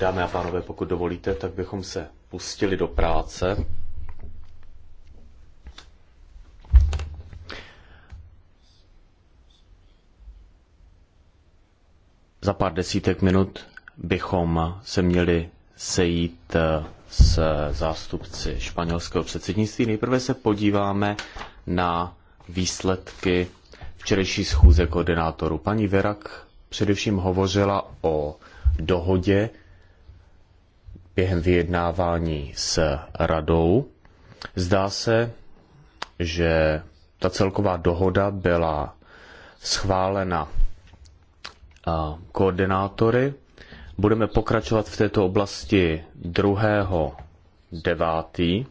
Dámy a pánové, pokud dovolíte, tak bychom se pustili do práce. Za pár desítek minut bychom se měli sejít eh, s zástupci španělského předsednictví. Nejprve se podíváme na výsledky včerejší schůze koordinátorů. Paní Verak především hovořila o dohodě během vyjednávání s radou. Zdá se, že ta celková dohoda byla schválena koordinátory. Budeme pokračovat v této oblasti 2. 9.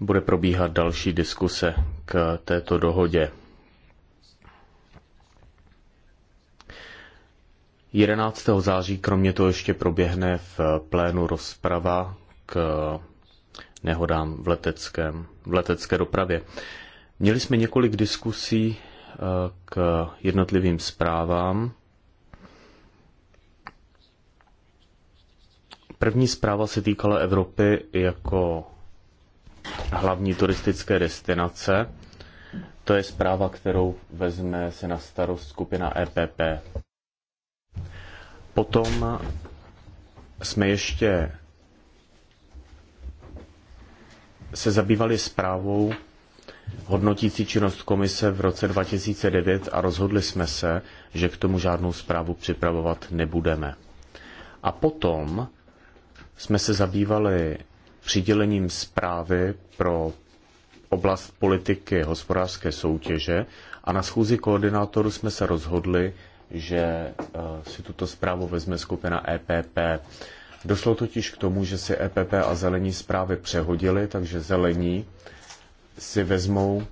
Bude probíhat další diskuse k této dohodě. 11. září kromě toho ještě proběhne v plénu rozprava k nehodám v, leteckém, v letecké dopravě. Měli jsme několik diskusí eh, k jednotlivým zprávám. První zpráva se týkala Evropy jako hlavní turistické destinace. To je zpráva, kterou vezme se na starost skupina EPP. Potom jsme ještě se zabývali zprávou hodnotící činnost komise v roce 2009 a rozhodli jsme se, že k tomu žádnou zprávu připravovat nebudeme. A potom jsme se zabývali přidělením zprávy pro oblast politiky hospodářské soutěže a na schůzi koordinátoru jsme se rozhodli, že eh, si tuto zprávu vezme skupina EPP. Došlo totiž k tomu, že si EPP a zelení zprávy přehodili, takže zelení si vezmou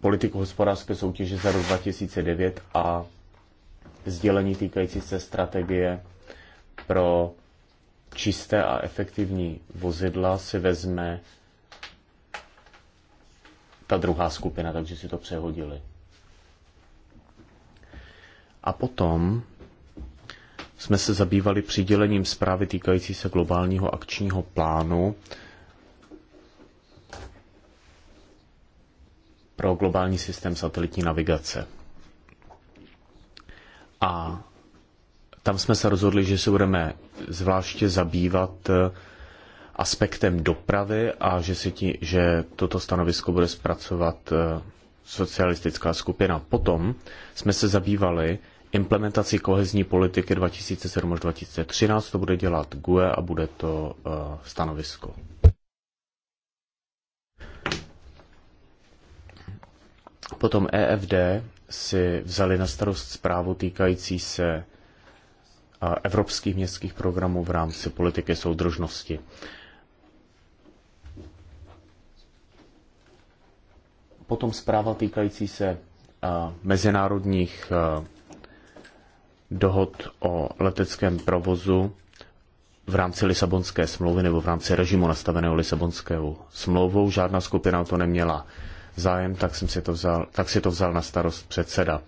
politiku hospodářské soutěže za rok 2009 a sdělení týkající se strategie pro čisté a efektivní vozidla si vezme ta druhá skupina, takže si to přehodili. A potom jsme se zabývali přidělením zprávy týkající se globálního akčního plánu pro globální systém satelitní navigace. A tam jsme se rozhodli, že se budeme zvláště zabývat eh, aspektem dopravy a že, si ti, že toto stanovisko bude zpracovat eh, socialistická skupina. Potom jsme se zabývali implementaci kohezní politiky 2007 až 2013. To bude dělat GUE a bude to eh, stanovisko. Potom EFD si vzali na starost zprávu týkající se eh, evropských městských programů v rámci politiky soudržnosti. Potom zpráva týkající se eh, mezinárodních dohod o leteckém provozu v rámci Lisabonské smlouvy nebo v rámci režimu nastaveného Lisabonskou smlouvou. Žádná skupina o to neměla zájem, tak, jsem si to vzal, tak si to vzal na starost předseda.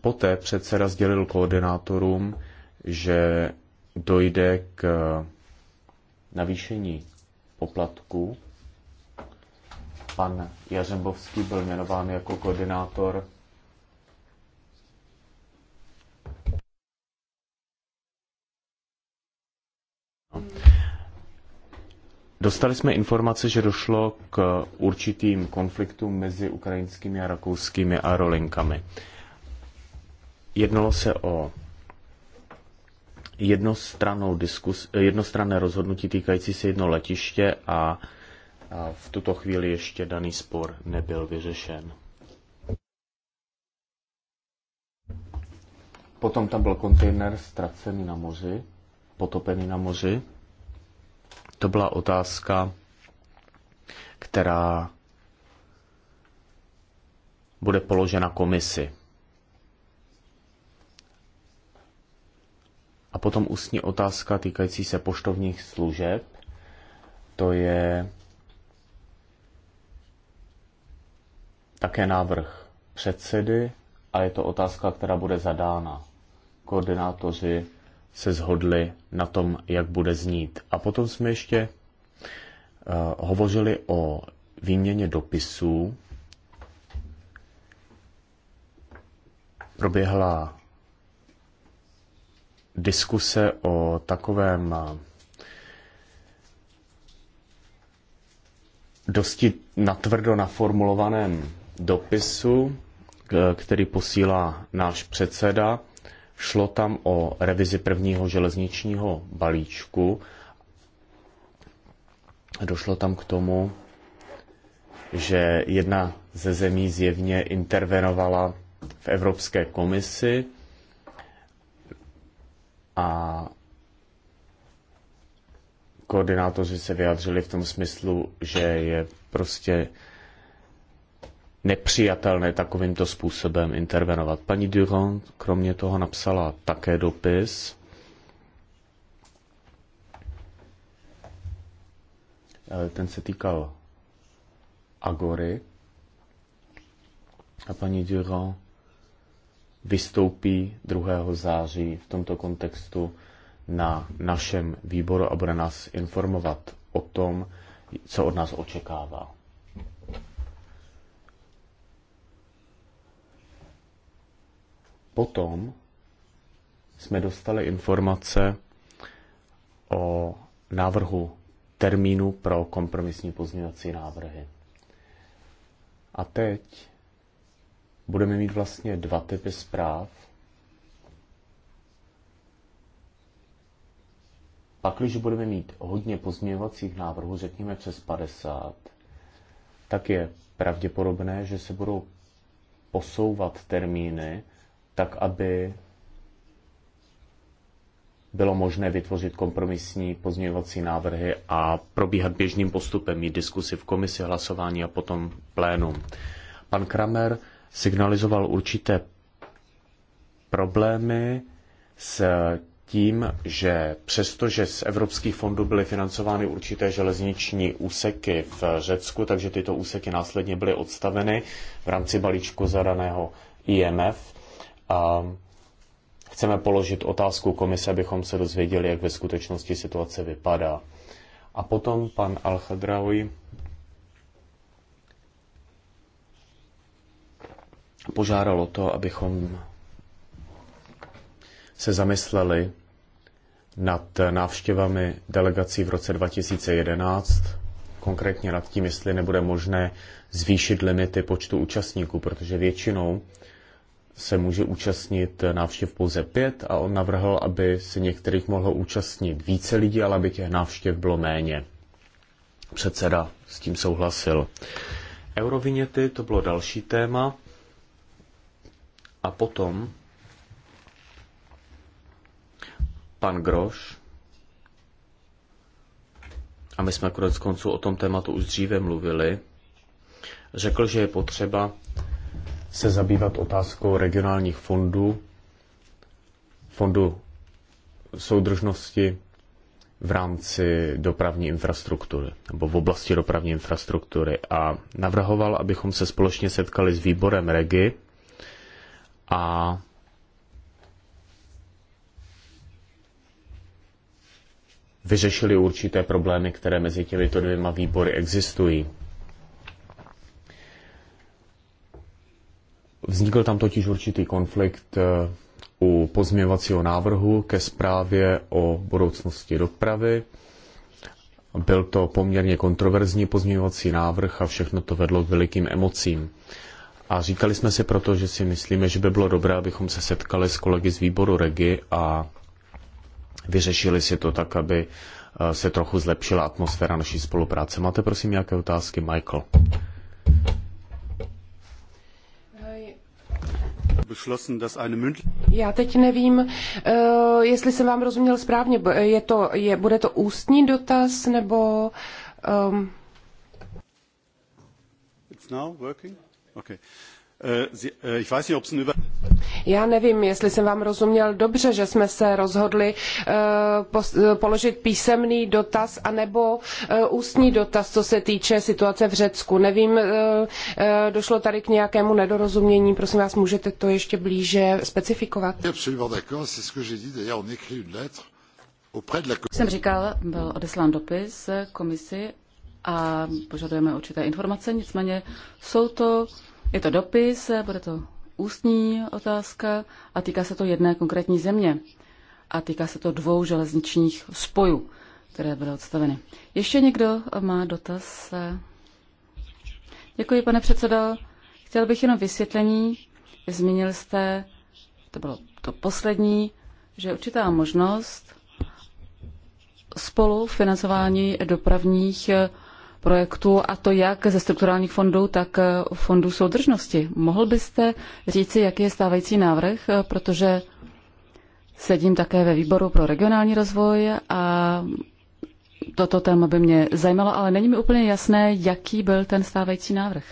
Poté předseda sdělil koordinátorům, že dojde k navýšení poplatku. Pan Jařembovský byl jmenován jako koordinátor Dostali jsme informace, že došlo k určitým konfliktům mezi ukrajinskými a rakouskými aerolinkami. Jednalo se o jednostrannou diskus, jednostranné rozhodnutí týkající se jedno letiště a, a v tuto chvíli ještě daný spor nebyl vyřešen. Potom tam byl kontejner ztracený na moři, potopený na moři. To byla otázka, která bude položena komisi. A potom ústní otázka týkající se poštovních služeb. To je také návrh předsedy a je to otázka, která bude zadána. Koordinátoři se zhodli na tom, jak bude znít. A potom jsme ještě uh, hovořili o výměně dopisů. Proběhla diskuse o takovém eh, dosti natvrdo naformulovaném dopisu, který posílá náš předseda Šlo tam o revizi prvního železničního balíčku. Došlo tam k tomu, že jedna ze zemí zjevně intervenovala v Evropské komisi a koordinátoři se vyjádřili v tom smyslu, že je prostě nepřijatelné takovýmto způsobem intervenovat. Paní Durand kromě toho napsala také dopis, eh, ten se týkal Agory a paní Durand vystoupí 2. září v tomto kontextu na našem výboru a bude nás informovat o tom, co od nás očekává. Potom jsme dostali informace o návrhu termínu pro kompromisní pozměňovací návrhy. A teď budeme mít vlastně dva typy zpráv. Pak, když budeme mít hodně pozměňovacích návrhů, řekněme přes 50, tak je pravděpodobné, že se budou posouvat termíny tak aby bylo možné vytvořit kompromisní pozměňovací návrhy a probíhat běžným postupem, mít diskusi v komisi, hlasování a potom plénum. Pan Kramer signalizoval určité problémy s tím, že přestože z evropských fondů byly financovány určité železniční úseky v Řecku, takže tyto úseky následně byly odstaveny v rámci balíčku zadaného IMF, a chceme položit otázku komise, abychom se dozvěděli, jak ve skutečnosti situace vypadá. A potom pan al khadraoui požádal o to, abychom se zamysleli nad návštěvami delegací v roce 2011, konkrétně nad tím, jestli nebude možné zvýšit limity počtu účastníků, protože většinou se může účastnit návštěv pouze pět a on navrhl, aby se některých mohlo účastnit více lidí, ale aby těch návštěv bylo méně. Předseda s tím souhlasil. Eurovinety to bylo další téma. A potom pan Groš. A my jsme konec konců o tom tématu už dříve mluvili. Řekl, že je potřeba se zabývat otázkou regionálních fondů, fondu soudržnosti v rámci dopravní infrastruktury nebo v oblasti dopravní infrastruktury a navrhoval, abychom se společně setkali s výborem REGI a vyřešili určité problémy, které mezi těmito dvěma výbory existují. Vznikl tam totiž určitý konflikt eh, u pozměvacího návrhu ke zprávě o budoucnosti dopravy. Byl to poměrně kontroverzní pozměňovací návrh a všechno to vedlo k velikým emocím. A říkali jsme si proto, že si myslíme, že by bylo dobré, abychom se setkali s kolegy z výboru Regi a vyřešili si to tak, aby eh, se trochu zlepšila atmosféra naší spolupráce. Máte prosím nějaké otázky, Michael? Já teď nevím, eh, jestli jsem vám rozuměl správně. Je to, je, bude to ústní dotaz nebo... Um... It's now working? Okay. Já nevím, jestli jsem vám rozuměl dobře, že jsme se rozhodli eh, eh, položit písemný dotaz anebo eh, ústní dotaz, co se týče situace v Řecku. Nevím, došlo tady k nějakému nedorozumění. Prosím vás, můžete to ještě blíže specifikovat? Jsem říkal, byl odeslán dopis komisi a požadujeme určité informace, nicméně jsou to je to dopis, bude to ústní otázka a týká se to jedné konkrétní země. A týká se to dvou železničních spojů, které byly odstaveny. Ještě někdo má dotaz? Děkuji, pane předsedo. Chtěl bych jenom vysvětlení. Zmínil jste, to bylo to poslední, že určitá možnost spolufinancování dopravních Projektu a to jak ze strukturálních fondů, tak eh, fondů soudržnosti. Mohl byste říci, jaký je stávající návrh, eh, protože sedím také ve výboru pro regionální rozvoj a toto téma by mě zajímalo, ale není mi úplně jasné, jaký byl ten stávající návrh.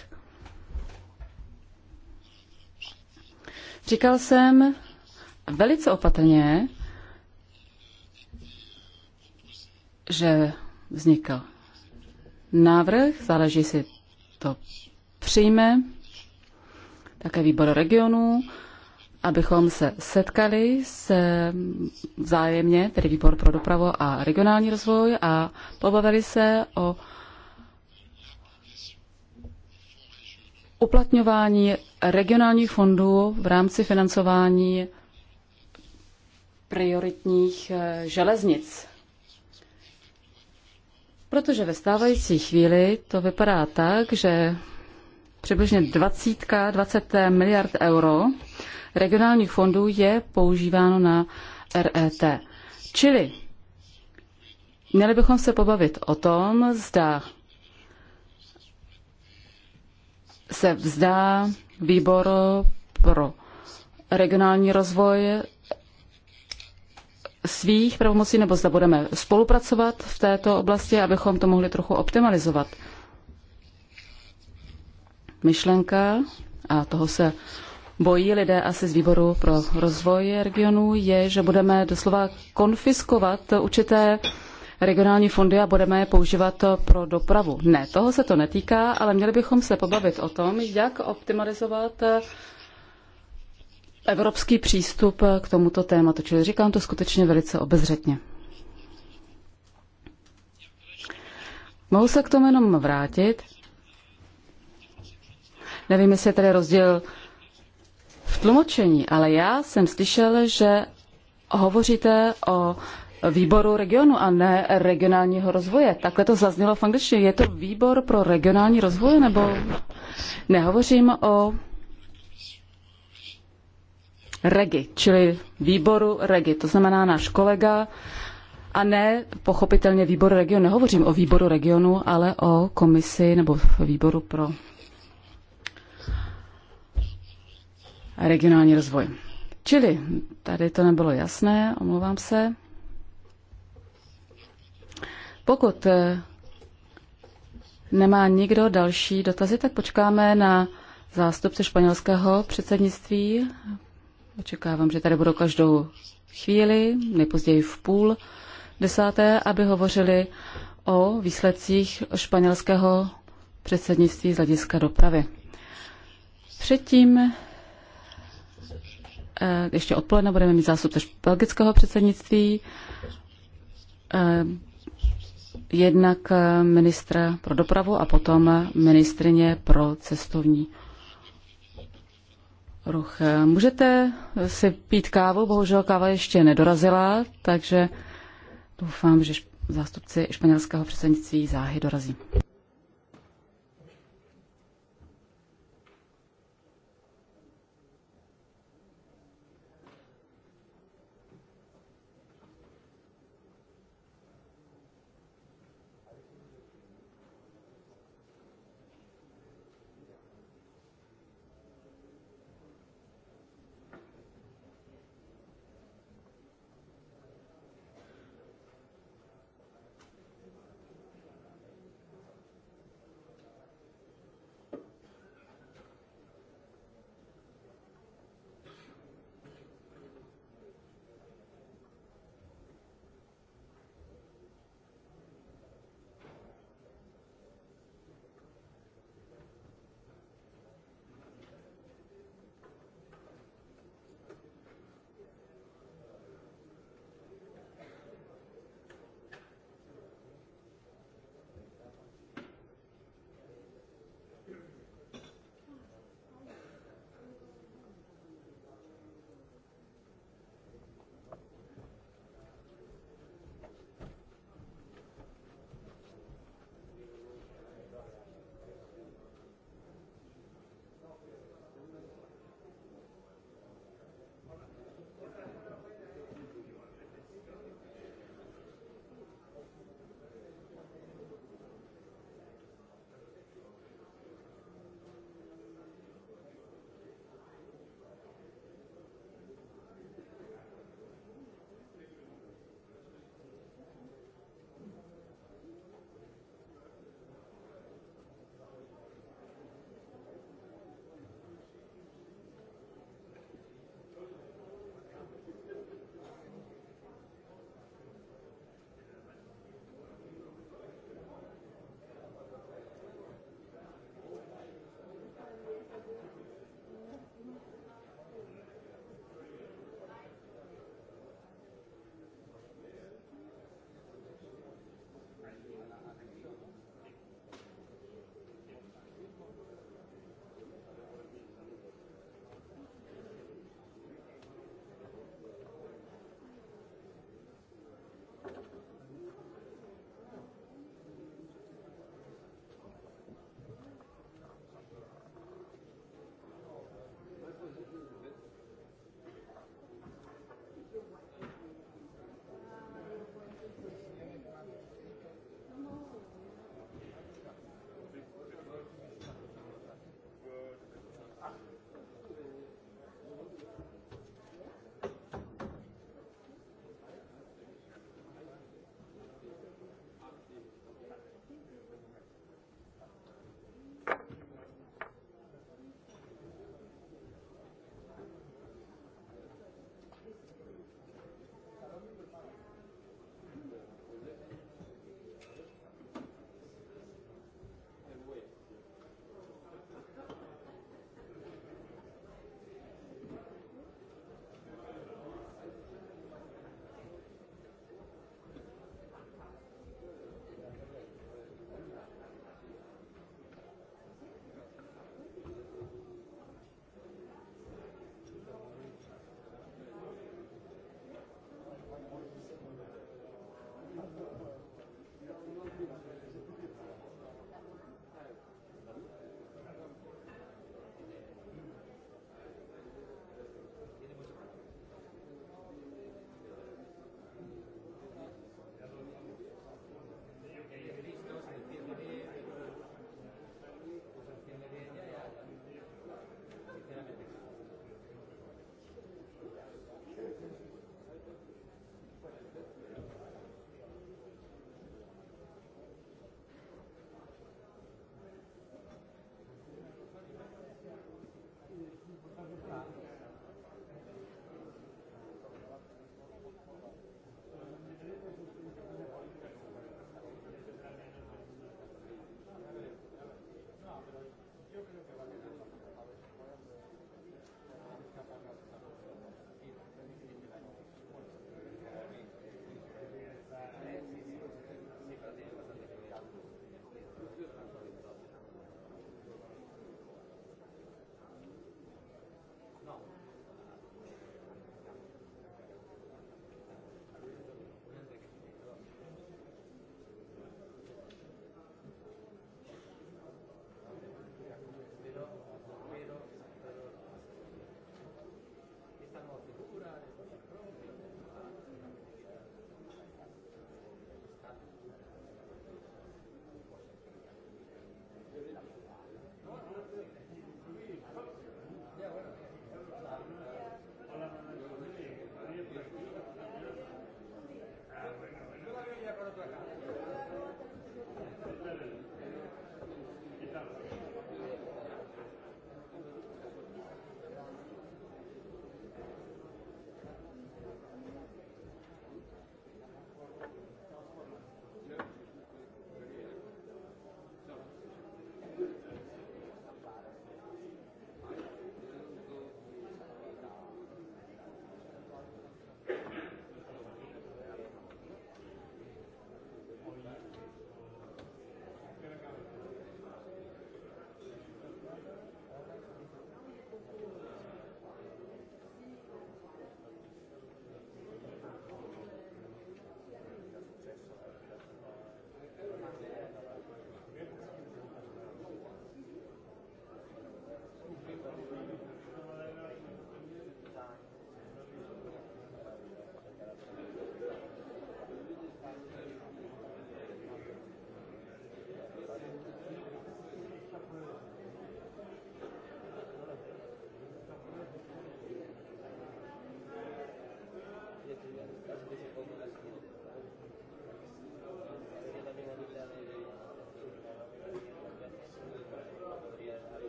Říkal jsem velice opatrně, že vznikl návrh, záleží si to přijme, také výbor regionů, abychom se setkali se vzájemně, tedy výbor pro dopravu a regionální rozvoj a pobavili se o uplatňování regionálních fondů v rámci financování prioritních eh, železnic. Protože ve stávající chvíli to vypadá tak, že přibližně 20, 20 miliard euro regionálních fondů je používáno na RET. Čili měli bychom se pobavit o tom, zda se vzdá výbor pro regionální rozvoj svých pravomocí, nebo zda budeme spolupracovat v této oblasti, abychom to mohli trochu optimalizovat. Myšlenka, a toho se bojí lidé asi z výboru pro rozvoj regionů, je, že budeme doslova konfiskovat určité regionální fondy a budeme je používat pro dopravu. Ne, toho se to netýká, ale měli bychom se pobavit o tom, jak optimalizovat evropský přístup eh, k tomuto tématu, čili říkám to skutečně velice obezřetně. Mohu se k tomu jenom vrátit? Nevím, jestli je tady rozdíl v tlumočení, ale já jsem slyšel, že hovoříte o výboru regionu a ne regionálního rozvoje. Takhle to zaznělo v angličtině. Je to výbor pro regionální rozvoj nebo nehovořím o regi, čili výboru regi, to znamená náš kolega, a ne pochopitelně výbor regionu. Nehovořím o výboru regionu, ale o komisi nebo výboru pro regionální rozvoj. Čili tady to nebylo jasné, omlouvám se. Pokud eh, nemá nikdo další dotazy, tak počkáme na zástupce španělského předsednictví, Očekávám, že tady budou každou chvíli, nejpozději v půl desáté, aby hovořili o výsledcích španělského předsednictví z hlediska dopravy. Předtím eh, ještě odpoledne budeme mít zástupce belgického předsednictví, eh, jednak ministra pro dopravu a potom ministrině pro cestovní ruch. Můžete si pít kávu, bohužel káva ještě nedorazila, takže doufám, že zástupci španělského předsednictví záhy dorazí.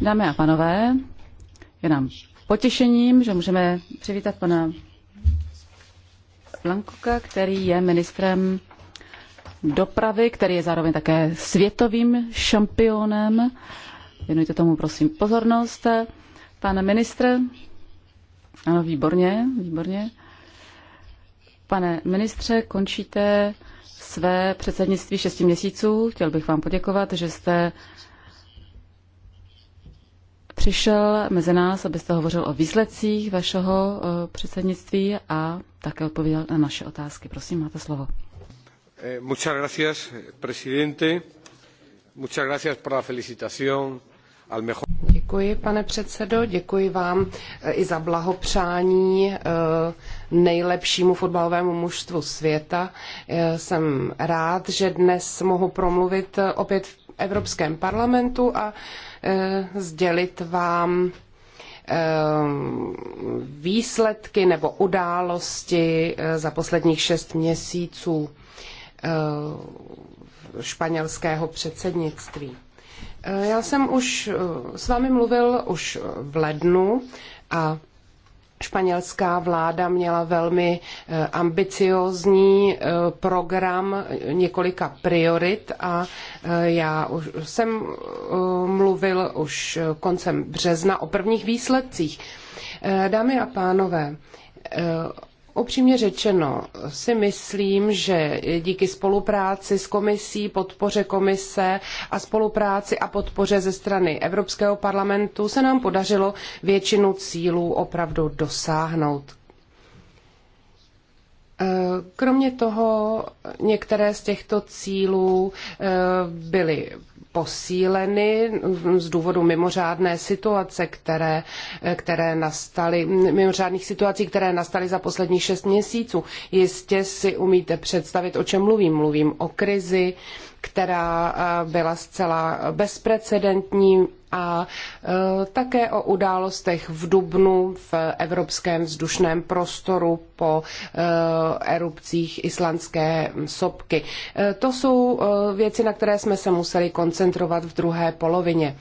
Dámy a pánové, je nám potěšením, že můžeme přivítat pana Blankoka, který je ministrem dopravy, který je zároveň také světovým šampionem. Věnujte tomu, prosím, pozornost. Pane ministr, ano, výborně, výborně. Pane ministře, končíte své předsednictví 6 měsíců. Chtěl bych vám poděkovat, že jste přišel mezi nás, abyste hovořil o výsledcích vašeho eh, předsednictví a také odpověděl na naše otázky. Prosím, máte slovo. Eh, muchas gracias, presidente. Muchas gracias por la felicitación al mejor. Děkuji, pane předsedo, děkuji vám eh, i za blahopřání nejlepšímu fotbalovému mužstvu světa. E, jsem rád, že dnes mohu promluvit opět v Evropském parlamentu a e, sdělit vám e, výsledky nebo události za posledních šest měsíců španělského předsednictví. Já jsem už s vámi mluvil už v lednu a španělská vláda měla velmi eh, ambiciózní eh, program několika priorit a eh, já už jsem mluvil už koncem března o prvních výsledcích. Dámy a pánové, Upřímně řečeno si myslím, že díky spolupráci s komisí, podpoře komise a spolupráci a podpoře ze strany Evropského parlamentu se nám podařilo většinu cílů opravdu dosáhnout. Kromě toho některé z těchto cílů eh, byly posíleny z důvodu mimořádné situace, které, eh, které nastaly, mimořádných situací, které nastaly za poslední šest měsíců. Jistě si umíte představit, o čem mluvím. Mluvím o krizi, která eh, byla zcela bezprecedentní, a e, také o událostech v Dubnu v evropském vzdušném prostoru po e, erupcích islandské sopky. E, to jsou věci, na které jsme se museli koncentrovat v druhé polovině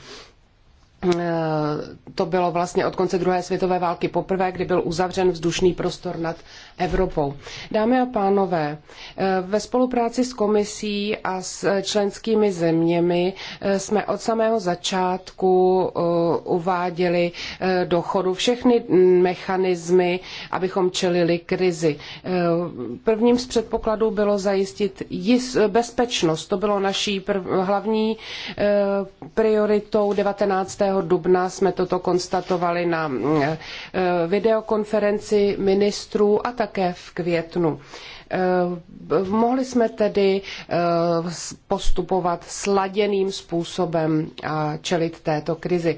to bylo vlastně od konce druhé světové války poprvé, kdy byl uzavřen vzdušný prostor nad Evropou. Dámy a pánové, eh, ve spolupráci s komisí a s eh, členskými zeměmi eh, jsme od samého začátku uváděli do chodu všechny mm, mechanismy, abychom čelili krizi. Prvním z předpokladů bylo zajistit bezpečnost. To bylo naší hlavní prioritou. 19. dubna jsme toto konstatovali na videokonferenci ministrů a tak také v květnu. Eh, mohli jsme tedy eh, postupovat sladěným způsobem a čelit této krizi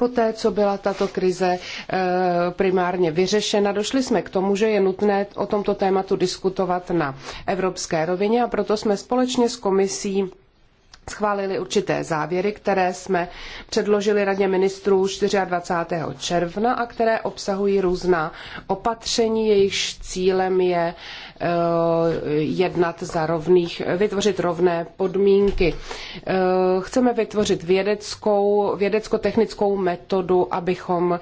poté, co byla tato krize eh, primárně vyřešena, došli jsme k tomu, že je nutné o tomto tématu diskutovat na evropské rovině a proto jsme společně s komisí schválili určité závěry, které jsme předložili Radě ministrů 24. června a které obsahují různá opatření, jejichž cílem je uh, Eh, jednat za rovných, vytvořit rovné podmínky. Eh, chceme vytvořit vědeckou, vědecko-technickou metodu, abychom eh,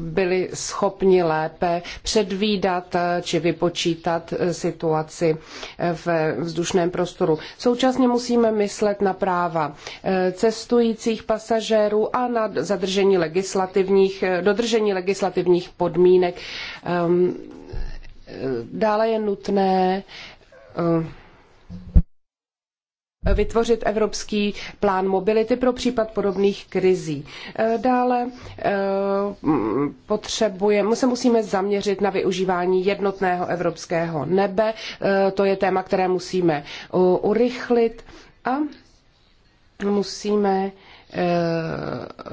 byli schopni lépe předvídat či vypočítat situaci v vzdušném prostoru. Současně musíme myslet na práva cestujících pasažérů a na zadržení legislativních, dodržení legislativních podmínek ehm, Eh, dále je nutné eh, vytvořit evropský plán mobility pro případ podobných krizí. Eh, dále potřebujeme, se musíme zaměřit na využívání jednotného evropského nebe. To je téma, které musíme urychlit a musíme Eh,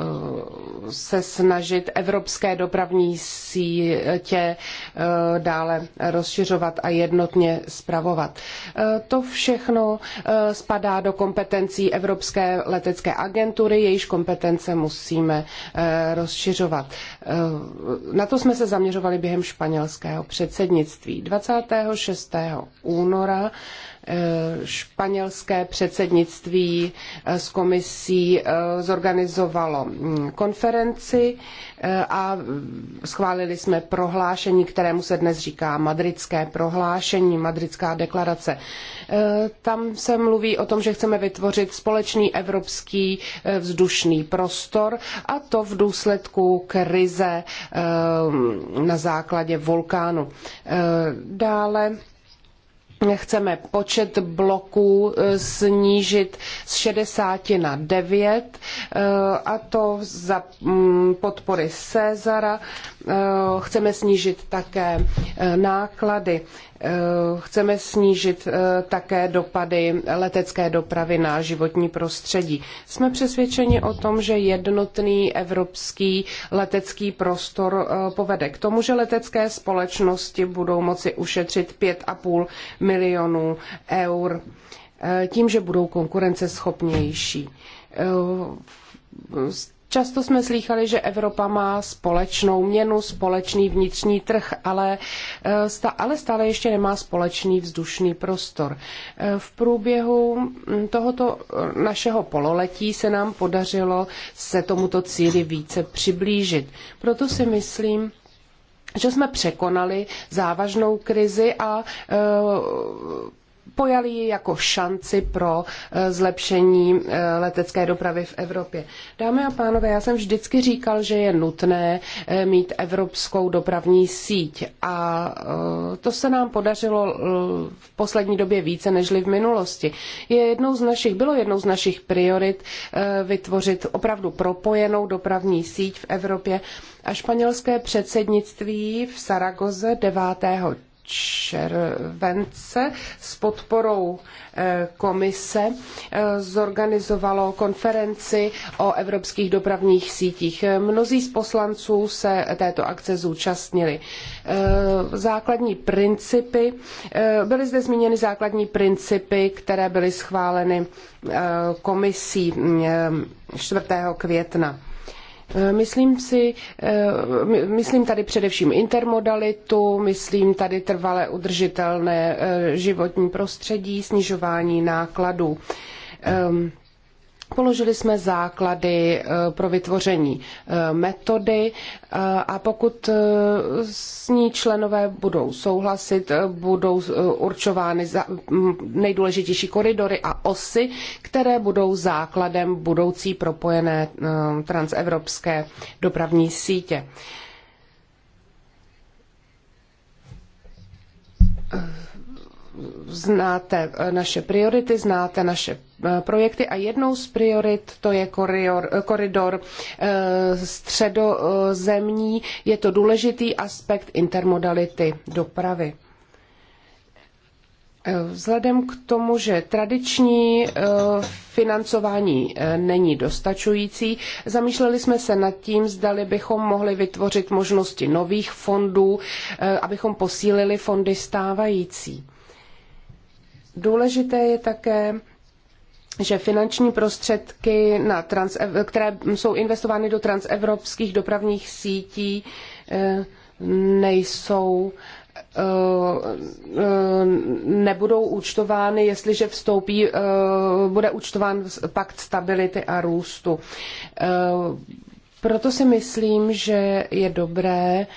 se snažit evropské dopravní sítě eh, dále rozšiřovat a jednotně spravovat. Eh, to všechno spadá do kompetencí Evropské letecké agentury, jejíž kompetence musíme rozšiřovat. Na to jsme se zaměřovali během španělského předsednictví. 26. února Eh, španělské předsednictví eh, s komisí eh, zorganizovalo mm, konferenci a schválili jsme prohlášení, kterému se dnes říká madridské prohlášení, madridská deklarace. Tam se mluví o tom, že chceme vytvořit společný evropský vzdušný prostor a to v důsledku krize na základě vulkánu. Dále chceme počet bloků e, snížit z 60 na 9 e, a to za mm, podpory Cezara. E, chceme snížit také náklady. Chceme snížit také dopady letecké dopravy na životní prostředí. Jsme přesvědčeni o tom, že jednotný evropský letecký prostor povede k tomu, že letecké společnosti budou moci ušetřit 5,5 milionů milionů eur eh, tím, že budou konkurenceschopnější. Eh, často jsme slýchali, že Evropa má společnou měnu, společný vnitřní trh, ale, eh, ale stále ještě nemá společný vzdušný prostor. V průběhu hm, tohoto našeho pololetí se nám podařilo se tomuto cíli více přiblížit. Proto si myslím, že jsme překonali závažnou krizi a eh, pojali ji jako šanci pro eh, zlepšení eh, letecké dopravy v Evropě. Dámy a pánové, já jsem vždycky říkal, že je nutné eh, mít evropskou dopravní síť a to se nám podařilo v poslední době více nežli v minulosti. Je jednou z našich, bylo jednou z našich priorit vytvořit opravdu propojenou dopravní síť v Evropě a španělské předsednictví v Saragoze 9 července s podporou eh, komise eh, zorganizovalo konferenci o evropských dopravních sítích. Mnozí z poslanců se této akce zúčastnili. Eh, základní principy, byly zde zmíněny základní principy, které byly schváleny komisí 4. Mm, května. Eh, myslím si, eh, myslím tady především intermodalitu, myslím tady trvale udržitelné eh, životní prostředí, snižování nákladů. Ehm, Položili jsme základy eh, pro vytvoření eh, metody eh, a pokud s ní členové budou souhlasit, budou určovány mm, nejdůležitější koridory a osy, které budou základem budoucí propojené transevropské dopravní sítě znáte eh, naše priority, znáte naše eh, projekty a jednou z priorit to je eh, koridor, koridor středozemní. Je to důležitý aspekt intermodality dopravy. Vzhledem k tomu, že tradiční financování není dostačující, zamýšleli jsme se nad tím, zdali bychom mohli vytvořit možnosti nových fondů, abychom posílili fondy stávající. Důležité je také, že finanční prostředky, na trans, které jsou investovány do transevropských dopravních sítí, eh, nejsou eh, eh, nebudou účtovány, jestliže vstoupí, bude účtován pakt stability a růstu. Proto si myslím, že je dobré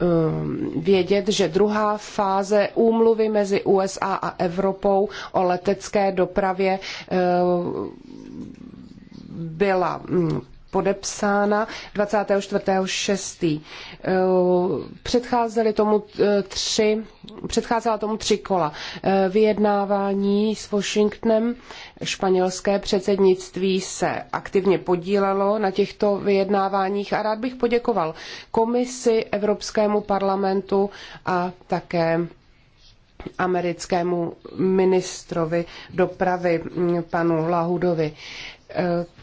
Um, vědět, že druhá fáze úmluvy mezi USA a Evropou o letecké dopravě uh, byla mm, podepsána 24.6. Eh, předcházely tomu eh, tři, předcházela tomu tři kola. Eh, vyjednávání s Washingtonem, španělské předsednictví se aktivně podílelo na těchto vyjednáváních a rád bych poděkoval komisi, Evropskému parlamentu a také americkému ministrovi dopravy mm, panu Lahudovi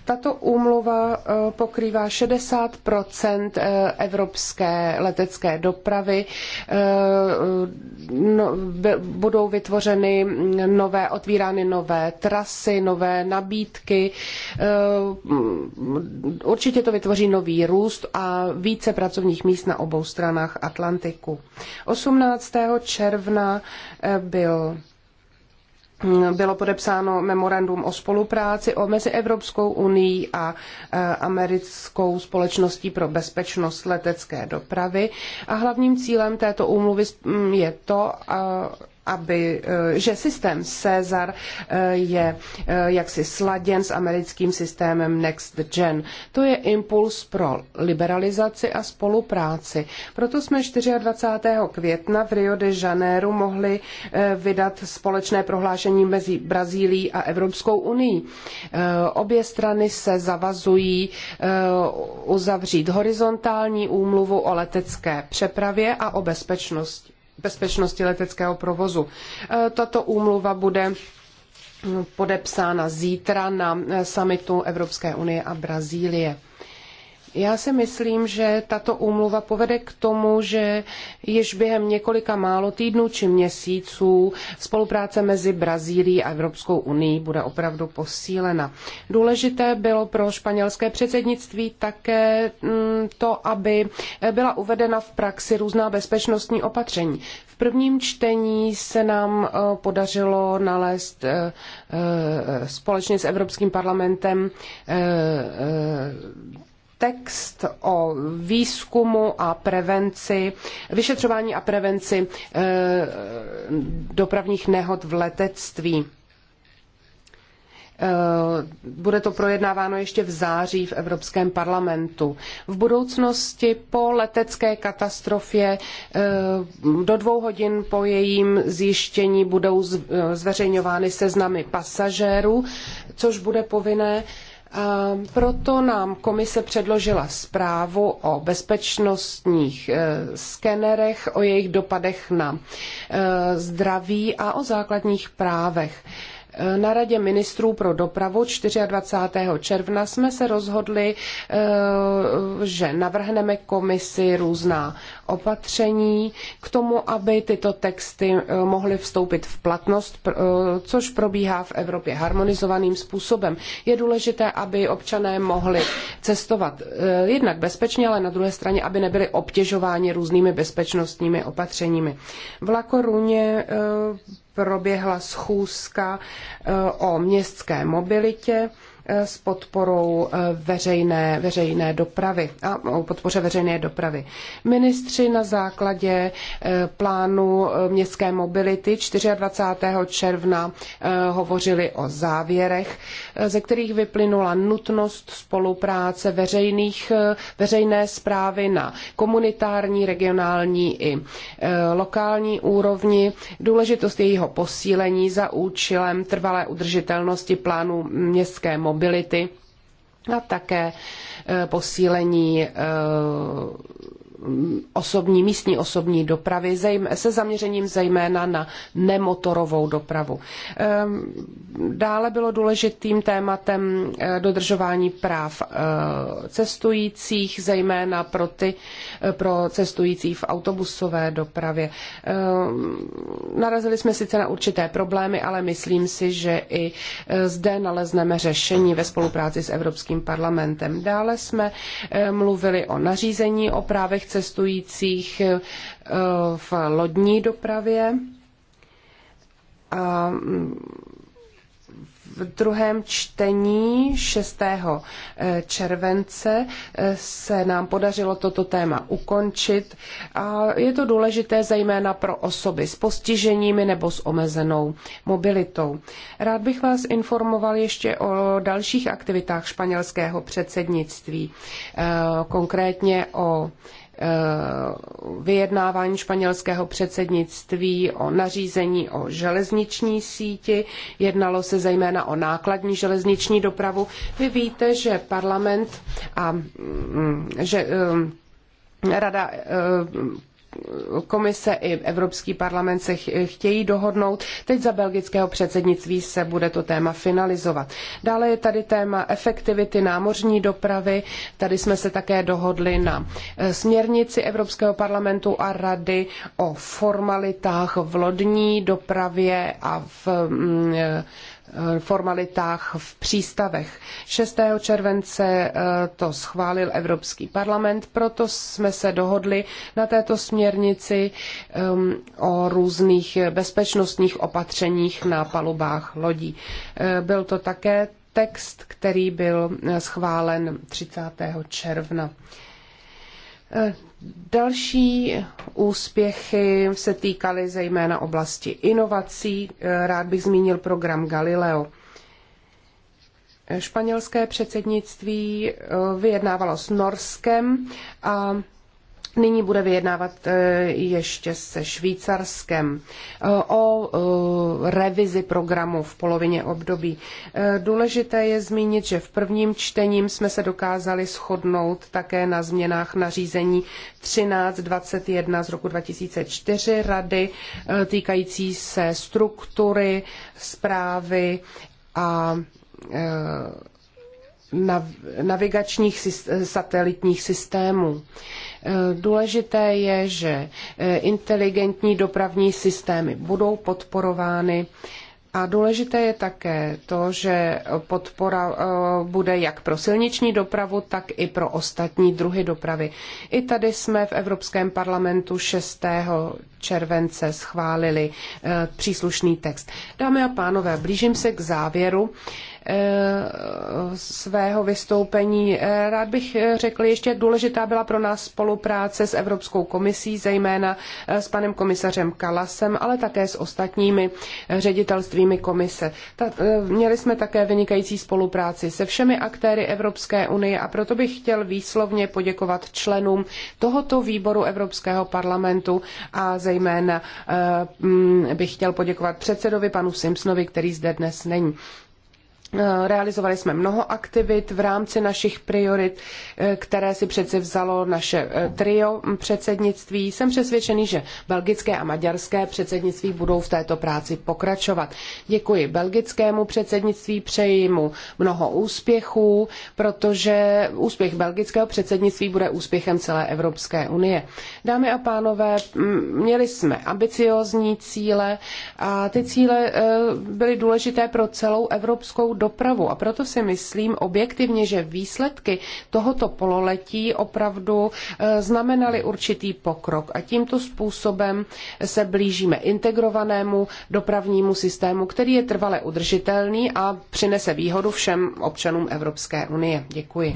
tato úmluva eh, pokrývá 60 eh, evropské letecké dopravy. Eh, no, budou vytvořeny nové, otvírány nové trasy, nové nabídky. Určitě to vytvoří nový růst a více pracovních míst na obou stranách Atlantiku. 18. června byl bylo podepsáno memorandum o spolupráci o mezi Evropskou unii a e, americkou společností pro bezpečnost letecké dopravy. A hlavním cílem této úmluvy je to, aby, eh, že systém Cezar eh, je eh, jaksi sladěn s americkým systémem Next Gen. To je impuls pro liberalizaci a spolupráci. Proto jsme 24. května v Rio de Janeiro mohli vydat společné prohlášení mezi Brazílií a Evropskou unii. Obě strany se zavazují uzavřít horizontální úmluvu o letecké přepravě a o bezpečnosti bezpečnosti leteckého provozu. E, tato úmluva bude podepsána zítra na summitu Evropské unie a Brazílie. Já si myslím, že tato úmluva povede k tomu, že již během několika málo týdnů či měsíců spolupráce mezi Brazílií a Evropskou unii bude opravdu posílena. Důležité bylo pro španělské předsednictví také mm, to, aby byla uvedena v praxi různá bezpečnostní opatření. V prvním čtení se nám e, podařilo nalézt e, e, společně s Evropským parlamentem text o výzkumu a prevenci, vyšetřování a prevenci eh, dopravních nehod v letectví. Eh, bude to projednáváno ještě v září v Evropském parlamentu. V budoucnosti po letecké katastrofě eh, do dvou hodin po jejím zjištění budou zveřejňovány seznamy pasažérů, což bude povinné Ehm, proto nám komise předložila zprávu o bezpečnostních eh, skenerech, o jejich dopadech na eh, zdraví a o základních právech. Eh, na Radě ministrů pro dopravu 24. června jsme se rozhodli, že navrhneme komisi různá opatření k tomu, aby tyto texty eh, mohly vstoupit v platnost, eh, což probíhá v Evropě harmonizovaným způsobem. Je důležité, aby občané mohli cestovat eh, jednak bezpečně, ale na druhé straně, aby nebyli obtěžováni různými bezpečnostními opatřeními. V Lakoruně proběhla schůzka o městské mobilitě Eh, s podporou eh, veřejné, veřejné dopravy a o podpoře veřejné dopravy. Ministři na základě eh, plánu městské mobility 24. června hovořili o závěrech, ze kterých vyplynula nutnost spolupráce veřejných, veřejné zprávy na komunitární, regionální i lokální úrovni, důležitost jejího posílení za účelem trvalé udržitelnosti plánu městské mobility mobility a také eh, posílení eh, osobní, místní osobní dopravy se zaměřením zejména na nemotorovou dopravu. Ehm, dále bylo důležitým tématem eh, dodržování práv eh, cestujících, zejména pro ty eh, pro cestující v autobusové dopravě. Ehm, narazili jsme sice na určité problémy, ale myslím si, že i zde nalezneme řešení ve spolupráci s Evropským parlamentem. Dále jsme mluvili o nařízení o právech cestujících eh, v lodní dopravě. A mm, v druhém čtení 6. Eh, července eh, se nám podařilo toto téma ukončit a je to důležité zejména pro osoby s postiženími nebo s omezenou mobilitou. Rád bych vás informoval ještě o dalších aktivitách španělského předsednictví, konkrétně o Eh, vyjednávání španělského předsednictví o nařízení o železniční síti. Jednalo se zejména o nákladní železniční dopravu. Vy víte, že parlament a mm, že mm, Rada eh, komise i Evropský parlament se chtějí dohodnout. Teď za belgického předsednictví se bude to téma finalizovat. Dále je tady téma efektivity námořní dopravy. Tady jsme se také dohodli na eh, směrnici Evropského parlamentu a rady o formalitách v lodní dopravě a v mm, eh, Eh, formalitách v přístavech. 6. července eh, to schválil Evropský parlament, proto jsme se dohodli na této směrnici ehm, o různých bezpečnostních opatřeních na palubách lodí. Eh, byl to také text, který byl schválen 30. června. Eh, další úspěchy se týkaly zejména oblasti inovací. Eh, rád bych zmínil program Galileo. Eh, španělské předsednictví vyjednávalo s Norskem a Nyní bude vyjednávat eh, ještě se Švýcarskem eh, o eh, revizi programu v polovině období. Důležité je zmínit, že v prvním čtením jsme se dokázali shodnout také na změnách nařízení 1321 z roku 2004 Rady týkající se struktury, zprávy a navigačních satelitních systémů. Eh, důležité je, že eh, inteligentní dopravní systémy budou podporovány. A důležité je také to, že podpora eh, bude jak pro silniční dopravu, tak i pro ostatní druhy dopravy. I tady jsme v Evropském parlamentu 6. července schválili příslušný text. Dámy a pánové, blížím se k závěru svého vystoupení. Rád bych eh, řekl ještě, jak důležitá byla pro nás spolupráce s Evropskou komisí, zejména eh, s panem komisařem Kalasem, ale také s ostatními eh, ředitelstvími komise. Měli jsme také vynikající spolupráci se všemi aktéry Evropské unie a proto bych chtěl výslovně poděkovat členům tohoto výboru Evropského parlamentu a zejména mm, bych chtěl poděkovat předsedovi panu Simpsonovi, který zde dnes není. Eh, realizovali jsme mnoho aktivit v rámci našich priorit, eh, které si přece vzalo naše eh, trio mm, předsednictví. Jsem přesvědčený, že belgické a maďarské předsednictví budou v této práci pokračovat. Děkuji belgickému předsednictví, přeji mu mnoho úspěchů, protože úspěch belgického předsednictví bude úspěchem celé Evropské unie. Dámy a pánové, mm, měli jsme ambiciózní cíle a ty cíle byly důležité pro celou Evropskou dopravu. A proto si myslím objektivně, že výsledky tohoto pololetí opravdu eh, znamenaly určitý pokrok. A tímto způsobem se blížíme integrovanému dopravnímu systému, který je trvale udržitelný a přinese výhodu všem občanům Evropské unie. Děkuji.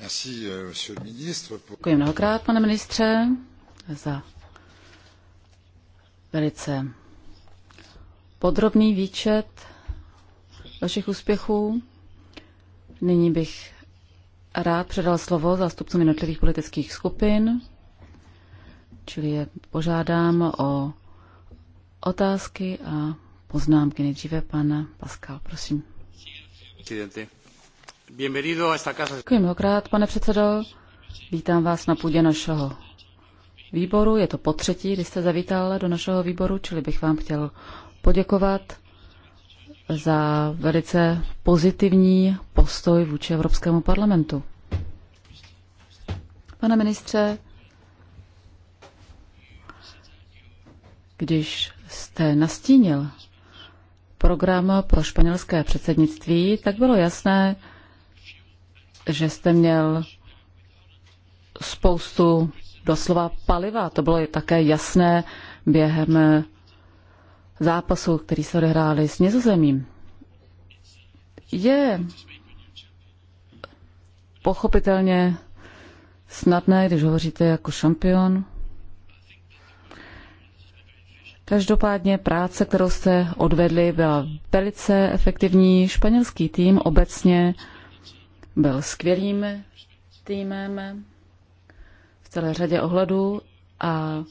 Euh, Děkuji mnohokrát, pane ministře, za velice podrobný výčet vašich úspěchů. Nyní bych rád předal slovo zástupcům jednotlivých politických skupin, čili je požádám o otázky a poznámky. Nejdříve pana Pascal, prosím. Děkuji mnohokrát, pane předsedo. Vítám vás na půdě našeho výboru. Je to po třetí, kdy jste zavítal do našeho výboru, čili bych vám chtěl poděkovat za velice pozitivní postoj vůči Evropskému parlamentu. Pane ministře, když jste nastínil program pro španělské předsednictví, tak bylo jasné, že jste měl spoustu doslova paliva. To bylo také jasné během zápasů, který se odehráli s Nizozemím, je pochopitelně snadné, když hovoříte jako šampion. Každopádně práce, kterou jste odvedli, byla velice efektivní. Španělský tým obecně byl skvělým týmem v celé řadě ohledů a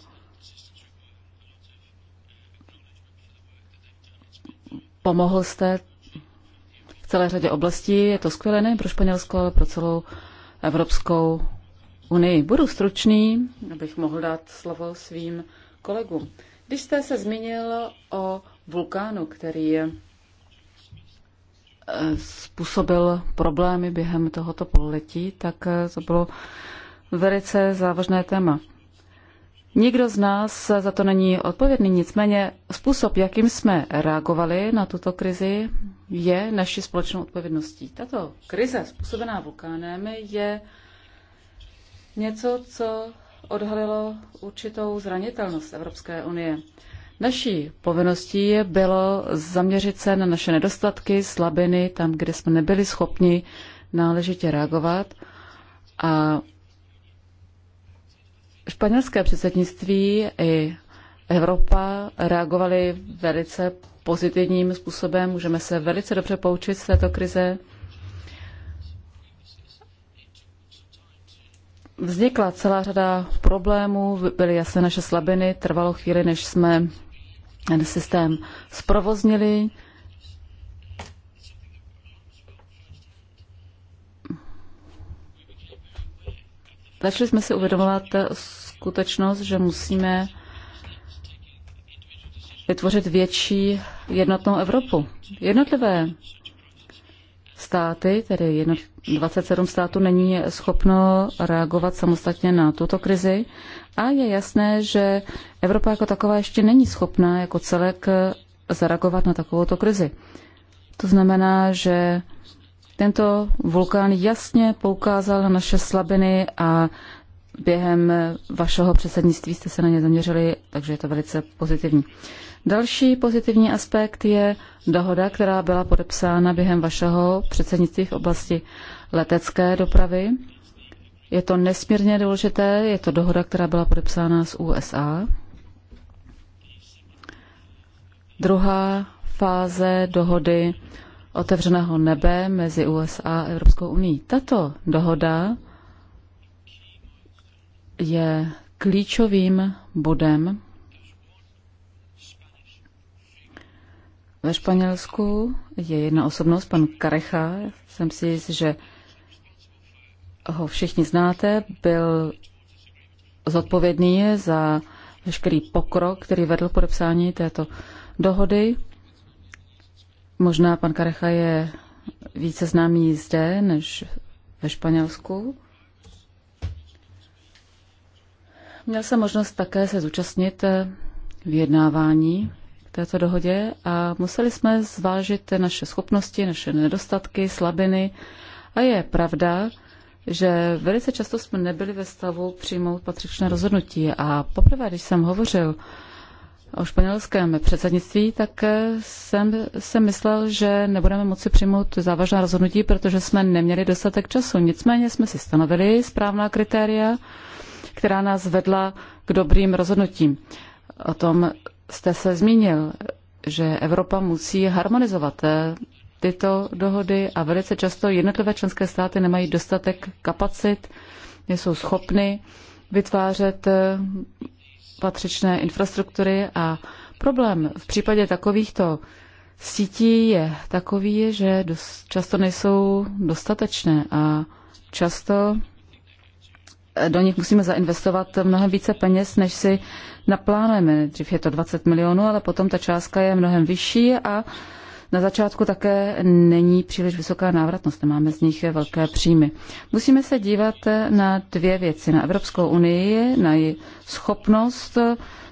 Pomohl jste v celé řadě oblastí. Je to skvělé nejen pro Španělsko, ale pro celou Evropskou unii. Budu stručný, abych mohl dát slovo svým kolegům. Když jste se zmínil o vulkánu, který eh, způsobil problémy během tohoto pololetí, tak eh, to bylo velice závažné téma. Nikdo z nás za to není odpovědný, nicméně způsob, jakým jsme reagovali na tuto krizi, je naší společnou odpovědností. Tato krize způsobená vulkánem je něco, co odhalilo určitou zranitelnost Evropské unie. Naší povinností bylo zaměřit se na naše nedostatky, slabiny, tam, kde jsme nebyli schopni náležitě reagovat a Španělské předsednictví i Evropa reagovaly velice pozitivním způsobem. Můžeme se velice dobře poučit z této krize. Vznikla celá řada problémů, byly jasné naše slabiny, trvalo chvíli, než jsme ten systém zprovoznili. začali jsme si uvědomovat skutečnost, že musíme vytvořit větší jednotnou Evropu. Jednotlivé státy, tedy 27 států, není schopno reagovat samostatně na tuto krizi a je jasné, že Evropa jako taková ještě není schopná jako celek zareagovat na takovouto krizi. To znamená, že tento vulkán jasně poukázal na naše slabiny a během vašeho předsednictví jste se na ně zaměřili, takže je to velice pozitivní. Další pozitivní aspekt je dohoda, která byla podepsána během vašeho předsednictví v oblasti letecké dopravy. Je to nesmírně důležité, je to dohoda, která byla podepsána s USA. Druhá fáze dohody otevřeného nebe mezi USA a Evropskou unii. Tato dohoda je klíčovým bodem Ve Španělsku je jedna osobnost, pan Karecha. Jsem si jist, že ho všichni znáte. Byl zodpovědný za veškerý pokrok, který vedl podepsání této dohody. Možná pan Karecha je více známý zde než ve Španělsku. Měl jsem možnost také se zúčastnit eh, vyjednávání k této dohodě a museli jsme zvážit naše schopnosti, naše nedostatky, slabiny. A je pravda, že velice často jsme nebyli ve stavu přijmout patřičné rozhodnutí. A poprvé, když jsem hovořil o španělském předsednictví, tak eh, jsem se myslel, že nebudeme moci přijmout závažná rozhodnutí, protože jsme neměli dostatek času. Nicméně jsme si stanovili správná kritéria, která nás vedla k dobrým rozhodnutím. O tom jste se zmínil, že Evropa musí harmonizovat eh, tyto dohody a velice často jednotlivé členské státy nemají dostatek kapacit, nejsou schopny vytvářet eh, patřičné infrastruktury a problém v případě takovýchto sítí je takový, že dost, často nejsou dostatečné a často eh, do nich musíme zainvestovat mnohem více peněz, než si naplánujeme. Dřív je to 20 milionů, ale potom ta částka je mnohem vyšší a na začátku také není příliš vysoká návratnost, nemáme z nich velké příjmy. Musíme se dívat na dvě věci. Na Evropskou unii, na její schopnost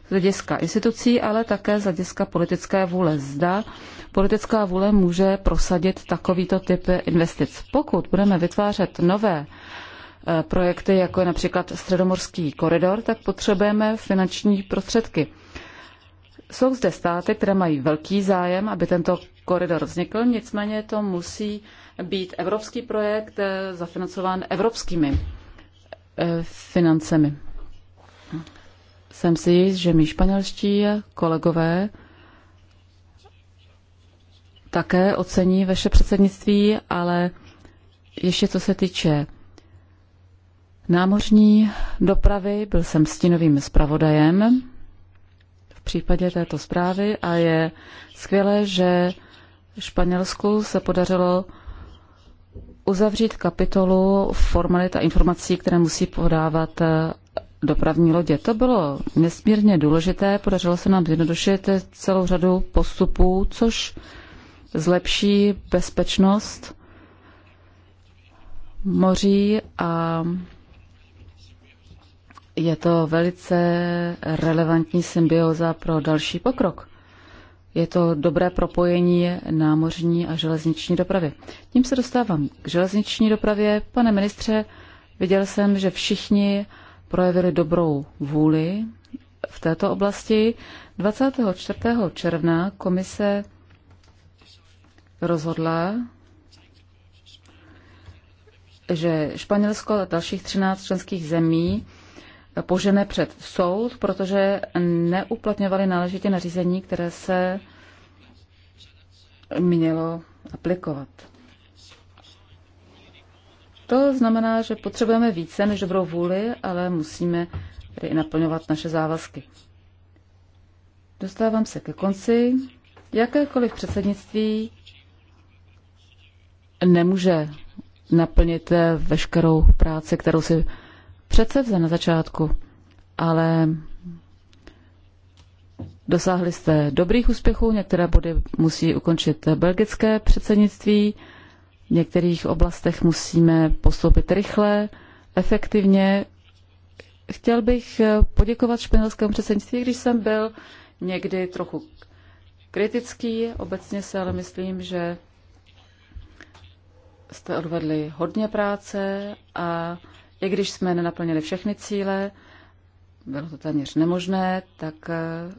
z hlediska institucí, ale také z hlediska politické vůle. Zda politická vůle může prosadit takovýto typ investic. Pokud budeme vytvářet nové eh, projekty, jako je například Středomorský koridor, tak potřebujeme finanční prostředky. Jsou zde státy, které mají velký zájem, aby tento koridor vznikl, nicméně to musí být evropský projekt eh, zafinancován evropskými eh, financemi. Jsem si jist, že mý španělští kolegové také ocení vaše předsednictví, ale ještě co se týče námořní dopravy, byl jsem stínovým zpravodajem v případě této zprávy a je skvělé, že Španělsku se podařilo uzavřít kapitolu formalit a informací, které musí podávat eh, dopravní lodě. To bylo nesmírně důležité, podařilo se nám zjednodušit celou řadu postupů, což zlepší bezpečnost moří a je to velice relevantní symbioza pro další pokrok je to dobré propojení námořní a železniční dopravy. Tím se dostávám k železniční dopravě. Pane ministře, viděl jsem, že všichni projevili dobrou vůli v této oblasti. 24. června komise rozhodla, že Španělsko a dalších 13 členských zemí požene před soud, protože neuplatňovali náležitě nařízení, které se mělo aplikovat. To znamená, že potřebujeme více než dobrou vůli, ale musíme tedy i naplňovat naše závazky. Dostávám se ke konci. Jakékoliv předsednictví nemůže naplnit veškerou práci, kterou si vze na začátku, ale dosáhli jste dobrých úspěchů, některé body musí ukončit belgické předsednictví, v některých oblastech musíme postoupit rychle, efektivně. Chtěl bych poděkovat španělskému předsednictví, když jsem byl někdy trochu kritický, obecně se ale myslím, že jste odvedli hodně práce a i když jsme nenaplnili všechny cíle, bylo to téměř nemožné, tak eh,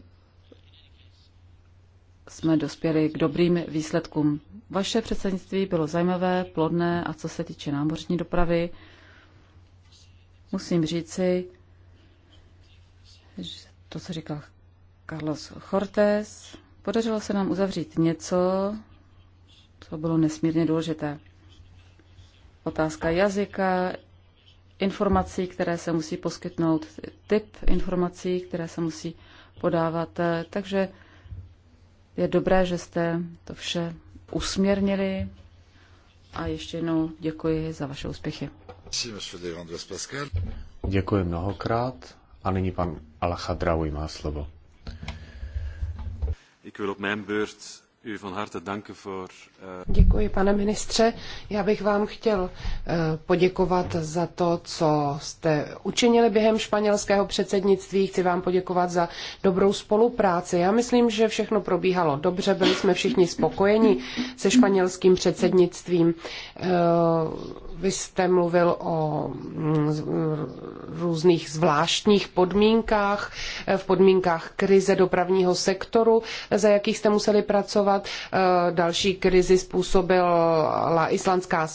jsme dospěli k dobrým výsledkům. Vaše předsednictví bylo zajímavé, plodné a co se týče námořní dopravy, musím říci, že to, co říkal Carlos Cortés, podařilo se nám uzavřít něco, co bylo nesmírně důležité. Otázka jazyka, informací, které se musí poskytnout, typ informací, které se musí podávat. Takže je dobré, že jste to vše usměrnili a ještě jednou děkuji za vaše úspěchy. Děkuji mnohokrát a nyní pan Alachadraoui má slovo. Ik wil op mijn beurt Eh, Děkuji, pane ministře. Já bych vám chtěl eh, poděkovat za to, co jste učinili během španělského předsednictví. Chci vám poděkovat za dobrou spolupráci. Já myslím, že všechno probíhalo dobře, byli jsme všichni spokojeni se španělským předsednictvím. Eh, vy jste mluvil o mm, různých zvláštních podmínkách, eh, v podmínkách krize dopravního sektoru, za jakých jste museli pracovat. Eh, další krizi způsobila islandská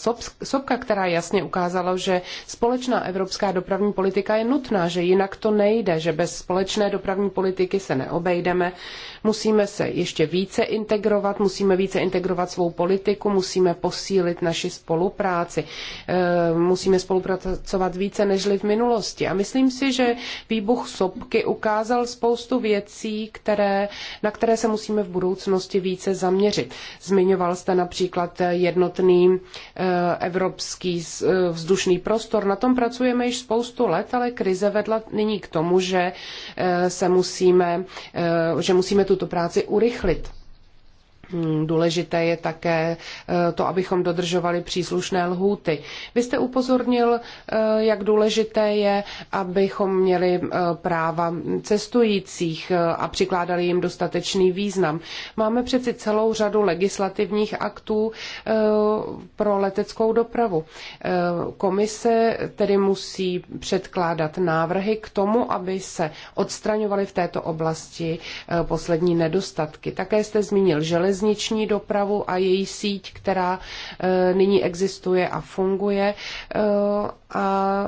sopka, která jasně ukázala, že společná evropská dopravní politika je nutná, že jinak to nejde, že bez společné dopravní politiky se neobejdeme. Musíme se ještě více integrovat, musíme více integrovat svou politiku, musíme posílit naši spolupráci. Eh, musíme spolupracovat více nežli v minulosti. A myslím si, že výbuch sopky ukázal spoustu věcí, které, na které se musíme v budoucnosti více zaměřit. Zmiňoval jste například jednotný eh, evropský eh, vzdušný prostor. Na tom pracujeme již spoustu let, ale krize vedla nyní k tomu, že se musíme, že musíme tuto práci urychlit. Hmm, důležité je také eh, to, abychom dodržovali příslušné lhůty. Vy jste upozornil, eh, jak důležité je, abychom měli eh, práva cestujících a přikládali jim dostatečný význam. Máme přeci celou řadu legislativních aktů pro leteckou dopravu. Komise tedy musí předkládat návrhy k tomu, aby se odstraňovaly v této oblasti poslední nedostatky. Také jste zmínil železniční železniční dopravu a její síť, která e, nyní existuje a funguje. E, a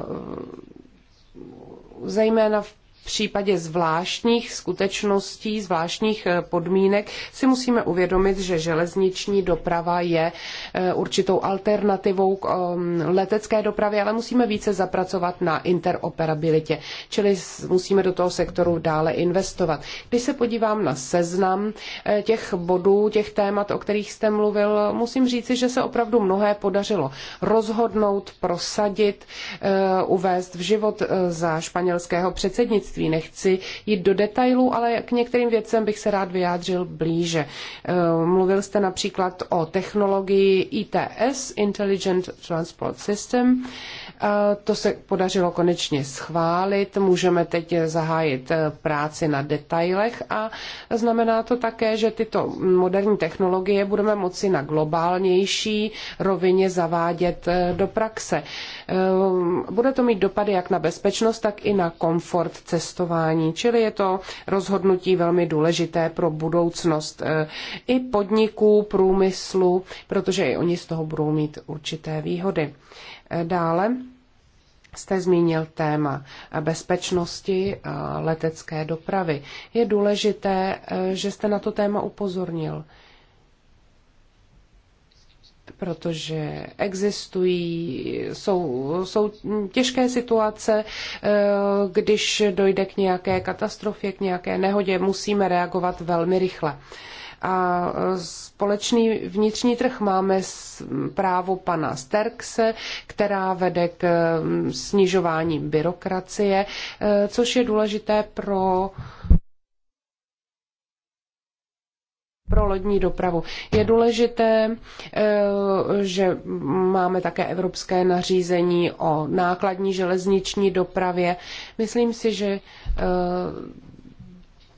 zejména v případě zvláštních skutečností, zvláštních eh, podmínek si musíme uvědomit, že železniční doprava je eh, určitou alternativou k ehm, letecké dopravě, ale musíme více zapracovat na interoperabilitě, čili musíme do toho sektoru dále investovat. Když se podívám na seznam eh, těch bodů, těch témat, o kterých jste mluvil, musím říci, že se opravdu mnohé podařilo rozhodnout, prosadit, uvést v život za španělského předsednictví předsednictví. Nechci jít do detailů, ale k některým věcem bych se rád vyjádřil blíže. Eh, mluvil jste například o technologii ITS, Intelligent Transport System, to se podařilo konečně schválit, můžeme teď zahájit eh, práci na detailech a znamená to také, že tyto moderní technologie budeme moci na globálnější rovině zavádět eh, do praxe. Eh, bude to mít dopady jak na bezpečnost, tak i na komfort cestování, čili je to rozhodnutí velmi důležité pro budoucnost i podniků, průmyslu, protože i oni z toho budou mít určité výhody. Dále jste zmínil téma bezpečnosti letecké dopravy. Je důležité, eh, že jste na to téma upozornil, protože existují, jsou, jsou těžké situace, eh, když dojde k nějaké katastrofě, k nějaké nehodě, musíme reagovat velmi rychle a e, společný vnitřní trh máme právo pana Sterkse, která vede k e, snižování byrokracie, e, což je důležité pro pro lodní dopravu. Je důležité, že máme také evropské nařízení o nákladní železniční dopravě. Myslím si, že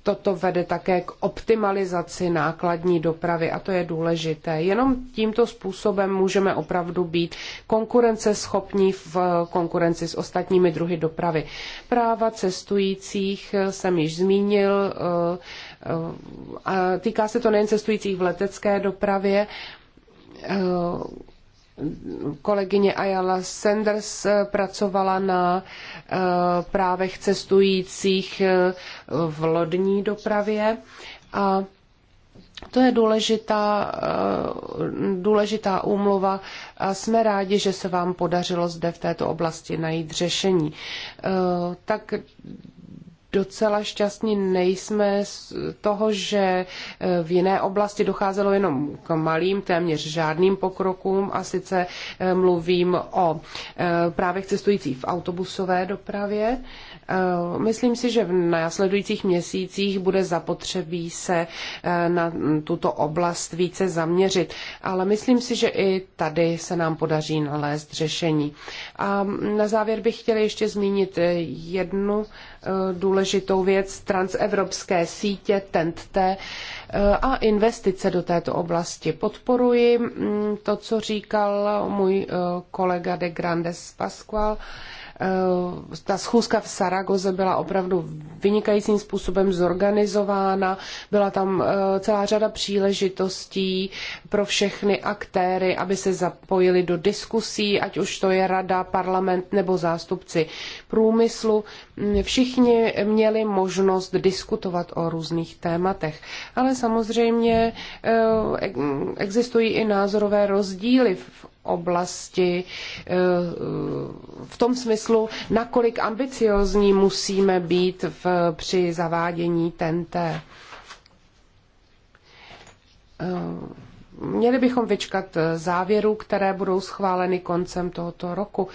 toto vede také k optimalizaci nákladní dopravy a to je důležité. Jenom tímto způsobem můžeme opravdu být konkurenceschopní v konkurenci s ostatními druhy dopravy. Práva cestujících jsem již zmínil, eh, eh, týká se to nejen cestujících v letecké dopravě, eh, kolegyně Ayala Sanders pracovala na eh, právech cestujících eh, v lodní dopravě a to je důležitá, eh, důležitá úmluva a jsme rádi, že se vám podařilo zde v této oblasti najít řešení. Tak docela šťastní nejsme z toho, že eh, v jiné oblasti docházelo jenom k malým, téměř žádným pokrokům a sice eh, mluvím o eh, právech cestujících v autobusové dopravě. Eh, myslím si, že v následujících měsících bude zapotřebí se eh, na tuto oblast více zaměřit, ale myslím si, že i tady se nám podaří nalézt řešení. A na závěr bych chtěla ještě zmínit eh, jednu důležitou věc, transevropské sítě TENT a investice do této oblasti. Podporuji mm, to, co říkal můj kolega de Grandes Pasqual. Eh, ta schůzka v Saragoze byla opravdu vynikajícím způsobem zorganizována, byla tam eh, celá řada příležitostí pro všechny aktéry, aby se zapojili do diskusí, ať už to je rada, parlament nebo zástupci průmyslu všichni měli možnost diskutovat o různých tématech. Ale samozřejmě eh, existují i názorové rozdíly v oblasti eh, v tom smyslu, nakolik ambiciozní musíme být v, při zavádění TNT. Uh Měli bychom vyčkat eh, závěrů, které budou schváleny koncem tohoto roku.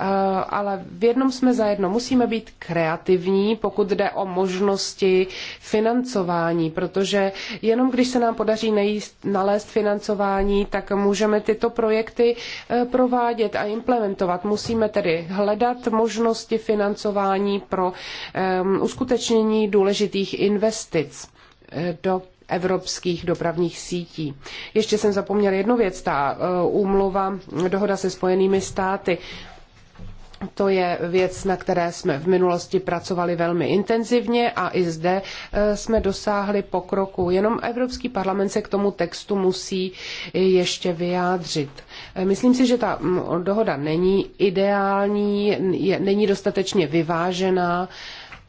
Eh, ale v jednom jsme jedno. Musíme být kreativní, pokud jde o možnosti financování, protože jenom když se nám podaří nejíst, nalézt financování, tak můžeme tyto projekty eh, provádět a implementovat. Musíme tedy hledat možnosti financování pro ehm, uskutečnění důležitých investic do evropských dopravních sítí. Ještě jsem zapomněl jednu věc, ta eh, úmluva, dohoda se spojenými státy. To je věc, na které jsme v minulosti pracovali velmi intenzivně a i zde eh, jsme dosáhli pokroku. Jenom Evropský parlament se k tomu textu musí ještě vyjádřit. Eh, myslím si, že ta mm, dohoda není ideální, není dostatečně vyvážená.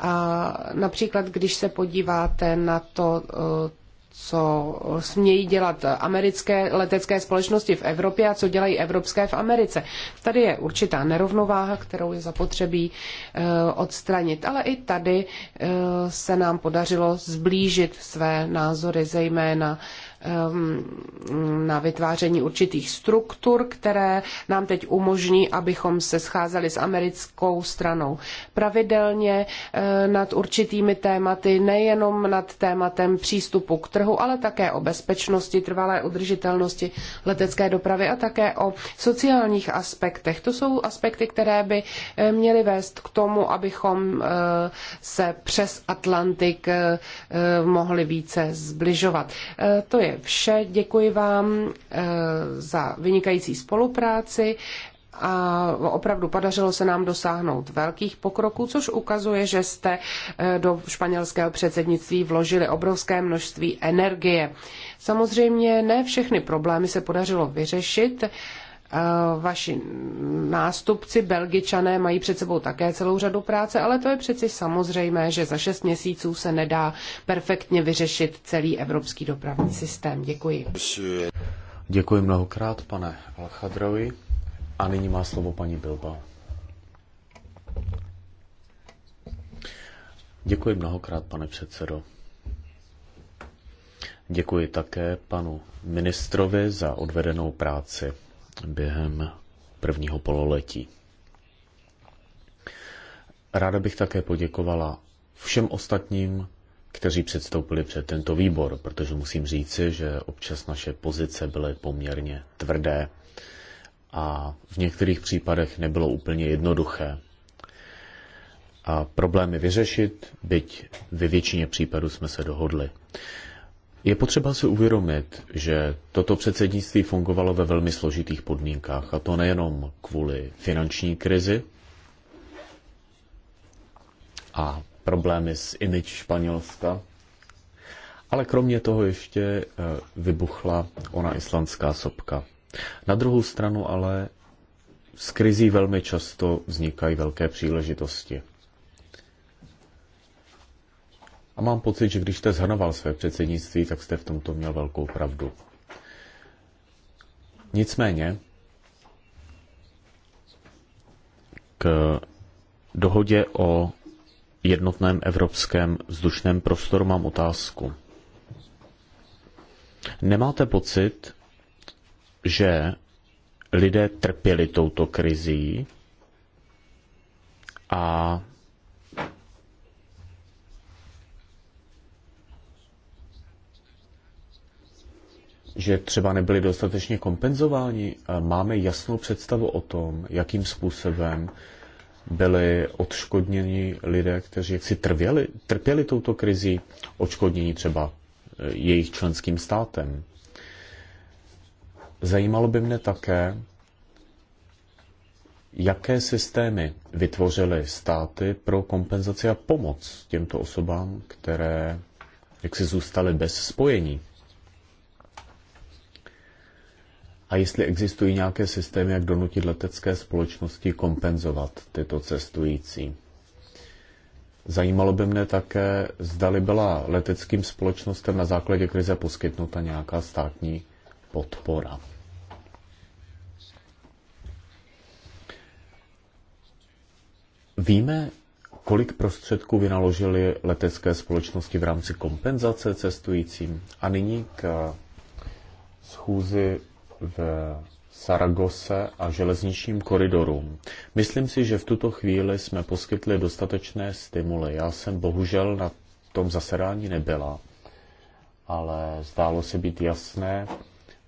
A například, když se podíváte na to, co smějí dělat americké letecké společnosti v Evropě a co dělají evropské v Americe. Tady je určitá nerovnováha, kterou je zapotřebí eh, odstranit, ale i tady eh, se nám podařilo zblížit své názory, zejména Ehm, na vytváření určitých struktur, které nám teď umožní, abychom se scházeli s americkou stranou pravidelně eh, nad určitými tématy, nejenom nad tématem přístupu k trhu, ale také o bezpečnosti, trvalé udržitelnosti letecké dopravy a také o sociálních aspektech. To jsou aspekty, které by eh, měly vést k tomu, abychom eh, se přes Atlantik mohli více zbližovat. To je vše. Děkuji vám eh, za vynikající spolupráci a opravdu podařilo se nám dosáhnout velkých pokroků, což ukazuje, že jste eh, do španělského předsednictví vložili obrovské množství energie. Samozřejmě ne všechny problémy se podařilo vyřešit, Eh, vaši nástupci belgičané mají před sebou také celou řadu práce, ale to je přeci samozřejmé, že za šest měsíců se nedá perfektně vyřešit celý evropský dopravní systém. Děkuji. Děkuji mnohokrát, pane Alchadrovi. A nyní má slovo paní Bilba. Děkuji mnohokrát, pane předsedo. Děkuji také panu ministrovi za odvedenou práci během prvního pololetí. Ráda bych také poděkovala všem ostatním, kteří předstoupili před tento výbor, protože musím říci, že občas naše pozice byly poměrně tvrdé a v některých případech nebylo úplně jednoduché a problémy vyřešit, byť ve většině případů jsme se dohodli. Je potřeba si uvědomit, že toto předsednictví fungovalo ve velmi složitých podmínkách, a to nejenom kvůli finanční krizi a problémy s image Španělska, ale kromě toho ještě eh, vybuchla ona islandská sopka. Na druhou stranu ale s krizí velmi často vznikají velké příležitosti. A mám pocit, že když jste zhrnoval své předsednictví, tak jste v tomto měl velkou pravdu. Nicméně k dohodě o jednotném evropském vzdušném prostoru mám otázku. Nemáte pocit, že lidé trpěli touto krizí a že třeba nebyli dostatečně kompenzováni. Máme jasnou představu o tom, jakým způsobem byli odškodněni lidé, kteří jaksi trvěli, trpěli touto krizi, odškodněni třeba eh, jejich členským státem. Zajímalo by mne také, jaké systémy vytvořily státy pro kompenzaci a pomoc těmto osobám, které jak si zůstaly bez spojení. a jestli existují nějaké systémy, jak donutit letecké společnosti kompenzovat tyto cestující. Zajímalo by mne také, zdali byla leteckým společnostem na základě krize poskytnuta nějaká státní podpora. Víme, kolik prostředků vynaložili letecké společnosti v rámci kompenzace cestujícím? A nyní k schůzi v Saragose a železničním koridorům. Myslím si, že v tuto chvíli jsme poskytli dostatečné stimuly. Já jsem bohužel na tom zasedání nebyla, ale zdálo se být jasné,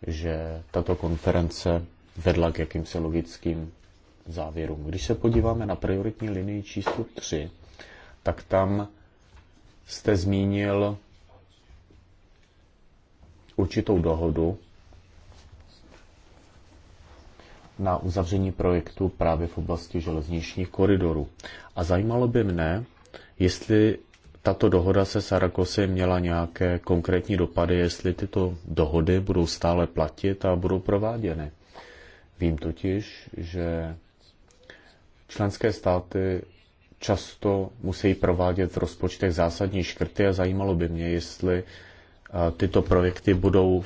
že tato konference vedla k jakýmsi logickým závěrům. Když se podíváme na prioritní linii číslo 3, tak tam jste zmínil určitou dohodu na uzavření projektu právě v oblasti železničních koridorů. A zajímalo by mne, jestli tato dohoda se Sarakosy měla nějaké konkrétní dopady, jestli tyto dohody budou stále platit a budou prováděny. Vím totiž, že členské státy často musí provádět v rozpočtech zásadní škrty a zajímalo by mě, jestli tyto projekty budou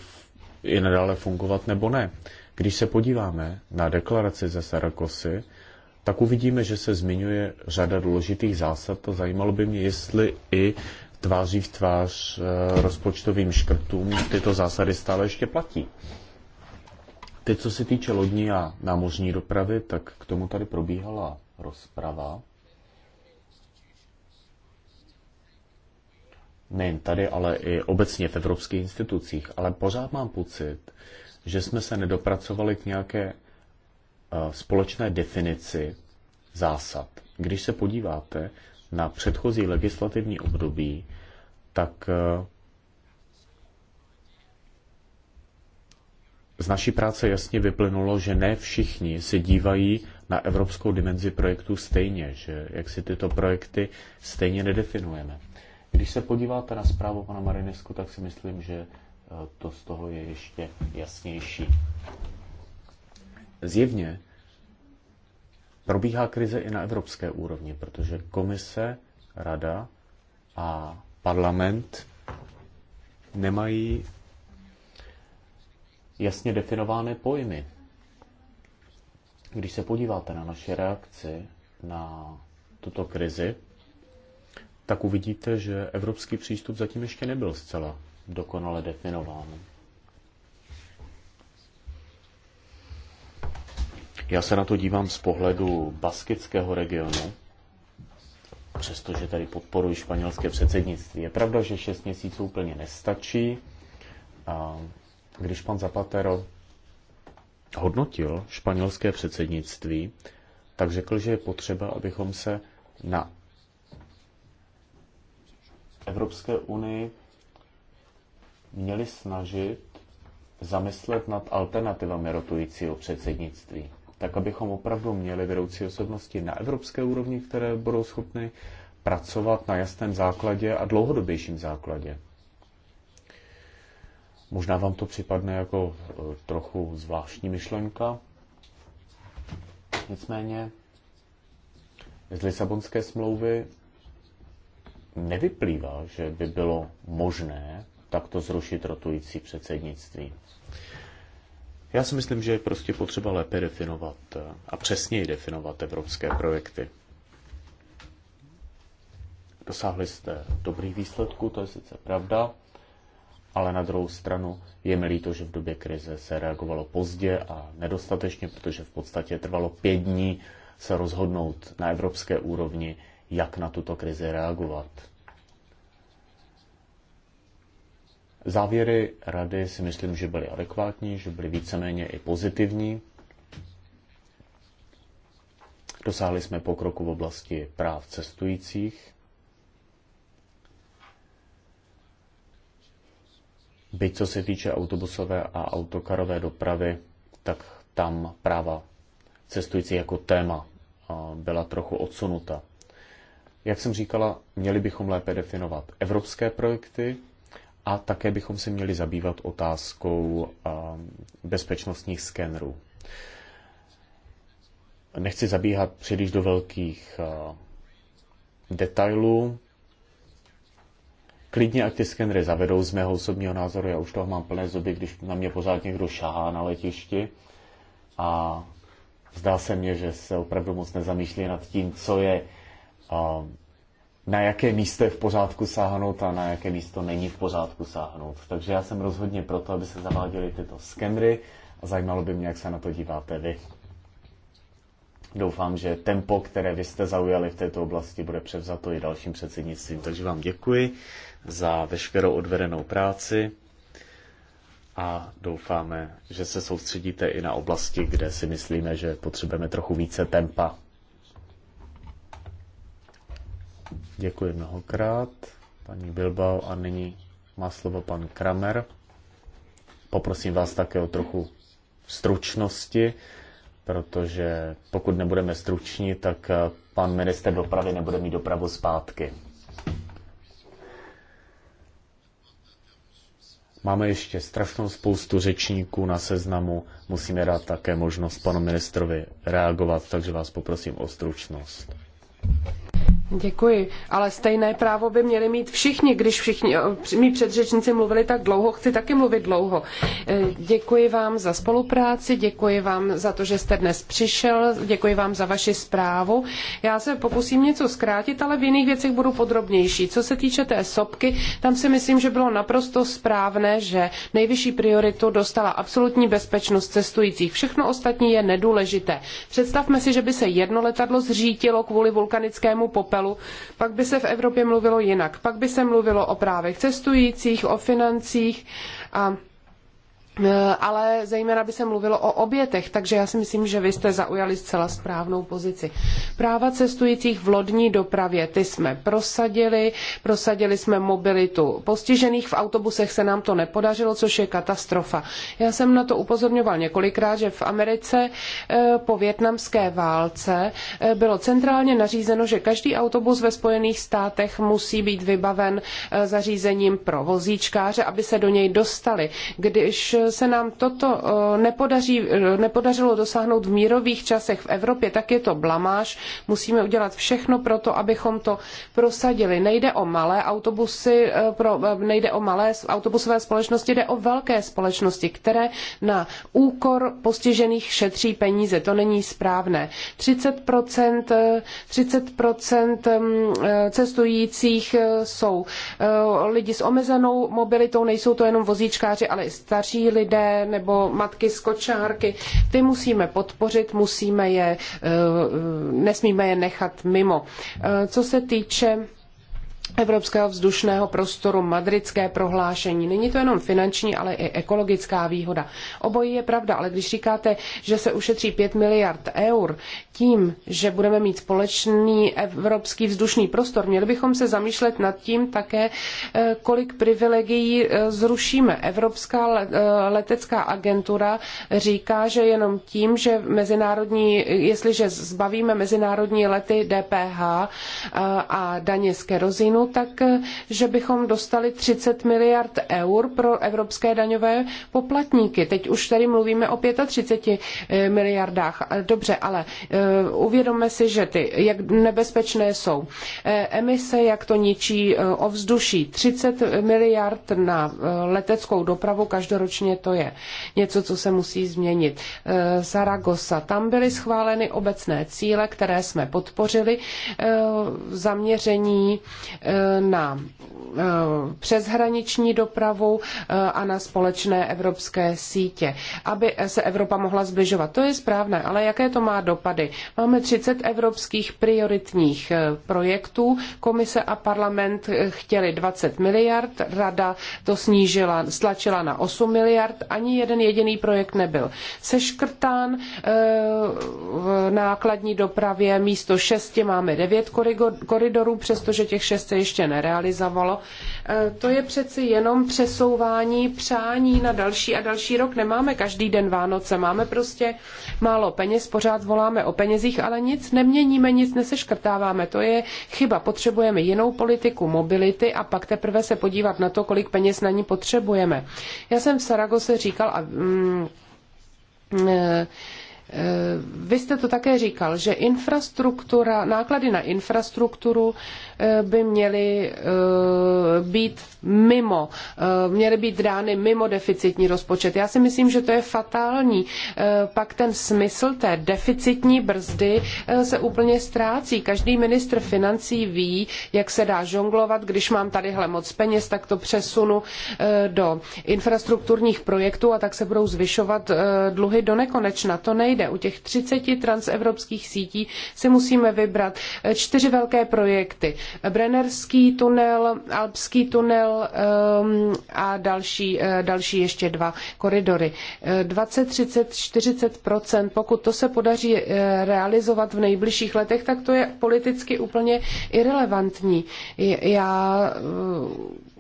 i nadále fungovat nebo ne. Když se podíváme na deklaraci ze Sarakosy, tak uvidíme, že se zmiňuje řada důležitých zásad To zajímalo by mě, jestli i tváří v tvář eh, rozpočtovým škrtům tyto zásady stále ještě platí. Ty, co se týče lodní a námořní dopravy, tak k tomu tady probíhala rozprava. Nejen tady, ale i obecně v evropských institucích. Ale pořád mám pocit, že jsme se nedopracovali k nějaké eh, společné definici zásad. Když se podíváte na předchozí legislativní období, tak eh, z naší práce jasně vyplynulo, že ne všichni se dívají na evropskou dimenzi projektů stejně, že jak si tyto projekty stejně nedefinujeme. Když se podíváte na zprávu pana Marinesku, tak si myslím, že to z toho je ještě jasnější. Zjevně probíhá krize i na evropské úrovni, protože komise, rada a parlament nemají jasně definované pojmy. Když se podíváte na naše reakci na tuto krizi, tak uvidíte, že evropský přístup zatím ještě nebyl zcela dokonale definováno. Já se na to dívám z pohledu baskického regionu, přestože tady podporuji španělské předsednictví. Je pravda, že 6 měsíců úplně nestačí. A když pan Zapatero hodnotil španělské předsednictví, tak řekl, že je potřeba, abychom se na Evropské unii měli snažit zamyslet nad alternativami rotujícího předsednictví, tak abychom opravdu měli vedoucí osobnosti na evropské úrovni, které budou schopny pracovat na jasném základě a dlouhodobějším základě. Možná vám to připadne jako e, trochu zvláštní myšlenka. Nicméně z Lisabonské smlouvy nevyplývá, že by bylo možné takto zrušit rotující předsednictví. Já si myslím, že je prostě potřeba lépe definovat eh, a přesněji definovat evropské projekty. Dosáhli jste dobrých výsledků, to je sice pravda, ale na druhou stranu je mi líto, že v době krize se reagovalo pozdě a nedostatečně, protože v podstatě trvalo pět dní se rozhodnout na evropské úrovni, jak na tuto krizi reagovat. Závěry rady si myslím, že byly adekvátní, že byly víceméně i pozitivní. Dosáhli jsme pokroku v oblasti práv cestujících. Byť co se týče autobusové a autokarové dopravy, tak tam práva cestující jako téma byla trochu odsunuta. Jak jsem říkala, měli bychom lépe definovat evropské projekty, a také bychom se měli zabývat otázkou bezpečnostních skenerů. Nechci zabíhat příliš do velkých detailů. Klidně, ať ty skenery zavedou, z mého osobního názoru, já už toho mám plné zuby, když na mě pořád někdo šahá na letišti a zdá se mně, že se opravdu moc nezamýšlí nad tím, co je na jaké místo je v pořádku sáhnout a na jaké místo není v pořádku sáhnout. Takže já jsem rozhodně proto, aby se zaváděly tyto skenry a zajímalo by mě, jak se na to díváte vy. Doufám, že tempo, které vy jste zaujali v této oblasti, bude převzato i dalším předsednictvím. Takže vám děkuji za veškerou odvedenou práci a doufáme, že se soustředíte i na oblasti, kde si myslíme, že potřebujeme trochu více tempa. Děkuji mnohokrát, paní Bilbao, a nyní má slovo pan Kramer. Poprosím vás také o trochu stručnosti, protože pokud nebudeme struční, tak eh, pan minister dopravy nebude mít dopravu zpátky. Máme ještě strašnou spoustu řečníků na seznamu, musíme dát také možnost panu ministrovi reagovat, takže vás poprosím o stručnost. Děkuji, ale stejné právo by měli mít všichni, když všichni eh, mý předřečníci mluvili tak dlouho, chci taky mluvit dlouho. Eh, děkuji vám za spolupráci, děkuji vám za to, že jste dnes přišel, děkuji vám za vaši zprávu. Já se pokusím něco zkrátit, ale v jiných věcech budu podrobnější. Co se týče té sopky, tam si myslím, že bylo naprosto správné, že nejvyšší prioritu dostala absolutní bezpečnost cestujících. Všechno ostatní je nedůležité. Představme si, že by se jedno letadlo zřítilo kvůli vulkanickému popelu Bruselu, pak by se v Evropě mluvilo jinak. Pak by se mluvilo o právech cestujících, o financích a Eh, ale zejména by se mluvilo o obětech, takže já si myslím, že vy jste zaujali zcela správnou pozici. Práva cestujících v lodní dopravě, ty jsme prosadili, prosadili jsme mobilitu postižených, v autobusech se nám to nepodařilo, což je katastrofa. Já jsem na to upozorňoval několikrát, že v Americe eh, po větnamské válce eh, bylo centrálně nařízeno, že každý autobus ve Spojených státech musí být vybaven zařízením pro vozíčkáře, aby se do něj dostali. Když se nám toto eh, nepodaří, eh, nepodařilo dosáhnout v mírových časech v Evropě, tak je to blamáž. Musíme udělat všechno pro to, abychom to prosadili. Nejde o malé autobusy, eh, pro, nejde o malé autobusové společnosti, jde o velké společnosti, které na úkor postižených šetří peníze. To není správné. 30%, 30% mm, cestujících jsou lidi s omezenou mobilitou, nejsou to jenom vozíčkáři, ale i starší lidé nebo matky z kočárky. Ty musíme podpořit, musíme je, eh, nesmíme je nechat mimo. Eh, co se týče evropského vzdušného prostoru, madridské prohlášení. Není to jenom finanční, ale i ekologická výhoda. Obojí je pravda, ale když říkáte, že se ušetří 5 miliard eur tím, že budeme mít společný evropský vzdušný prostor, měli bychom se zamýšlet nad tím také, eh, kolik privilegií eh, zrušíme. Evropská eh, letecká agentura říká, že jenom tím, že mezinárodní, jestliže zbavíme mezinárodní lety DPH a daně z kerozinu, řeknu, tak eh, že bychom dostali 30 miliard eur pro evropské daňové poplatníky. Teď už tady mluvíme o 35 eh, miliardách. Eh, dobře, ale uvědomme si, že ty, jak nebezpečné jsou emise, jak to ničí ovzduší. 30 miliard na leteckou dopravu každoročně to je něco, co se musí změnit. Zaragoza, tam byly schváleny obecné cíle, které jsme podpořili, zaměření Eh, na eh, přeshraniční dopravu eh, a na společné evropské sítě, aby se Evropa mohla zbližovat. To je správné, ale jaké to má dopady? Máme 30 evropských prioritních projektů, komise a parlament chtěli 20 miliard, rada to snížila, stlačila na 8 miliard, ani jeden jediný projekt nebyl seškrtán v nákladní dopravě, místo 6 máme 9 koridorů, přestože těch 6 ještě nerealizovalo. E, to je přeci jenom přesouvání přání na další a další rok. Nemáme každý den Vánoce, máme prostě málo peněz, pořád voláme o penězích, ale nic neměníme, nic neseškrtáváme. To je chyba. Potřebujeme jinou politiku mobility a pak teprve se podívat na to, kolik peněz na ní potřebujeme. Já jsem v Saragose říkal a mm, e, Eh, vy jste to také říkal, že infrastruktura, náklady na infrastrukturu eh, by měly eh, být mimo, měly být dány mimo deficitní rozpočet. Já si myslím, že to je fatální. Pak ten smysl té deficitní brzdy se úplně ztrácí. Každý ministr financí ví, jak se dá žonglovat, když mám tadyhle moc peněz, tak to přesunu do infrastrukturních projektů a tak se budou zvyšovat dluhy do nekonečna. To nejde nejde. U těch 30 transevropských sítí si musíme vybrat eh, čtyři velké projekty. Brennerský tunel, Alpský tunel ehm, a další, eh, další ještě dva koridory. 20, 30, 40 pokud to se podaří eh, realizovat v nejbližších letech, tak to je politicky úplně irrelevantní. Já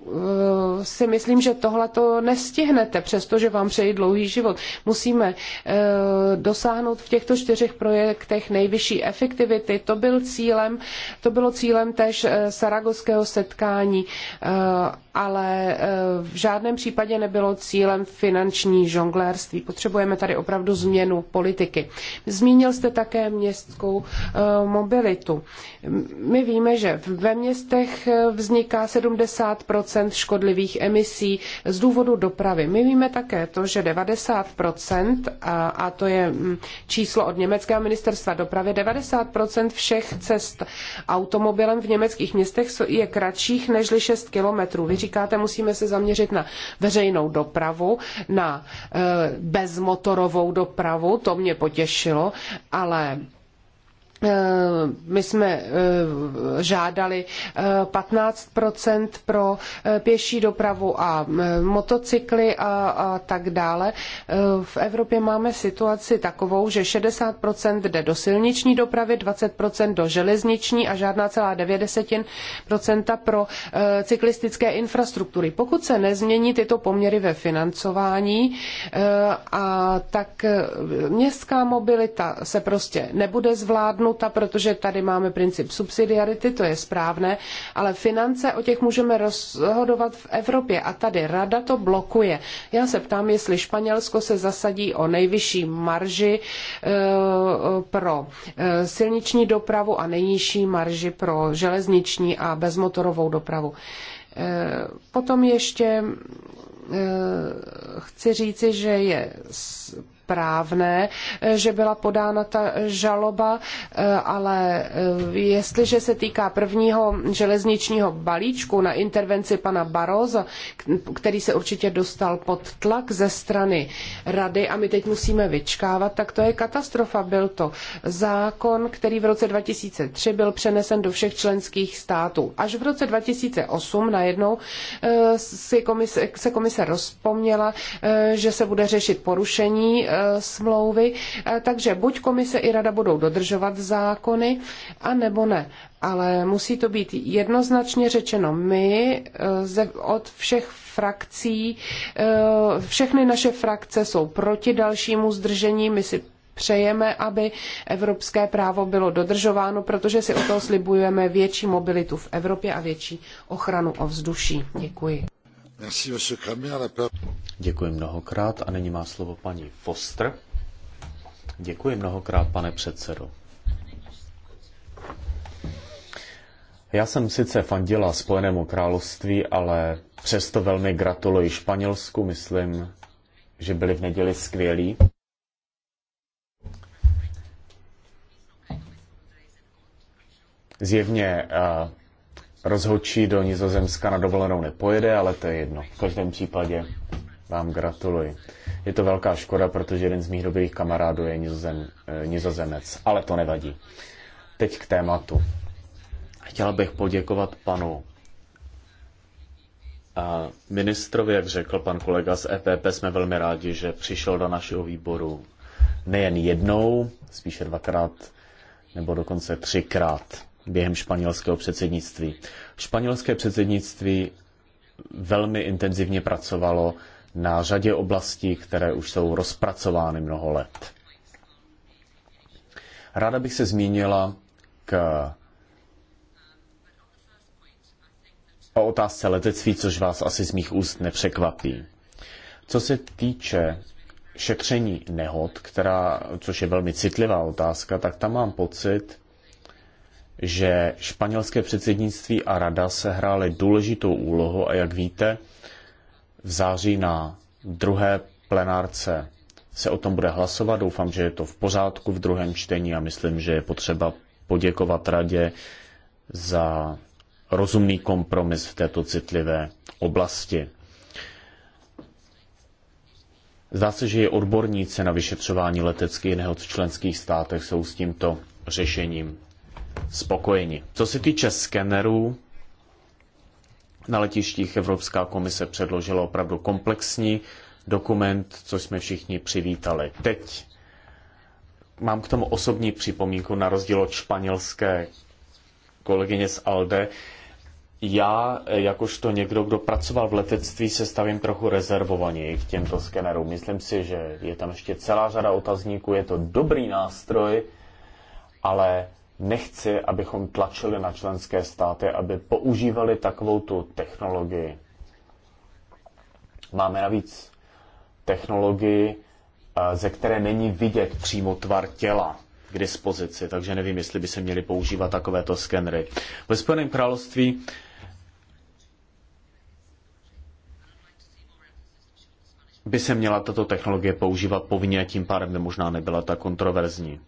Eh, si myslím, že tohle to nestihnete, přestože vám přeji dlouhý život. Musíme eh, dosáhnout v těchto čtyřech projektech nejvyšší efektivity. To byl cílem, to bylo cílem též eh, saragoského setkání ale e, v žádném případě nebylo cílem finanční žonglérství. Potřebujeme tady opravdu změnu politiky. Zmínil jste také městskou e, mobilitu. My víme, že ve městech e, vzniká 70 škodlivých emisí z důvodu dopravy. My víme také to, že 90 a, to je mm, číslo od německého ministerstva dopravy, 90 všech cest automobilem v německých městech je kratších než 6 kilometrů. Vy říkáte, musíme se zaměřit na veřejnou dopravu, na eh, bezmotorovou dopravu, to mě potěšilo, ale Eh, my jsme eh, žádali 15 eh, pro pěší dopravu a motocykly a, a tak dále. V Evropě máme situaci takovou, že 60 jde do silniční dopravy, 20 do železniční a žádná celá 90 pro cyklistické infrastruktury. Pokud se nezmění tyto poměry ve financování, a tak městská mobilita se prostě nebude zvládnout zahrnuta, protože tady máme princip subsidiarity, to je správné, ale finance o těch můžeme rozhodovat v Evropě a tady rada to blokuje. Já se ptám, jestli Španělsko se zasadí o nejvyšší marži eh, pro eh, silniční dopravu a nejnižší marži pro železniční a bezmotorovou dopravu. Eh, potom ještě chci říci, že je správné, eh, že byla podána ta žaloba, eh, ale eh, jestliže se týká prvního železničního balíčku na intervenci pana Baroza, který se určitě dostal pod tlak ze strany rady a my teď musíme vyčkávat, tak to je katastrofa. Byl to zákon, který v roce 2003 byl přenesen do všech členských států. Až v roce 2008 najednou si komise, se komise rozpomněla, že se bude řešit porušení smlouvy, eh, takže buď komise i rada budou dodržovat zákony, a nebo ne. Ale musí to být jednoznačně řečeno. My eh, od všech frakcí, eh, všechny naše frakce jsou proti dalšímu zdržení, my si přejeme, aby evropské právo bylo dodržováno, protože si o to slibujeme větší mobilitu v Evropě a větší ochranu ovzduší. Děkuji. Děkuji mnohokrát a nyní má slovo paní Foster. Děkuji mnohokrát, pane předsedo. Já jsem sice fandila Spojenému království, ale přesto velmi gratuluji Španělsku. Myslím, že byli v neděli skvělí. Zjevně uh, rozhodčí do Nizozemska na dovolenou nepojede, ale to je jedno. V každém případě vám gratuluji. Je to velká škoda, protože jeden z mých dobrých kamarádů je nizozem, eh, nizozemec, ale to nevadí. Teď k tématu. Chtěl bych poděkovat panu a eh, ministrovi, jak řekl pan kolega z EPP, jsme velmi rádi, že přišel do našeho výboru nejen jednou, spíše dvakrát nebo dokonce třikrát během španělského předsednictví. Španělské předsednictví velmi intenzivně pracovalo na řadě oblastí, které už jsou rozpracovány mnoho let. Ráda bych se zmínila k o otázce letectví, což vás asi z mých úst nepřekvapí. Co se týče šetření nehod, která, což je velmi citlivá otázka, tak tam mám pocit, že španělské předsednictví a rada se hrály důležitou úlohu a jak víte, v září na druhé plenárce se o tom bude hlasovat. Doufám, že je to v pořádku v druhém čtení a myslím, že je potřeba poděkovat radě za rozumný kompromis v této citlivé oblasti. Zdá se, že i odborníci na vyšetřování leteckých nehod v členských státech jsou s tímto řešením spokojeni. Co se týče skenerů, na letištích Evropská komise předložila opravdu komplexní dokument, což jsme všichni přivítali. Teď mám k tomu osobní připomínku na rozdíl od španělské kolegyně z ALDE. Já, jakožto někdo, kdo pracoval v letectví, se stavím trochu rezervovaněji k těmto skenerům. Myslím si, že je tam ještě celá řada otazníků, je to dobrý nástroj, ale nechci, abychom tlačili na členské státy, aby používali takovou tu technologii. Máme navíc technologii, eh, ze které není vidět přímo tvar těla k dispozici, takže nevím, jestli by se měly používat takovéto skenery. Ve Spojeném království by se měla tato technologie používat povinně a tím pádem by možná nebyla tak kontroverzní.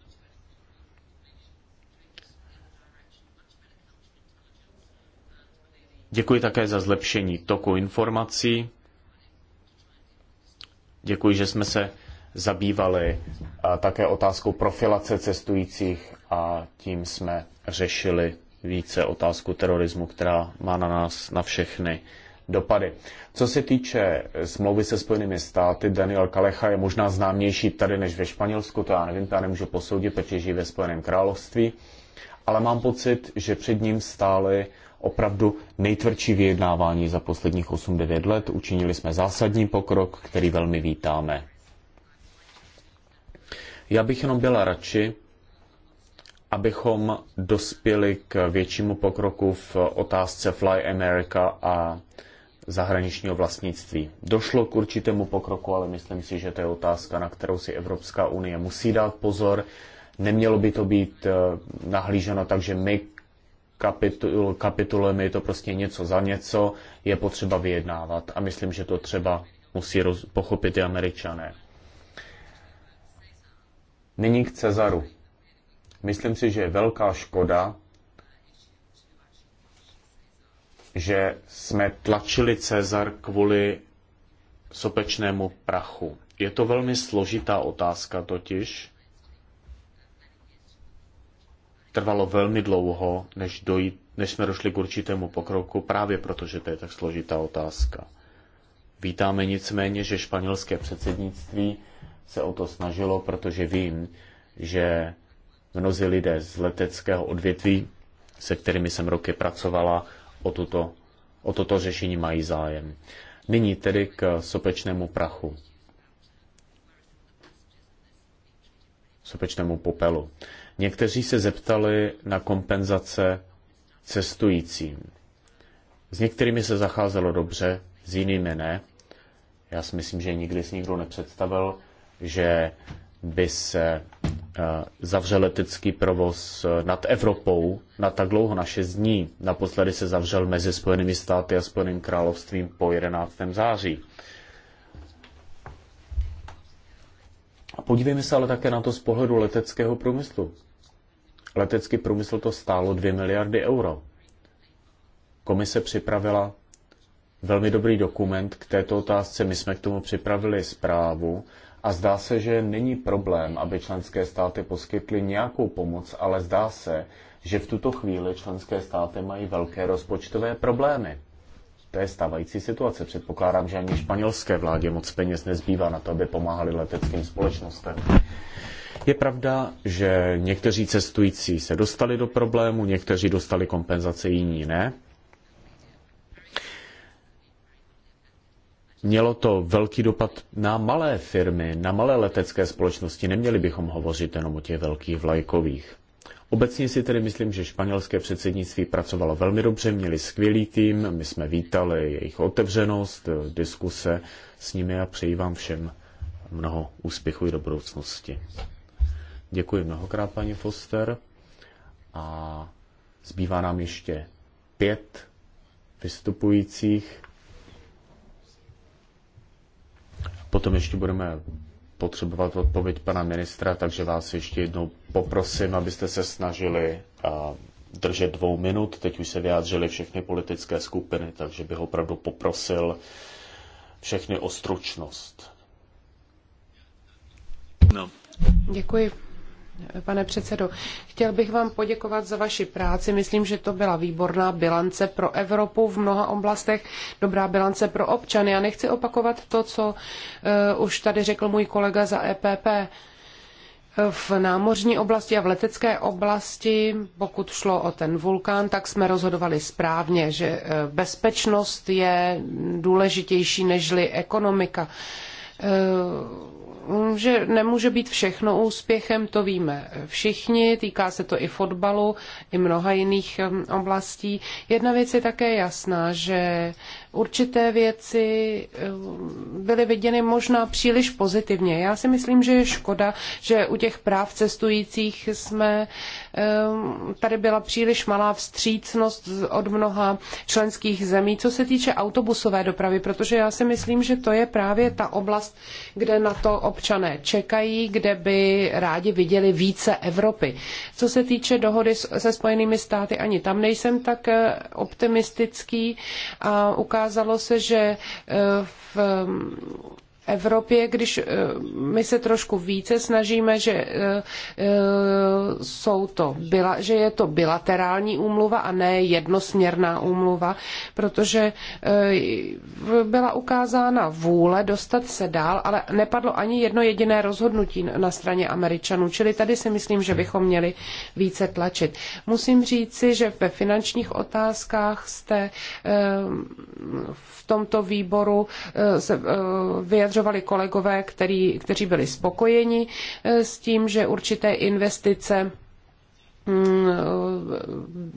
Děkuji také za zlepšení toku informací. Děkuji, že jsme se zabývali také otázkou profilace cestujících a tím jsme řešili více otázku terorismu, která má na nás, na všechny dopady. Co se týče smlouvy se Spojenými státy, Daniel Kalecha je možná známější tady než ve Španělsku, to já nevím, to já nemůžu posoudit, protože žijí ve Spojeném království, ale mám pocit, že před ním stály opravdu nejtvrdší vyjednávání za posledních 8-9 let. Učinili jsme zásadní pokrok, který velmi vítáme. Já bych jenom byla radši, abychom dospěli k většímu pokroku v otázce Fly America a zahraničního vlastnictví. Došlo k určitému pokroku, ale myslím si, že to je otázka, na kterou si Evropská unie musí dát pozor. Nemělo by to být eh, nahlíženo tak, že my kapitul, kapitulemi, to prostě něco za něco, je potřeba vyjednávat. A myslím, že to třeba musí roz, pochopit i američané. Nyní k Cezaru. Myslím si, že je velká škoda, že jsme tlačili Cezar kvůli sopečnému prachu. Je to velmi složitá otázka totiž, trvalo velmi dlouho, než, dojít, než jsme došli k určitému pokroku, právě protože to je tak složitá otázka. Vítáme nicméně, že španělské předsednictví se o to snažilo, protože vím, že mnozí lidé z leteckého odvětví, se kterými jsem roky pracovala, o, tuto, o toto řešení mají zájem. Nyní tedy k sopečnému prachu. Sopečnému popelu. Někteří se zeptali na kompenzace cestujícím. S některými se zacházelo dobře, s jinými ne. Já si myslím, že nikdy si nikdo nepředstavil, že by se eh, zavřel letecký provoz eh, nad Evropou na tak dlouho, na 6 dní. Naposledy se zavřel mezi Spojenými státy a Spojeným královstvím po 11. září. A podívejme se ale také na to z pohledu leteckého průmyslu. Letecký průmysl to stálo 2 miliardy euro. Komise připravila velmi dobrý dokument k této otázce. My jsme k tomu připravili zprávu a zdá se, že není problém, aby členské státy poskytly nějakou pomoc, ale zdá se, že v tuto chvíli členské státy mají velké rozpočtové problémy. To je stávající situace. Předpokládám, že ani španělské vládě moc peněz nezbývá na to, aby pomáhali leteckým společnostem. Je pravda, že někteří cestující se dostali do problému, někteří dostali kompenzace, jiní ne. Mělo to velký dopad na malé firmy, na malé letecké společnosti. Neměli bychom hovořit jenom o těch velkých vlajkových. Obecně si tedy myslím, že španělské předsednictví pracovalo velmi dobře, měli skvělý tým, my jsme vítali jejich otevřenost, diskuse s nimi a přeji vám všem mnoho úspěchů i do budoucnosti. Děkuji mnohokrát, paní Foster. A zbývá nám ještě pět vystupujících. Potom ještě budeme potřebovat odpověď pana ministra, takže vás ještě jednou poprosím, abyste se snažili držet dvou minut. Teď už se vyjádřily všechny politické skupiny, takže bych opravdu poprosil všechny o stručnost. No. Děkuji pane předsedo. Chtěl bych vám poděkovat za vaši práci. Myslím, že to byla výborná bilance pro Evropu v mnoha oblastech, dobrá bilance pro občany. Já nechci opakovat to, co uh, už tady řekl můj kolega za EPP. V námořní oblasti a v letecké oblasti, pokud šlo o ten vulkán, tak jsme rozhodovali správně, že eh, bezpečnost je důležitější nežli ekonomika. Uh, že nemůže být všechno úspěchem, to víme všichni, týká se to i fotbalu, i mnoha jiných oblastí. Jedna věc je také jasná, že určité věci byly viděny možná příliš pozitivně. Já si myslím, že je škoda, že u těch práv cestujících jsme tady byla příliš malá vstřícnost od mnoha členských zemí, co se týče autobusové dopravy, protože já si myslím, že to je právě ta oblast, kde na to občané občané čekají, kde by rádi viděli více Evropy. Co se týče dohody se Spojenými státy, ani tam nejsem tak eh, optimistický a ukázalo se, že eh, v Evropě, když eh, my se trošku více snažíme, že, eh, eh, jsou to, že je to bilaterální úmluva a ne jednosměrná úmluva, protože byla ukázána vůle dostat se dál, ale nepadlo ani jedno jediné rozhodnutí na straně Američanů, čili tady si myslím, že bychom měli více tlačit. Musím říci, že ve finančních otázkách jste v tomto výboru se vyjadřovali vyjadřovali kolegové, který, kteří byli spokojeni eh, s tím, že určité investice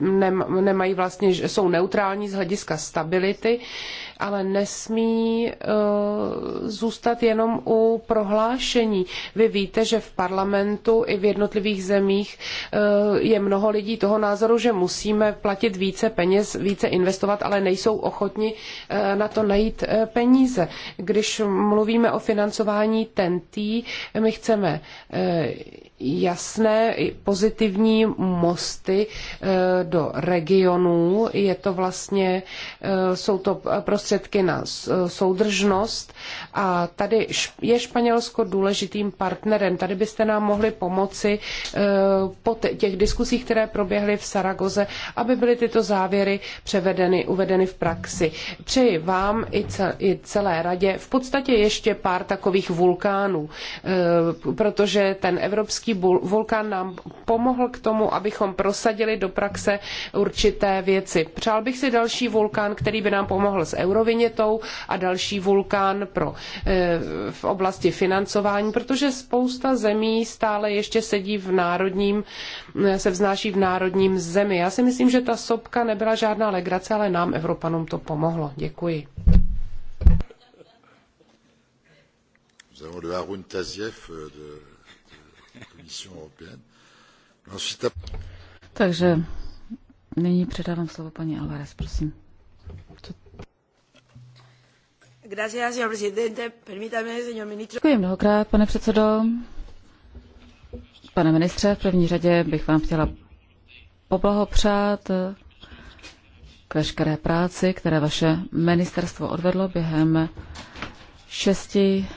Mm, nemají vlastně, jsou neutrální z hlediska stability, ale nesmí eh, zůstat jenom u prohlášení. Vy víte, že v parlamentu i v jednotlivých zemích eh, je mnoho lidí toho názoru, že musíme platit více peněz, více investovat, ale nejsou ochotni eh, na to najít peníze. Když mluvíme o financování TENT, my chceme jasné pozitivní mosty eh, do regionů. Je to vlastně, eh, jsou to prostředky na soudržnost a tady je Španělsko důležitým partnerem. Tady byste nám mohli pomoci eh, po těch diskusích, které proběhly v Saragoze, aby byly tyto závěry převedeny, uvedeny v praxi. Přeji vám i celé radě v podstatě ještě pár takových vulkánů, protože ten evropský Evropský vulkan nám pomohl k tomu, abychom prosadili do praxe určité věci. Přál bych si další vulkán, který by nám pomohl s eurovinětou a další vulkán pro, eh, v oblasti financování, protože spousta zemí stále ještě sedí v národním, eh, se vznáší v národním zemi. Já si myslím, že ta sopka nebyla žádná legrace, ale nám Evropanům to pomohlo. Děkuji. Nous avons le Taziev euh, de Commission européenne. Ensuite, takže nyní předávám slovo paní Alvarez, prosím. Děkuji mnohokrát, pane předsedo. Pane ministře, v první řadě bych vám chtěla poblahopřát k veškeré práci, které vaše ministerstvo odvedlo během šesti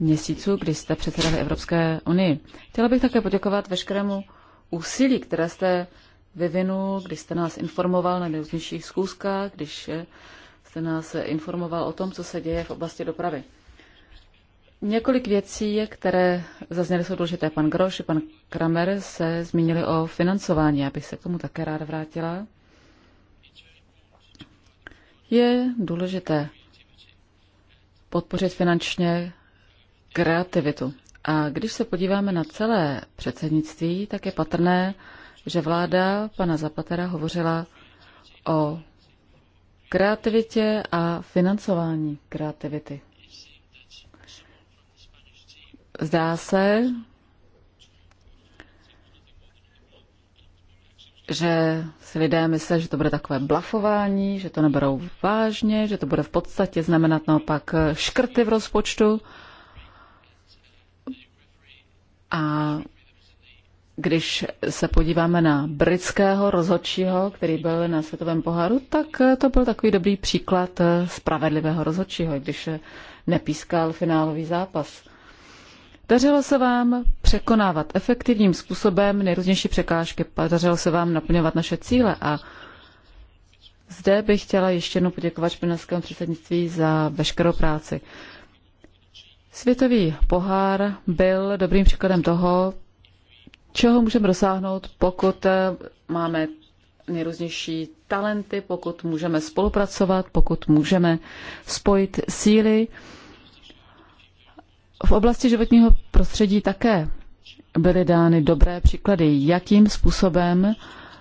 měsíců, kdy jste předsedali Evropské unii. Chtěla bych také poděkovat veškerému úsilí, které jste vyvinul, když jste nás informoval na nejrůznějších schůzkách, když jste nás informoval o tom, co se děje v oblasti dopravy. Několik věcí, které zazněly, jsou důležité. Pan Groš i pan Kramer se zmínili o financování. Já bych se k tomu také rád vrátila. Je důležité podpořit finančně kreativitu. A když se podíváme na celé předsednictví, tak je patrné, že vláda pana Zapatera hovořila o kreativitě a financování kreativity. Zdá se, že si lidé myslí, že to bude takové blafování, že to neberou vážně, že to bude v podstatě znamenat naopak škrty v rozpočtu. A když se podíváme na britského rozhodčího, který byl na světovém poháru, tak to byl takový dobrý příklad spravedlivého rozhodčího, když nepískal finálový zápas. Dařilo se vám překonávat efektivním způsobem nejrůznější překážky, dařilo se vám naplňovat naše cíle a zde bych chtěla ještě jednou poděkovat španělskému předsednictví za veškerou práci. Světový pohár byl dobrým příkladem toho, čeho můžeme dosáhnout, pokud eh, máme nejrůznější talenty, pokud můžeme spolupracovat, pokud můžeme spojit síly. V oblasti životního prostředí také byly dány dobré příklady, jakým způsobem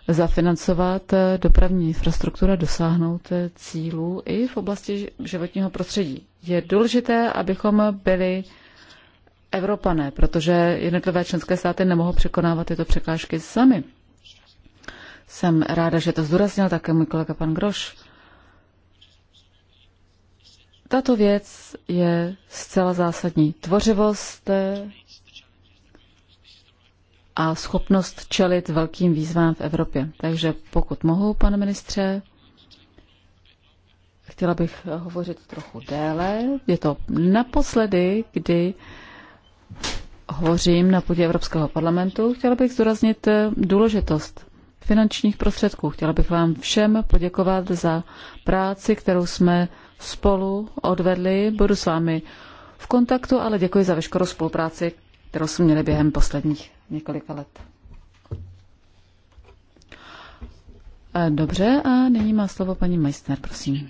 zafinancovat eh, dopravní infrastruktura, dosáhnout eh, cílů i v oblasti životního prostředí je důležité, abychom byli Evropané, protože jednotlivé členské státy nemohou překonávat tyto překážky sami. Jsem ráda, že to zdůraznil také můj kolega pan Groš. Tato věc je zcela zásadní. Tvořivost eh, a schopnost čelit velkým výzvám v Evropě. Takže pokud mohu, pane ministře, Chtěla bych eh, hovořit trochu déle. Je to naposledy, kdy hovořím na půdě Evropského parlamentu. Chtěla bych zdůraznit eh, důležitost finančních prostředků. Chtěla bych vám všem poděkovat za práci, kterou jsme spolu odvedli. Budu s vámi v kontaktu, ale děkuji za veškerou spolupráci, kterou jsme měli během posledních několika let. Eh, dobře, a nyní má slovo paní Meissner, prosím.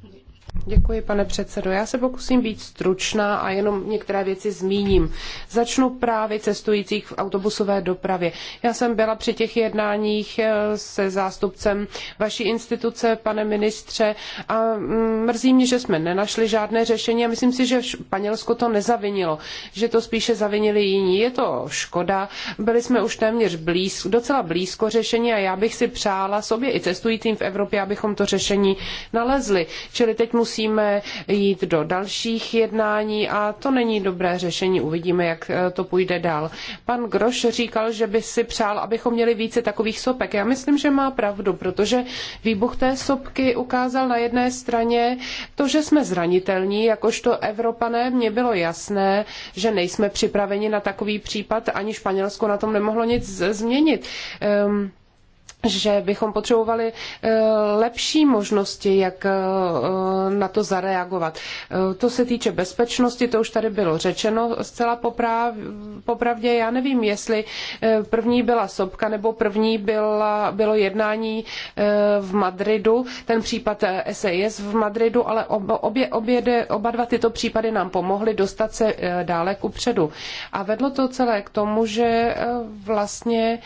Děkuji, pane předsedo. Já se pokusím být stručná a jenom některé věci zmíním. Začnu právě cestujících v autobusové dopravě. Já jsem byla při těch jednáních eh, se zástupcem vaší instituce, pane ministře, a mm, mrzí mě, že jsme nenašli žádné řešení a myslím si, že Španělsko to nezavinilo, že to spíše zavinili jiní. Je to škoda, byli jsme už téměř blízko, docela blízko řešení a já bych si přála sobě i cestujícím v Evropě, abychom to řešení nalezli. Čili teď musíme jít do dalších jednání a to není dobré řešení. Uvidíme, jak eh, to půjde dál. Pan Groš říkal, že by si přál, abychom měli více takových sopek. Já myslím, že má pravdu, protože výbuch té sopky ukázal na jedné straně to, že jsme zranitelní, jakožto Evropané. Mně bylo jasné, že nejsme připraveni na takový případ, ani Španělsko na tom nemohlo nic změnit. Um, že bychom potřebovali eh, lepší možnosti, jak eh, na to zareagovat. Eh, to se týče bezpečnosti, to už tady bylo řečeno zcela popráv, popravdě. Já nevím, jestli první byla Sobka nebo první byla, bylo jednání v Madridu, ten případ SAS v Madridu, ale obě, obě, oba dva tyto případy nám pomohly dostat se dále ku předu. A vedlo to celé k tomu, že vlastně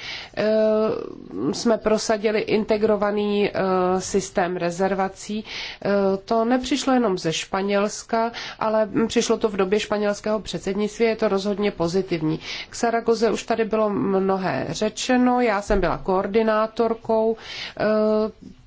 jsme prosadili integrovaný eh, systém rezervací. Eh, to nepřišlo jenom ze Španělska, ale přišlo to v době španělského předsednictví, je to rozhodně pozitivní. K Saragoze už tady bylo mnohé řečeno, já jsem byla koordinátorkou eh,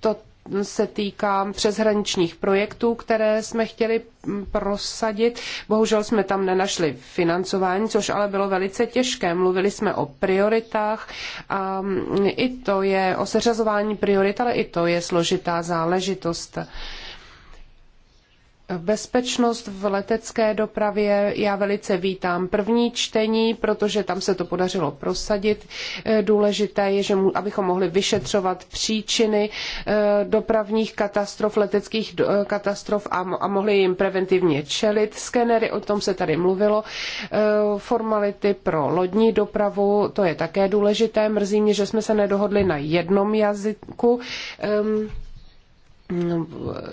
to se týká přeshraničních projektů, které jsme chtěli mm, prosadit. Bohužel jsme tam nenašli financování, což ale bylo velice těžké. Mluvili jsme o prioritách a mm, i to je o seřazování priorit, ale i to je složitá záležitost. Bezpečnost v letecké dopravě já velice vítám první čtení, protože tam se to podařilo prosadit. Eh, důležité je, že abychom mohli vyšetřovat příčiny eh, dopravních katastrof, leteckých eh, katastrof a, mohli jim preventivně čelit. Skenery, o tom se tady mluvilo. Formality pro lodní dopravu, to je také důležité. Mrzí mě, že jsme se nedohodli na jednom jazyku. Ehm,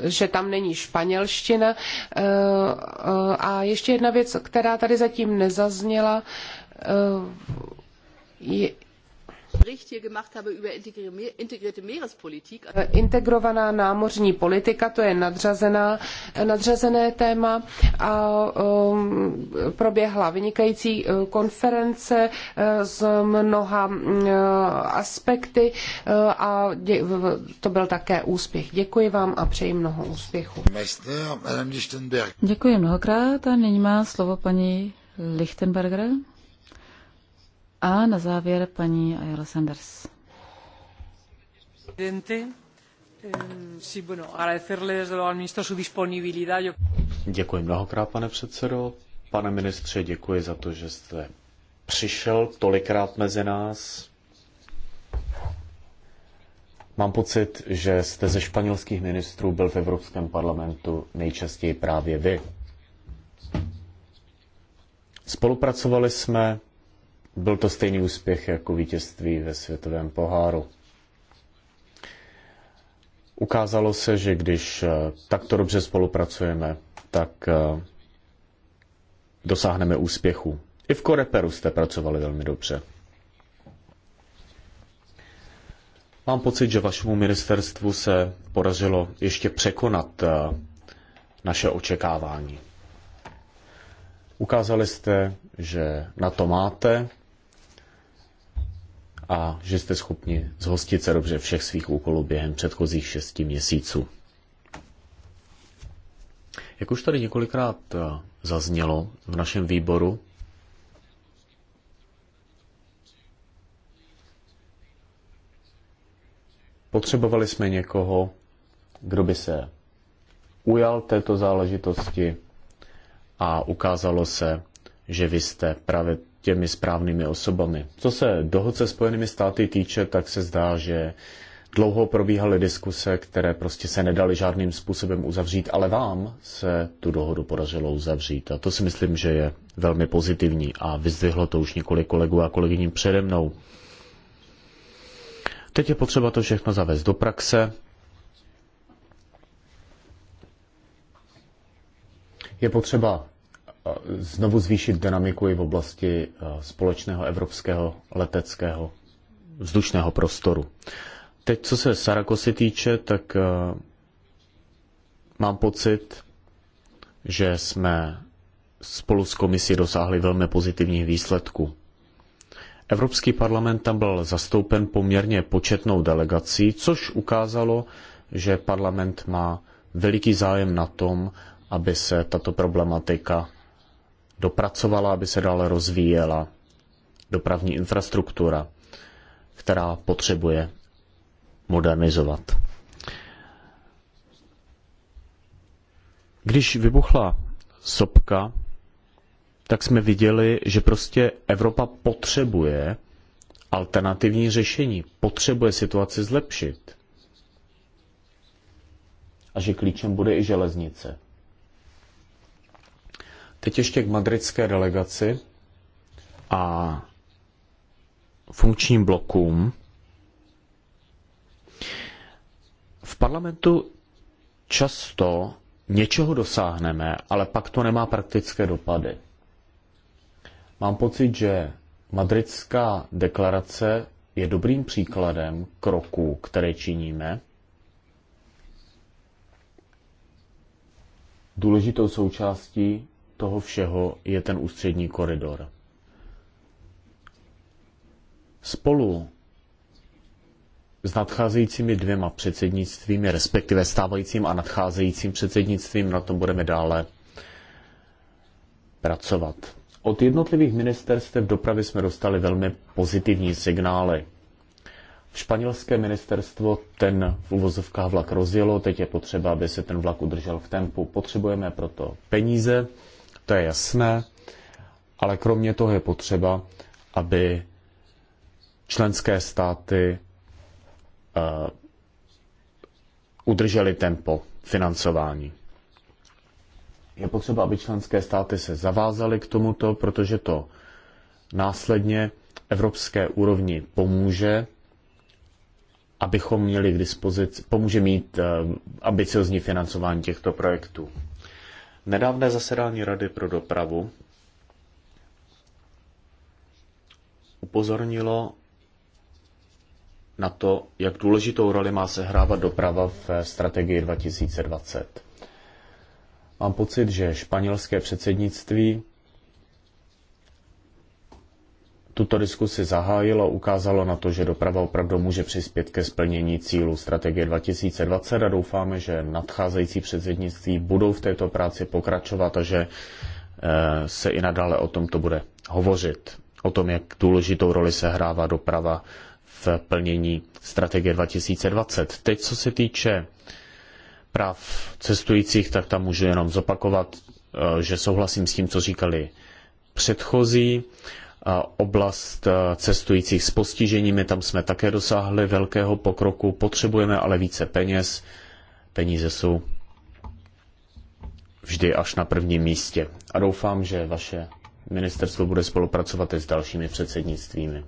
že tam není španělština. Eh, eh, a ještě jedna věc, která tady zatím nezazněla, eh, je, Integrovaná námořní politika, to je nadřazená, e, nadřazené téma a um, proběhla vynikající e, konference s mnoha aspekty a dě, to byl také úspěch. Děkuji vám a přeji mnoho úspěchu. Děkuji mnohokrát a nyní má slovo paní Lichtenberger. A na závěr paní Ayala Sanders. Děkuji mnohokrát, pane předsedo. Pane ministře, děkuji za to, že jste přišel tolikrát mezi nás. Mám pocit, že jste ze španělských ministrů byl v Evropském parlamentu nejčastěji právě vy. Spolupracovali jsme byl to stejný úspěch jako vítězství ve světovém poháru. Ukázalo se, že když eh, takto dobře spolupracujeme, tak eh, dosáhneme úspěchu. I v Koreperu jste pracovali velmi dobře. Mám pocit, že vašemu ministerstvu se podařilo ještě překonat eh, naše očekávání. Ukázali jste, že na to máte, a že jste schopni zhostit se dobře všech svých úkolů během předchozích šesti měsíců. Jak už tady několikrát eh, zaznělo v našem výboru, potřebovali jsme někoho, kdo by se ujal této záležitosti a ukázalo se, že vy jste právě těmi správnými osobami. Co se dohod se Spojenými státy týče, tak se zdá, že dlouho probíhaly diskuse, které prostě se nedaly žádným způsobem uzavřít, ale vám se tu dohodu podařilo uzavřít. A to si myslím, že je velmi pozitivní a vyzdvihlo to už několik kolegů a kolegyní přede mnou. Teď je potřeba to všechno zavést do praxe. Je potřeba znovu zvýšit dynamiku i v oblasti e, společného evropského leteckého vzdušného prostoru. Teď, co se Sarakosy týče, tak e, mám pocit, že jsme spolu s komisí dosáhli velmi pozitivních výsledků. Evropský parlament tam byl zastoupen poměrně početnou delegací, což ukázalo, že parlament má veliký zájem na tom, aby se tato problematika dopracovala, aby se dále rozvíjela dopravní infrastruktura, která potřebuje modernizovat. Když vybuchla sopka, tak jsme viděli, že prostě Evropa potřebuje alternativní řešení, potřebuje situaci zlepšit. A že klíčem bude i železnice. Teď ještě k madridské delegaci a funkčním blokům. V parlamentu často něčeho dosáhneme, ale pak to nemá praktické dopady. Mám pocit, že madridská deklarace je dobrým příkladem kroků, které činíme. Důležitou součástí toho všeho je ten ústřední koridor. Spolu s nadcházejícími dvěma předsednictvími, respektive stávajícím a nadcházejícím předsednictvím, na tom budeme dále pracovat. Od jednotlivých ministerstev dopravy jsme dostali velmi pozitivní signály. Španělské ministerstvo ten v uvozovkách vlak rozjelo, teď je potřeba, aby se ten vlak udržel v tempu. Potřebujeme proto peníze, to je jasné, ale kromě toho je potřeba, aby členské státy uh, udržely tempo financování. Je potřeba, aby členské státy se zavázaly k tomuto, protože to následně evropské úrovni pomůže, abychom měli k dispozici, pomůže mít eh, ambiciozní financování těchto projektů. Nedávné zasedání Rady pro dopravu upozornilo na to, jak důležitou roli má sehrávat doprava v strategii 2020. Mám pocit, že španělské předsednictví tuto diskusi zahájilo, ukázalo na to, že doprava opravdu může přispět ke splnění cílů strategie 2020 a doufáme, že nadcházející předsednictví budou v této práci pokračovat a že eh, se i nadále o tomto bude hovořit. O tom, jak důležitou roli se hrává doprava v plnění strategie 2020. Teď, co se týče práv cestujících, tak tam můžu jenom zopakovat, eh, že souhlasím s tím, co říkali předchozí oblast e, cestujících s postiženími, tam jsme také dosáhli velkého pokroku, potřebujeme ale více peněz. Peníze jsou vždy až na prvním místě. A doufám, že vaše ministerstvo bude spolupracovat i s dalšími předsednictvími.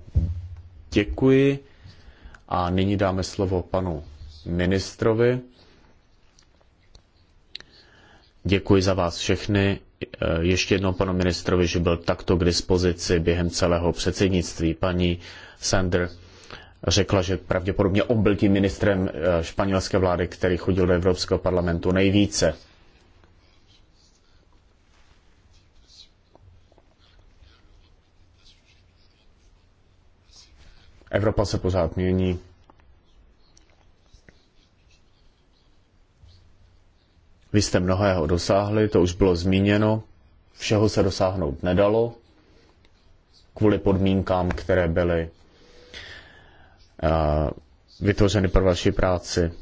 Děkuji a nyní dáme slovo panu ministrovi. Děkuji za vás všechny Eh, ještě jednou panu ministrovi, že byl takto k dispozici během celého předsednictví. Paní Sander řekla, že pravděpodobně on byl tím ministrem eh, španělské vlády, který chodil do Evropského parlamentu nejvíce. Evropa se pořád mění. Vy jste mnohého dosáhli, to už bylo zmíněno, všeho se dosáhnout nedalo, kvůli podmínkám, které byly eh, vytvořeny pro vaši práci.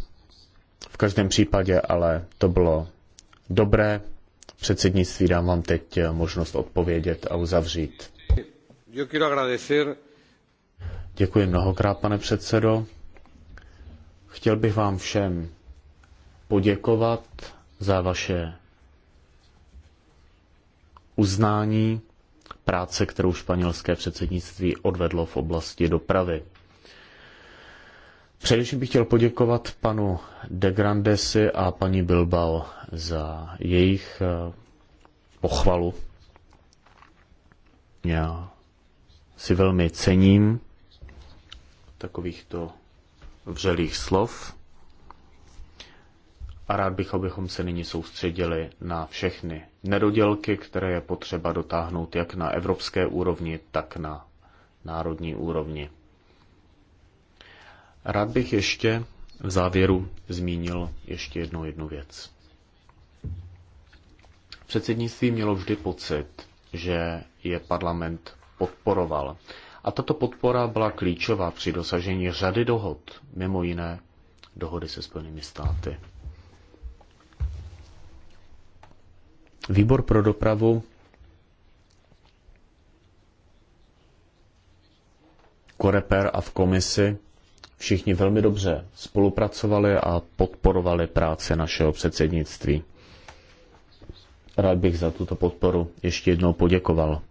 V každém případě ale to bylo dobré. Předsednictví dám vám teď eh, možnost odpovědět a uzavřít. Děkuji mnohokrát, pane předsedo. Chtěl bych vám všem poděkovat za vaše uznání práce, kterou španělské předsednictví odvedlo v oblasti dopravy. Především bych chtěl poděkovat panu De Grandesi a paní Bilbao za jejich eh, pochvalu. Já si velmi cením takovýchto vřelých slov a rád bych, abychom se nyní soustředili na všechny nedodělky, které je potřeba dotáhnout jak na evropské úrovni, tak na národní úrovni. Rád bych ještě v závěru zmínil ještě jednu jednu věc. Předsednictví mělo vždy pocit, že je parlament podporoval. A tato podpora byla klíčová při dosažení řady dohod, mimo jiné dohody se Spojenými státy. Výbor pro dopravu Koreper a v komisi všichni velmi dobře spolupracovali a podporovali práce našeho předsednictví. Rád bych za tuto podporu ještě jednou poděkoval.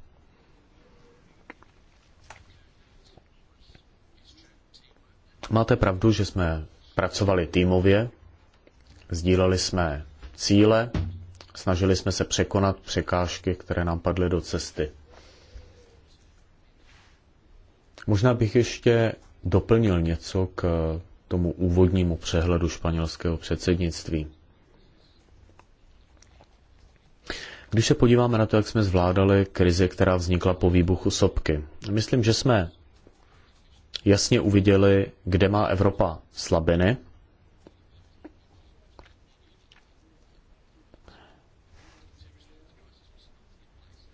Máte pravdu, že jsme pracovali týmově, sdíleli jsme cíle, Snažili jsme se překonat překážky, které nám padly do cesty. Možná bych ještě doplnil něco k tomu úvodnímu přehledu španělského předsednictví. Když se podíváme na to, jak jsme zvládali krizi, která vznikla po výbuchu sopky, myslím, že jsme jasně uviděli, kde má Evropa slabiny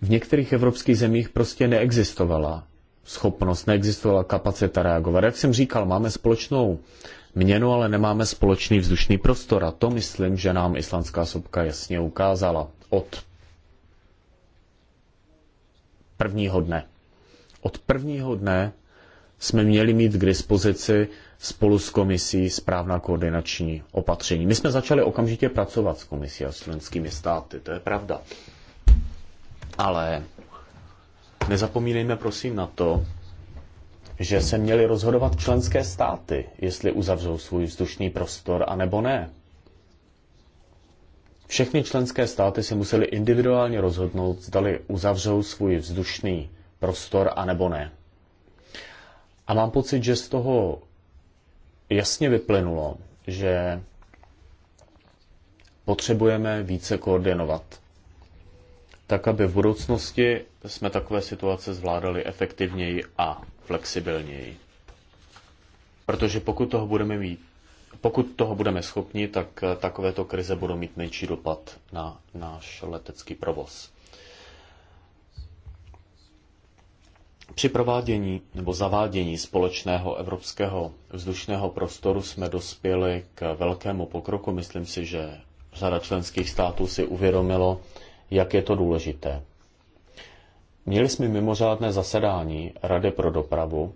v některých evropských zemích prostě neexistovala schopnost, neexistovala kapacita reagovat. Jak jsem říkal, máme společnou měnu, ale nemáme společný vzdušný prostor a to myslím, že nám islandská sobka jasně ukázala od prvního dne. Od prvního dne jsme měli mít k dispozici spolu s komisí správná koordinační opatření. My jsme začali okamžitě pracovat s komisí a členskými státy, to je pravda. Ale nezapomínejme prosím na to, že se měly rozhodovat členské státy, jestli uzavřou svůj vzdušný prostor a nebo ne. Všechny členské státy si museli individuálně rozhodnout, zdali uzavřou svůj vzdušný prostor a nebo ne. A mám pocit, že z toho jasně vyplynulo, že potřebujeme více koordinovat tak aby v budoucnosti jsme takové situace zvládali efektivněji a flexibilněji. Protože pokud toho budeme mít, pokud toho budeme schopni, tak eh, takovéto krize budou mít menší dopad na náš letecký provoz. Při provádění nebo zavádění společného evropského vzdušného prostoru jsme dospěli k velkému pokroku. Myslím si, že řada členských států si uvědomilo, jak je to důležité. Měli jsme mimořádné zasedání Rady pro dopravu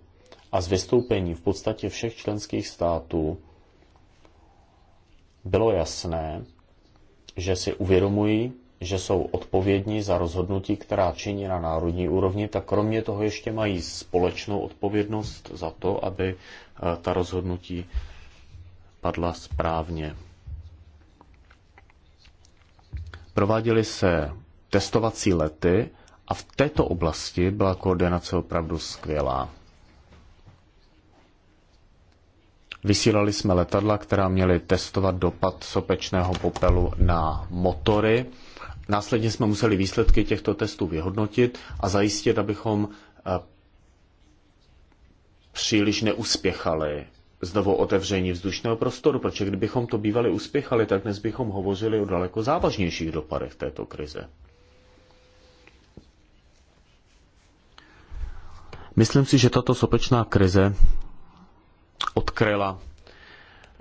a z vystoupení v podstatě všech členských států bylo jasné, že si uvědomují, že jsou odpovědní za rozhodnutí, která činí na národní úrovni, tak kromě toho ještě mají společnou odpovědnost za to, aby eh, ta rozhodnutí padla správně. Prováděly se testovací lety a v této oblasti byla koordinace opravdu skvělá. Vysílali jsme letadla, která měly testovat dopad sopečného popelu na motory. Následně jsme museli výsledky těchto testů vyhodnotit a zajistit, abychom eh, příliš neuspěchali znovu otevření vzdušného prostoru, protože kdybychom to bývali uspěchali, tak dnes bychom hovořili o daleko závažnějších dopadech této krize. Myslím si, že tato sopečná krize odkryla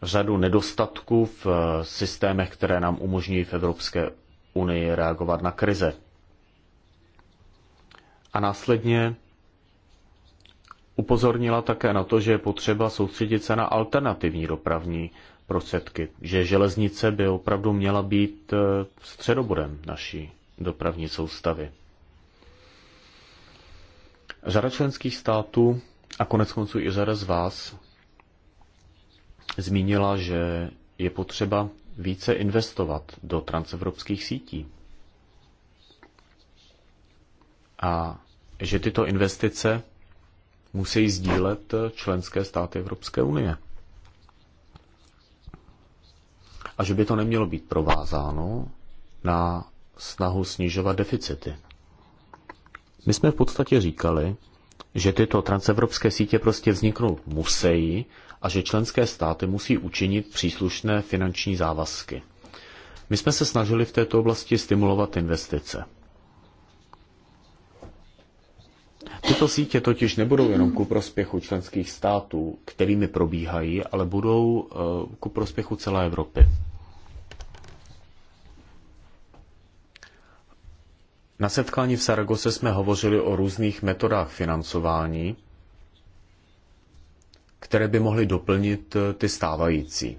řadu nedostatků v systémech, které nám umožňují v Evropské unii reagovat na krize. A následně Upozornila také na to, že je potřeba soustředit se na alternativní dopravní prostředky, že železnice by opravdu měla být eh, středobodem naší dopravní soustavy. Řada členských států a konec konců i řada z vás zmínila, že je potřeba více investovat do transevropských sítí. A že tyto investice musí sdílet eh, členské státy Evropské unie. A že by to nemělo být provázáno na snahu snižovat deficity. My jsme v podstatě říkali, že tyto transevropské sítě prostě vzniknout musí a že členské státy musí učinit příslušné finanční závazky. My jsme se snažili v této oblasti stimulovat investice. Tyto sítě totiž nebudou jenom ku prospěchu členských států, kterými probíhají, ale budou eh, ku prospěchu celé Evropy. Na setkání v Saragose jsme hovořili o různých metodách financování, které by mohly doplnit eh, ty stávající.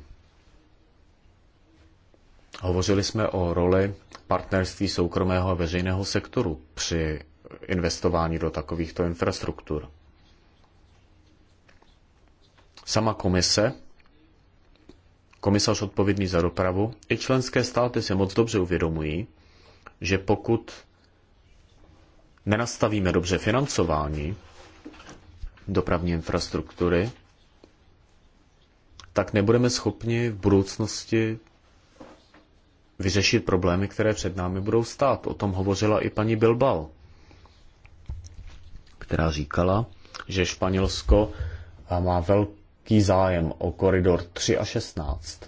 Hovořili jsme o roli partnerství soukromého a veřejného sektoru při investování do takovýchto infrastruktur. Sama komise, komisař odpovědný za dopravu, i členské státy si moc dobře uvědomují, že pokud nenastavíme dobře financování dopravní infrastruktury, tak nebudeme schopni v budoucnosti vyřešit problémy, které před námi budou stát. O tom hovořila i paní Bilbao která říkala, že Španělsko má velký zájem o koridor 3 a 16.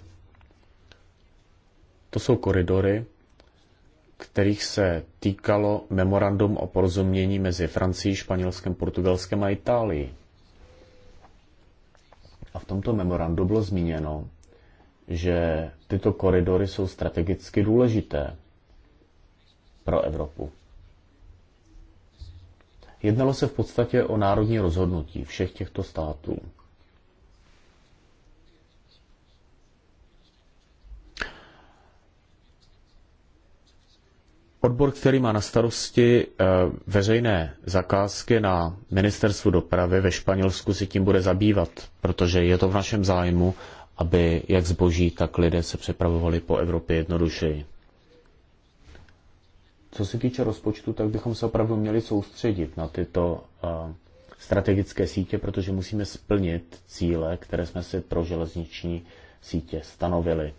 To jsou koridory, kterých se týkalo memorandum o porozumění mezi Francií, Španělskem, Portugalskem a Itálií. A v tomto memorandu bylo zmíněno, že tyto koridory jsou strategicky důležité pro Evropu. Jednalo se v podstatě o národní rozhodnutí všech těchto států. Odbor, který má na starosti eh, veřejné zakázky na ministerstvu dopravy ve Španělsku, si tím bude zabývat, protože je to v našem zájmu, aby jak zboží, tak lidé se přepravovali po Evropě jednodušeji. Co se týče rozpočtu, tak bychom se opravdu měli soustředit na tyto eh, strategické sítě, protože musíme splnit cíle, které jsme si pro železniční sítě stanovili.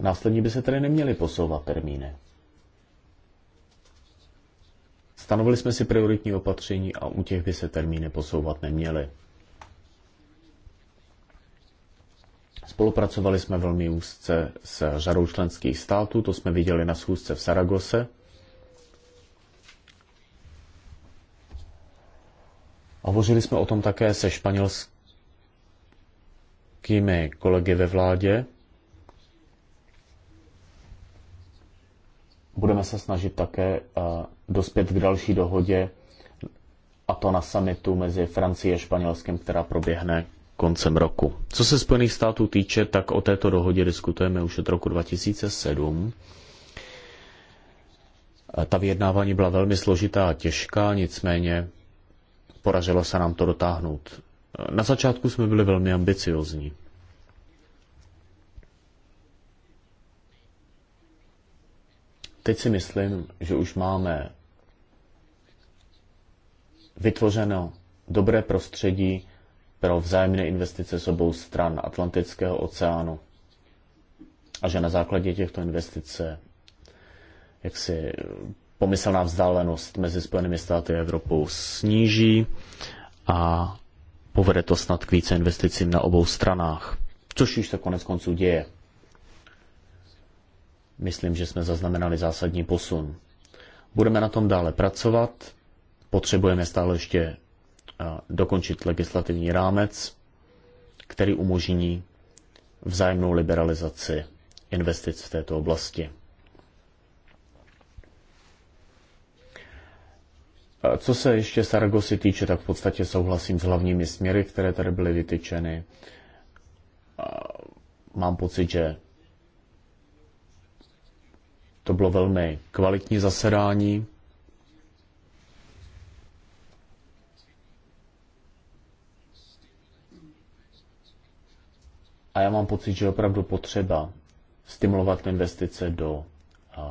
Následně by se tedy neměly posouvat termíny. Stanovili jsme si prioritní opatření a u těch by se termíny posouvat neměly. Spolupracovali jsme velmi úzce s řadou členských států, to jsme viděli na schůzce v Saragose. Hovořili jsme o tom také se španělskými kolegy ve vládě. Budeme se snažit také dospět k další dohodě, a to na summitu mezi Francií a Španělskem, která proběhne koncem roku. Co se Spojených států týče, tak o této dohodě diskutujeme už od roku 2007. Ta vyjednávání byla velmi složitá a těžká, nicméně podařilo se nám to dotáhnout. Na začátku jsme byli velmi ambiciozní. Teď si myslím, že už máme vytvořeno dobré prostředí pro vzájemné investice s obou stran Atlantického oceánu a že na základě těchto investic jaksi pomyslná vzdálenost mezi Spojenými státy a Evropou sníží a povede to snad k více investicím na obou stranách, což už se konec konců děje. Myslím, že jsme zaznamenali zásadní posun. Budeme na tom dále pracovat, potřebujeme stále ještě dokončit legislativní rámec, který umožní vzájemnou liberalizaci investic v této oblasti. Co se ještě Saragosy týče, tak v podstatě souhlasím s hlavními směry, které tady byly vytyčeny. Mám pocit, že to bylo velmi kvalitní zasedání. A já mám pocit, že je opravdu potřeba stimulovat investice do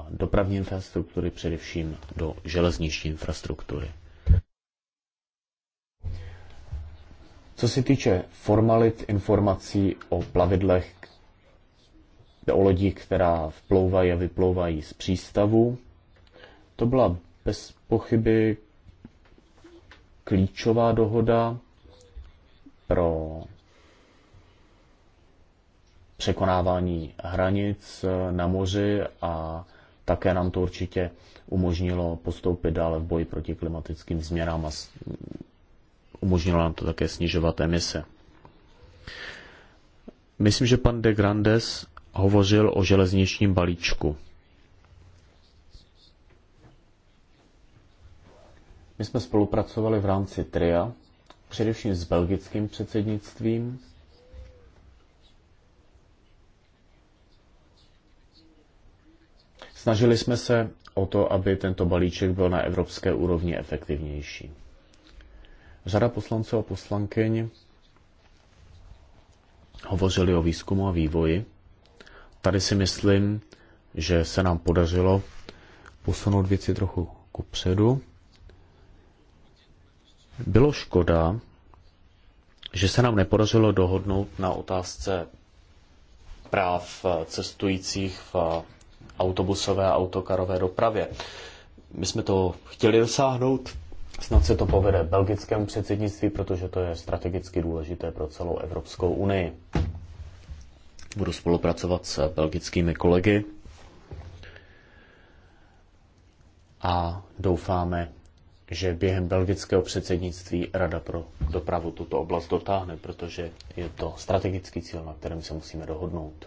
dopravní infrastruktury, především do železniční infrastruktury. Co se týče formalit informací o plavidlech, o lodích, která vplouvají a vyplouvají z přístavu, to byla bez pochyby klíčová dohoda pro překonávání hranic eh, na moři a také nám to určitě umožnilo postoupit dále v boji proti klimatickým změnám a umožnilo nám to také snižovat emise. Myslím, že pan de Grandes hovořil o železničním balíčku. My jsme spolupracovali v rámci TRIA, především s belgickým předsednictvím, Snažili jsme se o to, aby tento balíček byl na evropské úrovni efektivnější. Řada poslanců a poslankyň hovořili o výzkumu a vývoji. Tady si myslím, že se nám podařilo posunout věci trochu ku předu. Bylo škoda, že se nám nepodařilo dohodnout na otázce práv eh, cestujících v autobusové a autokarové dopravě. My jsme to chtěli dosáhnout, snad se to povede belgickému předsednictví, protože to je strategicky důležité pro celou Evropskou unii. Budu spolupracovat s belgickými kolegy a doufáme, že během belgického předsednictví Rada pro dopravu tuto oblast dotáhne, protože je to strategický cíl, na kterém se musíme dohodnout.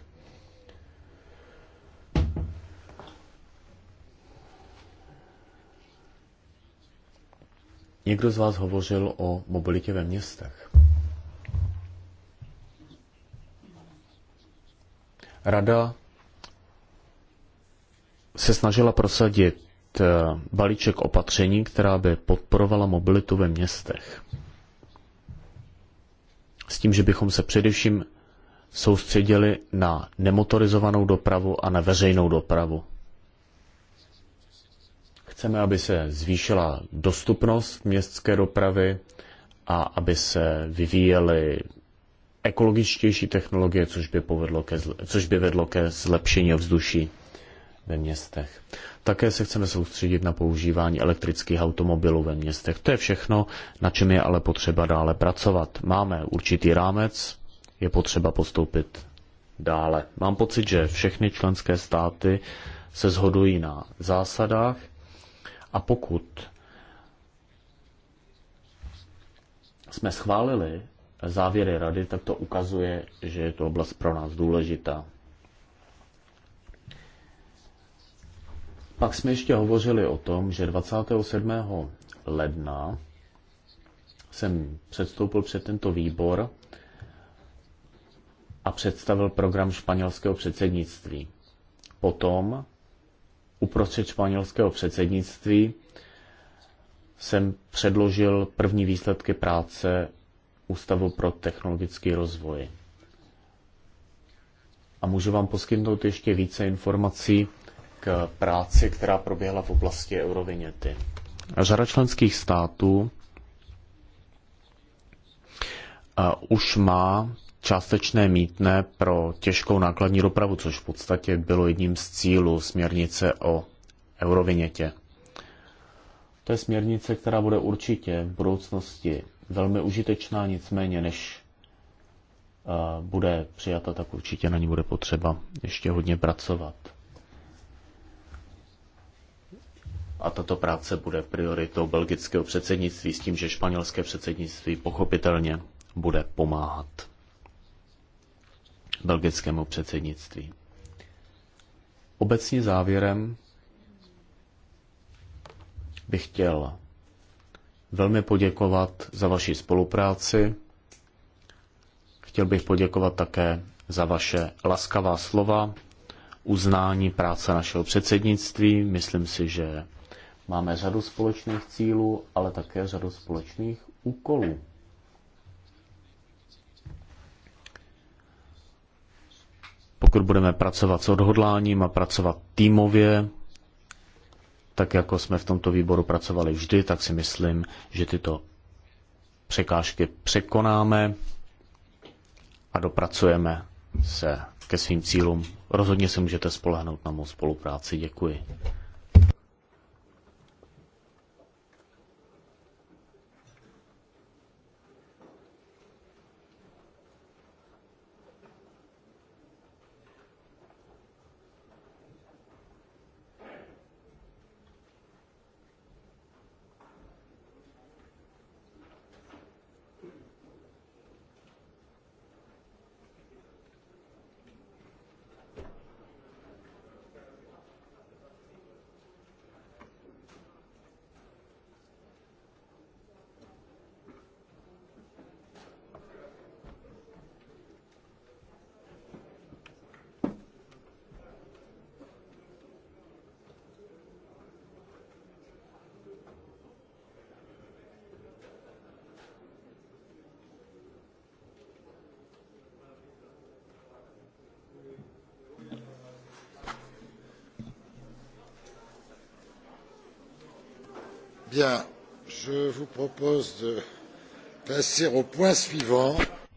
Někdo z vás hovořil o mobilitě ve městech. Rada se snažila prosadit eh, balíček opatření, která by podporovala mobilitu ve městech. S tím, že bychom se především soustředili na nemotorizovanou dopravu a na veřejnou dopravu. Chceme, aby se zvýšila dostupnost městské dopravy a aby se vyvíjely ekologičtější technologie, což by, povedlo ke, což by vedlo ke zlepšení ovzduší ve městech. Také se chceme soustředit na používání elektrických automobilů ve městech. To je všechno, na čem je ale potřeba dále pracovat. Máme určitý rámec, je potřeba postoupit dále. Mám pocit, že všechny členské státy se shodují na zásadách, a pokud jsme schválili závěry rady, tak to ukazuje, že je to oblast pro nás důležitá. Pak jsme ještě hovořili o tom, že 27. ledna jsem předstoupil před tento výbor a představil program španělského předsednictví. Potom uprostřed španělského předsednictví jsem předložil první výsledky práce Ústavu pro technologický rozvoj. A můžu vám poskytnout ještě více informací k práci, která proběhla v oblasti eurovinety. Řada členských států eh, už má částečné mítné pro těžkou nákladní dopravu, což v podstatě bylo jedním z cílů směrnice o eurovinětě. To je směrnice, která bude určitě v budoucnosti velmi užitečná, nicméně než eh, bude přijata, tak určitě na ní bude potřeba ještě hodně pracovat. A tato práce bude prioritou belgického předsednictví s tím, že španělské předsednictví pochopitelně bude pomáhat belgickému předsednictví. Obecně závěrem bych chtěl velmi poděkovat za vaši spolupráci. Chtěl bych poděkovat také za vaše laskavá slova, uznání práce našeho předsednictví. Myslím si, že máme řadu společných cílů, ale také řadu společných úkolů. pokud budeme pracovat s odhodláním a pracovat týmově, tak jako jsme v tomto výboru pracovali vždy, tak si myslím, že tyto překážky překonáme a dopracujeme se ke svým cílům. Rozhodně se můžete spolehnout na mou spolupráci. Děkuji.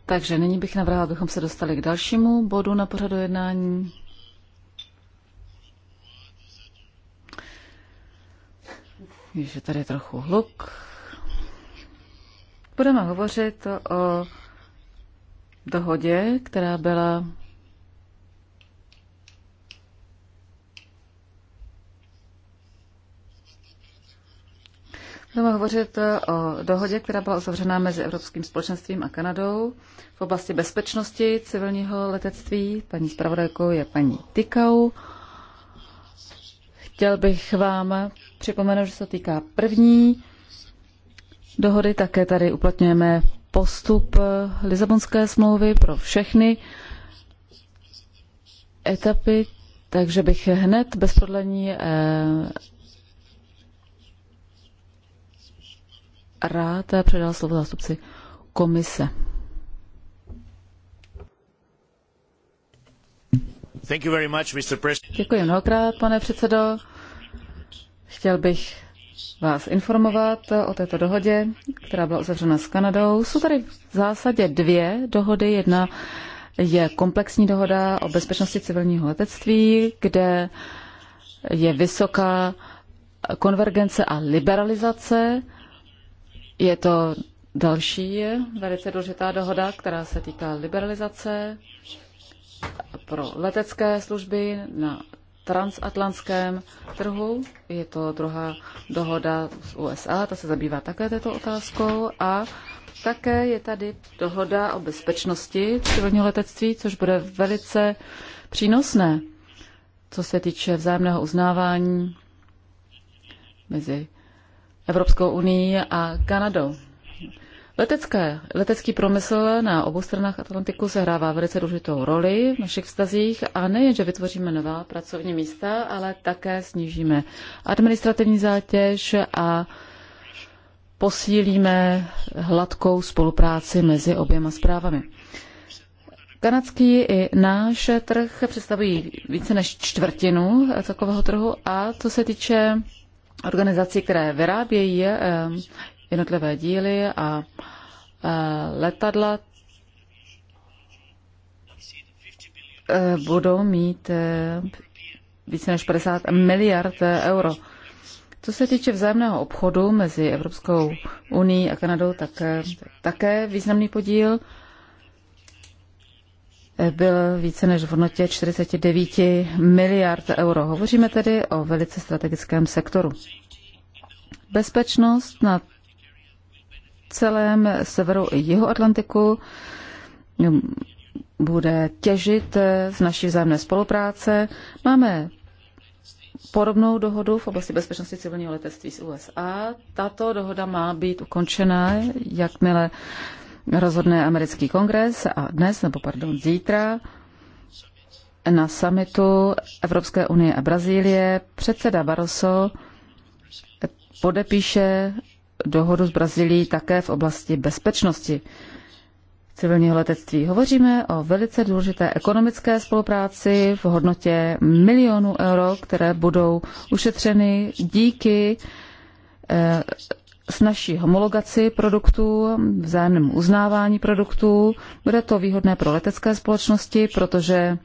Takže nyní bych navrhla, abychom se dostali k dalšímu bodu na pořadu jednání. Víš, že tady je trochu hluk. Budeme hovořit o dohodě, která byla Budeme hovořit eh, o dohodě, která byla uzavřena mezi Evropským společenstvím a Kanadou v oblasti bezpečnosti civilního letectví. Paní zpravodajkou je paní Tykau. Chtěl bych vám připomenout, že se týká první dohody. Také tady uplatňujeme postup Lisabonské smlouvy pro všechny etapy, takže bych hned bez prodlení eh, rád předal slovo zástupci komise. Thank you very much, Mr. President. Děkuji mnohokrát, pane předsedo. Chtěl bych vás informovat o této dohodě, která byla uzavřena s Kanadou. Jsou tady v zásadě dvě dohody. Jedna je komplexní dohoda o bezpečnosti civilního letectví, kde je vysoká konvergence a liberalizace je to další velice důležitá dohoda, která se týká liberalizace pro letecké služby na transatlantském trhu. Je to druhá dohoda z USA, ta se zabývá také této otázkou. A také je tady dohoda o bezpečnosti civilního letectví, což bude velice přínosné, co se týče vzájemného uznávání mezi Evropskou unii a Kanadou. Letecké, letecký promysl na obou stranách Atlantiku sehrává velice důležitou roli v našich vztazích a nejen, že vytvoříme nová pracovní místa, ale také snížíme administrativní zátěž a posílíme hladkou spolupráci mezi oběma zprávami. Kanadský i náš trh představují více než čtvrtinu takového trhu a co se týče organizací, které vyrábějí eh, jednotlivé díly a eh, letadla, eh, budou mít více než 50 miliard euro. Co se týče vzájemného obchodu mezi Evropskou unii a Kanadou, tak také významný podíl byl více než v hodnotě 49 miliard euro. Hovoříme tedy o velice strategickém sektoru. Bezpečnost na celém severu i jihu Atlantiku hm, bude těžit z naší vzájemné spolupráce. Máme podobnou dohodu v oblasti bezpečnosti civilního letectví z USA. Tato dohoda má být ukončena, jakmile rozhodne americký kongres a dnes, nebo pardon, zítra na summitu Evropské unie a Brazílie předseda Barroso podepíše dohodu s Brazílií také v oblasti bezpečnosti civilního letectví. Hovoříme o velice důležité ekonomické spolupráci v hodnotě milionů euro, které budou ušetřeny díky eh, snažší homologaci produktů, vzájemném uznávání produktů. Bude to výhodné pro letecké společnosti, protože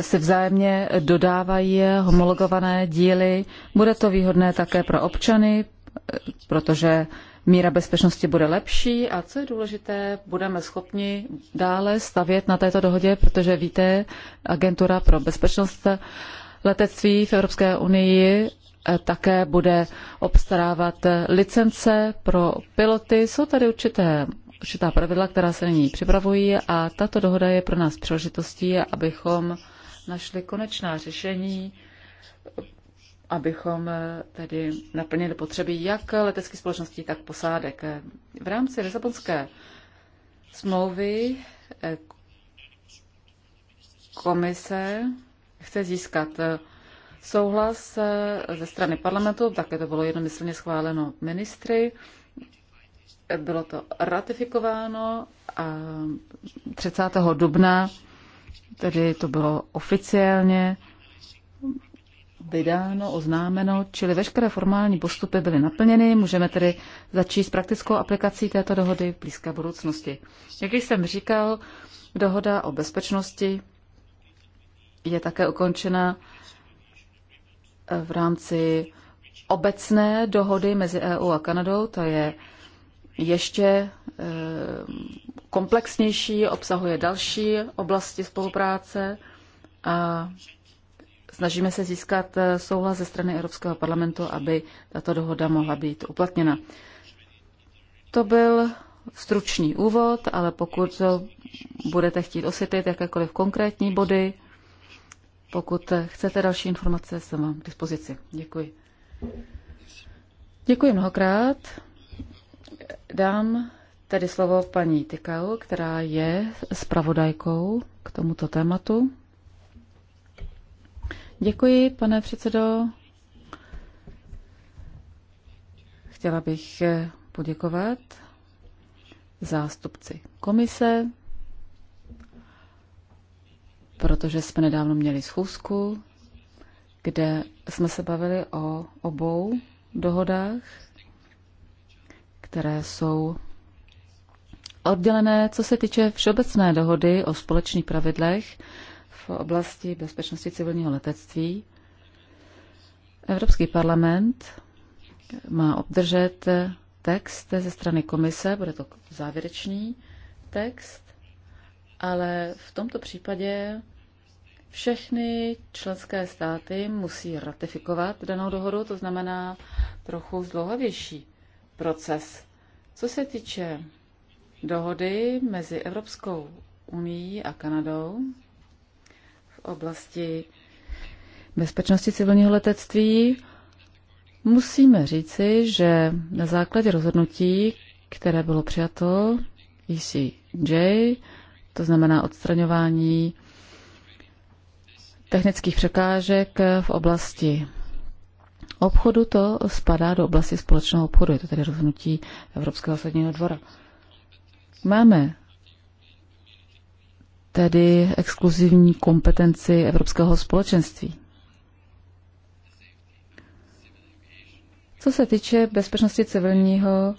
se vzájemně dodávají homologované díly. Bude to výhodné také pro občany, protože míra bezpečnosti bude lepší a co je důležité, budeme schopni dále stavět na této dohodě, protože víte, agentura pro bezpečnost letectví v Evropské unii Eh, také bude obstarávat eh, licence pro piloty. Jsou tady určité, určitá pravidla, která se nyní připravují a tato dohoda je pro nás příležitostí, abychom našli konečná řešení, abychom eh, tedy naplnili potřeby jak leteckých společností, tak posádek. V rámci Lisabonské smlouvy komise chce získat souhlas eh, ze strany parlamentu, také to bylo jednomyslně schváleno ministry. Bylo to ratifikováno a 30. dubna, tedy to bylo oficiálně vydáno, oznámeno, čili veškeré formální postupy byly naplněny. Můžeme tedy začít s praktickou aplikací této dohody v blízké budoucnosti. Jak jsem říkal, dohoda o bezpečnosti je také ukončena v rámci obecné dohody mezi EU a Kanadou, to je ještě e, komplexnější, obsahuje další oblasti spolupráce a snažíme se získat e, souhlas ze strany Evropského parlamentu, aby tato dohoda mohla být uplatněna. To byl stručný úvod, ale pokud budete chtít osvětlit jakékoliv konkrétní body, pokud chcete další informace, jsem vám k dispozici. Děkuji. Děkuji mnohokrát. Dám tedy slovo paní Tykau, která je zpravodajkou k tomuto tématu. Děkuji, pane předsedo. Chtěla bych poděkovat zástupci komise protože jsme nedávno měli schůzku, kde jsme se bavili o obou dohodách, které jsou oddělené, co se týče všeobecné dohody o společných pravidlech v oblasti bezpečnosti civilního letectví. Evropský parlament má obdržet text ze strany komise, bude to závěrečný text ale v tomto případě všechny členské státy musí ratifikovat danou dohodu, to znamená trochu zdlouhavější proces. Co se týče dohody mezi Evropskou unii a Kanadou v oblasti bezpečnosti civilního letectví, musíme říci, že na základě rozhodnutí, které bylo přijato ECJ, to znamená odstraňování technických překážek v oblasti obchodu. To spadá do oblasti společného obchodu, je to tedy rozhodnutí Evropského soudního dvora. Máme tedy exkluzivní kompetenci Evropského společenství. Co se týče bezpečnosti civilního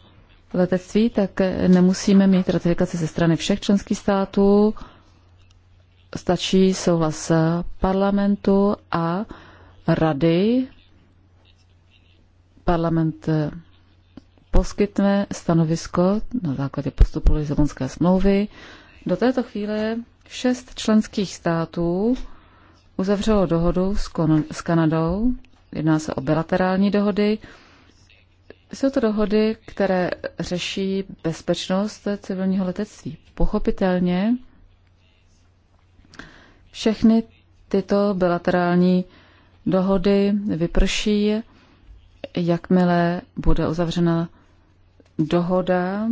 letectví, tak nemusíme mít ratifikaci ze strany všech členských států. Stačí souhlas parlamentu a rady. Parlament eh, poskytne stanovisko na základě postupu Lisabonské smlouvy. Do této chvíle šest členských států uzavřelo dohodu s, Kon- s Kanadou. Jedná se o bilaterální dohody. Jsou to dohody, které řeší bezpečnost civilního letectví. Pochopitelně všechny tyto bilaterální dohody vyprší, jakmile bude uzavřena dohoda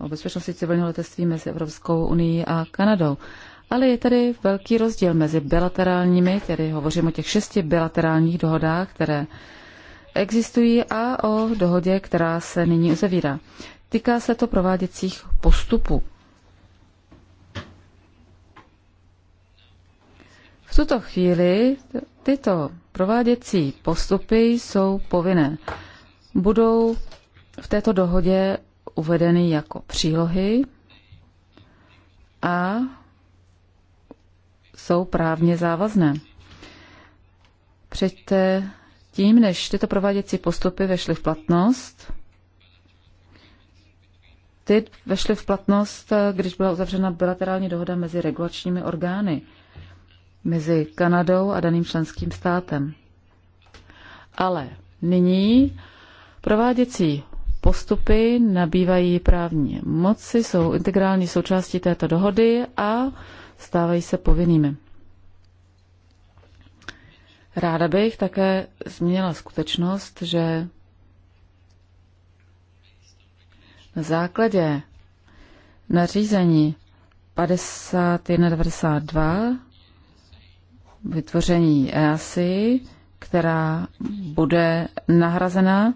o bezpečnosti civilního letectví mezi Evropskou unii a Kanadou. Ale je tady velký rozdíl mezi bilaterálními, tedy hovořím o těch šesti bilaterálních dohodách, které existují a o dohodě, která se nyní uzavírá. Týká se to prováděcích postupů. V tuto chvíli tyto prováděcí postupy jsou povinné. Budou v této dohodě uvedeny jako přílohy a jsou právně závazné. Přijďte eh, tím, než tyto prováděcí postupy vešly v platnost, ty vešly v platnost, eh, když byla uzavřena bilaterální dohoda mezi regulačními orgány, mezi Kanadou a daným členským státem. Ale nyní prováděcí postupy nabývají právní moci, jsou integrální součástí této dohody a stávají se povinnými. Ráda bych také zmínila skutečnost, že na základě nařízení 5192 vytvoření EASI, která bude nahrazena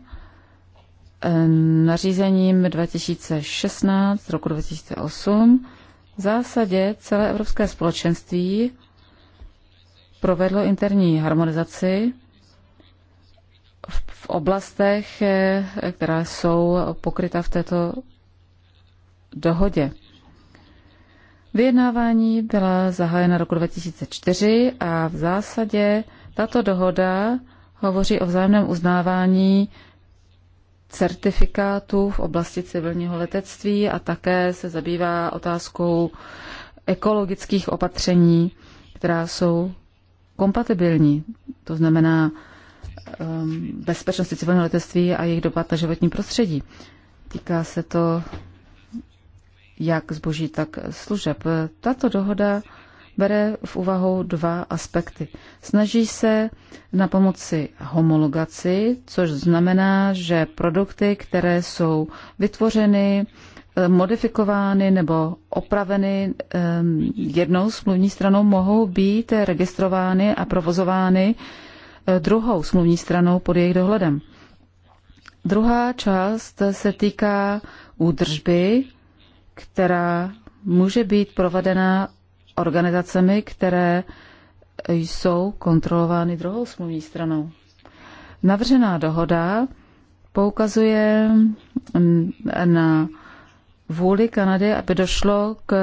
eh, nařízením 2016 roku 2008, v zásadě celé Evropské společenství provedlo interní harmonizaci v oblastech, eh, která jsou pokryta v této dohodě. Vyjednávání byla zahájena roku 2004 a v zásadě tato dohoda hovoří o vzájemném uznávání certifikátů v oblasti civilního letectví a také se zabývá otázkou ekologických opatření, která jsou kompatibilní, to znamená ehm, bezpečnosti civilního letectví a jejich dopad na životní prostředí. Týká se to jak zboží, tak služeb. Tato dohoda bere v úvahu dva aspekty. Snaží se na pomoci homologaci, což znamená, že produkty, které jsou vytvořeny, modifikovány nebo opraveny jednou smluvní stranou, mohou být registrovány a provozovány eh, druhou smluvní stranou pod jejich dohledem. Druhá část se týká údržby, která může být provedena organizacemi, které jsou kontrolovány druhou smluvní stranou. Navržená dohoda poukazuje na vůli Kanady, aby došlo k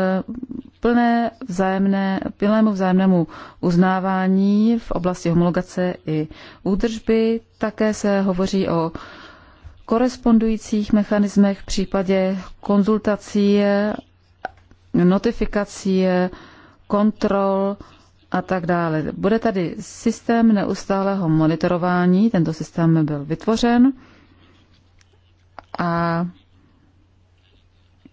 plné vzájemné, plnému vzájemnému uznávání v oblasti homologace i údržby. Také se hovoří o korespondujících mechanismech v případě konzultací, notifikací, kontrol a tak dále. Bude tady systém neustálého monitorování, tento systém byl vytvořen a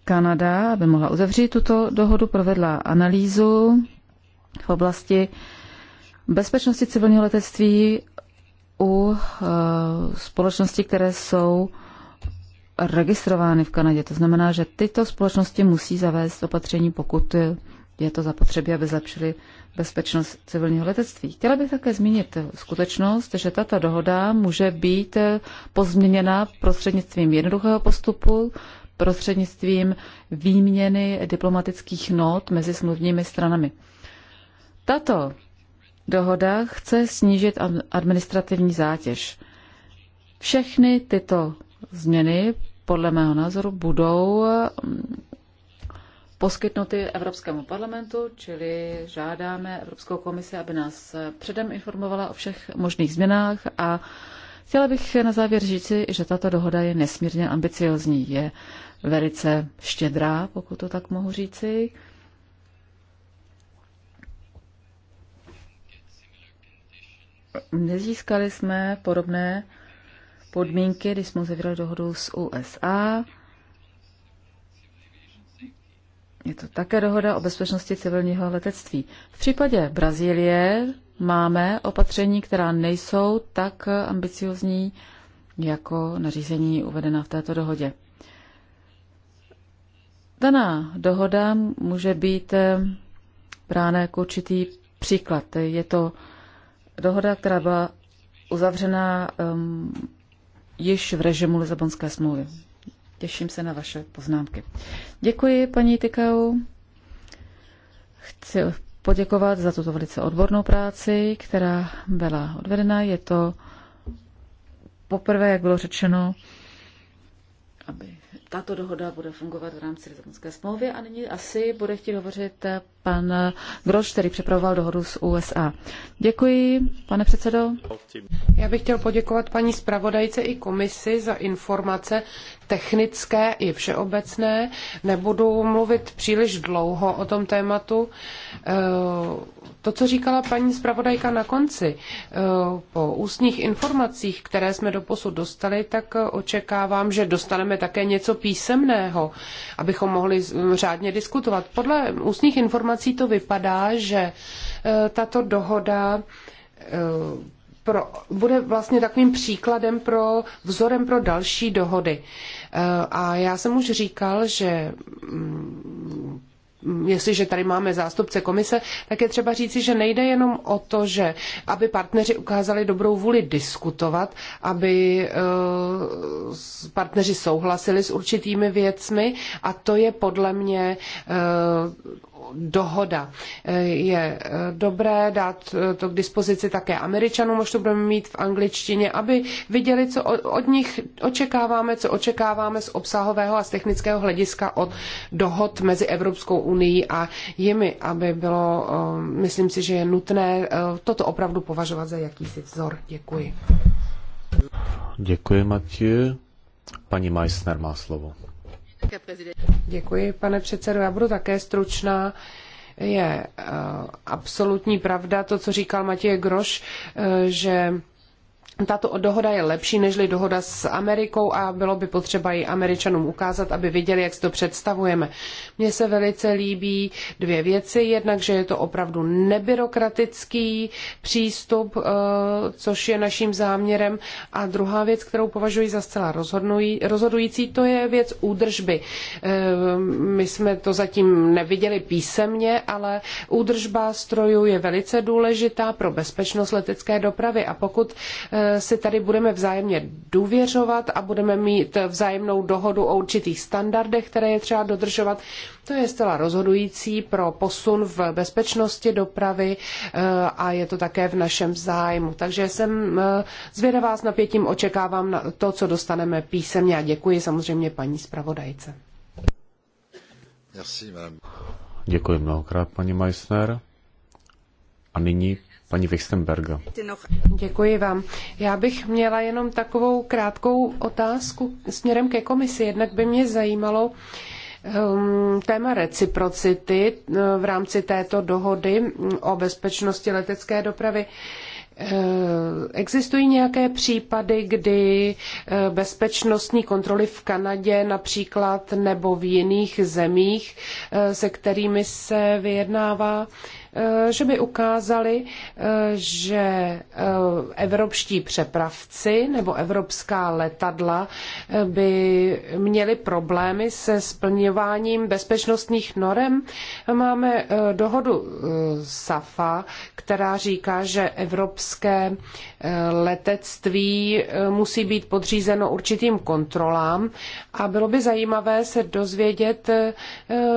Kanada, aby mohla uzavřít tuto dohodu, provedla analýzu v oblasti bezpečnosti civilního letectví u eh, společností, které jsou registrovány v Kanadě. To znamená, že tyto společnosti musí zavést opatření, pokud je to zapotřebí, aby zlepšili bezpečnost civilního letectví. Chtěla bych také zmínit skutečnost, že tato dohoda může být pozměněna prostřednictvím jednoduchého postupu prostřednictvím výměny diplomatických not mezi smluvními stranami. Tato dohoda chce snížit administrativní zátěž. Všechny tyto změny podle mého názoru budou mm, poskytnuty Evropskému parlamentu, čili žádáme Evropskou komisi, aby nás předem informovala o všech možných změnách a chtěla bych na závěr říci, že tato dohoda je nesmírně ambiciozní. Je velice štědrá, pokud to tak mohu říci. Nezískali jsme podobné podmínky, když jsme uzavřeli dohodu s USA. Je to také dohoda o bezpečnosti civilního letectví. V případě Brazílie máme opatření, která nejsou tak ambiciozní jako nařízení uvedená v této dohodě. Daná dohoda může být eh, brána jako určitý příklad. Je to dohoda, která byla uzavřena um, ehm, již v režimu Lisabonské smlouvy. Těším se na vaše poznámky. Děkuji, paní Tykau. Chci poděkovat za tuto velice odbornou práci, která byla odvedena. Je to poprvé, jak bylo řečeno, aby tato dohoda bude fungovat v rámci Lisabonské smlouvy a nyní asi bude chtít hovořit pan Groš, který připravoval dohodu s USA. Děkuji, pane předsedo. Já bych chtěl poděkovat paní zpravodajce i komisi za informace, technické i všeobecné. Nebudu mluvit příliš dlouho o tom tématu. Eh, to, co říkala paní zpravodajka na konci, eh, po ústních informacích, které jsme do posud dostali, tak očekávám, že dostaneme také něco písemného, abychom mohli řádně diskutovat. Podle ústních informací to vypadá, že eh, tato dohoda pro, bude vlastně takovým příkladem pro vzorem pro další dohody. Eh, a já jsem už říkal, že mm, jestliže tady máme zástupce komise, tak je třeba říci, že nejde jenom o to, že aby partneři ukázali dobrou vůli diskutovat, aby eh, partneři souhlasili s určitými věcmi a to je podle mě eh, dohoda. Je dobré dát to k dispozici také Američanům, možná to budeme mít v angličtině, aby viděli, co od nich očekáváme, co očekáváme z obsahového a z technického hlediska od dohod mezi Evropskou unii a jimi, aby bylo, eh, myslím si, že je nutné eh, toto opravdu považovat za jakýsi vzor. Děkuji. Děkuji, Matěj. Paní Meissner má slovo. Děkuji, pane předsedo. Já budu také stručná je eh, absolutní pravda to, co říkal Matěj Groš, eh, že tato dohoda je lepší než dohoda s Amerikou a bylo by potřeba ji Američanům ukázat, aby viděli, jak si to představujeme. Mně se velice líbí dvě věci. Jednak, že je to opravdu nebyrokratický přístup, eh, což je naším záměrem. A druhá věc, kterou považuji za zcela rozhodující, to je věc údržby. Eh, my jsme to zatím neviděli písemně, ale údržba strojů je velice důležitá pro bezpečnost letecké dopravy. A pokud eh, si tady budeme vzájemně důvěřovat a budeme mít vzájemnou dohodu o určitých standardech, které je třeba dodržovat. To je zcela rozhodující pro posun v bezpečnosti dopravy eh, a je to také v našem zájmu. Takže jsem eh, zvědavá s napětím, očekávám na to, co dostaneme písemně a děkuji samozřejmě paní zpravodajce. Děkuji mnohokrát, paní Meissner. A nyní paní Wichtenberga. Děkuji vám. Já bych měla jenom takovou krátkou otázku směrem ke komisi. Jednak by mě zajímalo um, téma reciprocity uh, v rámci této dohody um, o bezpečnosti letecké dopravy. Uh, existují nějaké případy, kdy uh, bezpečnostní kontroly v Kanadě například nebo v jiných zemích, se kterými se vyjednává, Eh, že by ukázali, eh, že eh, evropští přepravci nebo evropská letadla by měli problémy se splňováním bezpečnostních norem. Máme dohodu SAFA, která říká, že evropské letectví musí být podřízeno určitým kontrolám a bylo by zajímavé se dozvědět,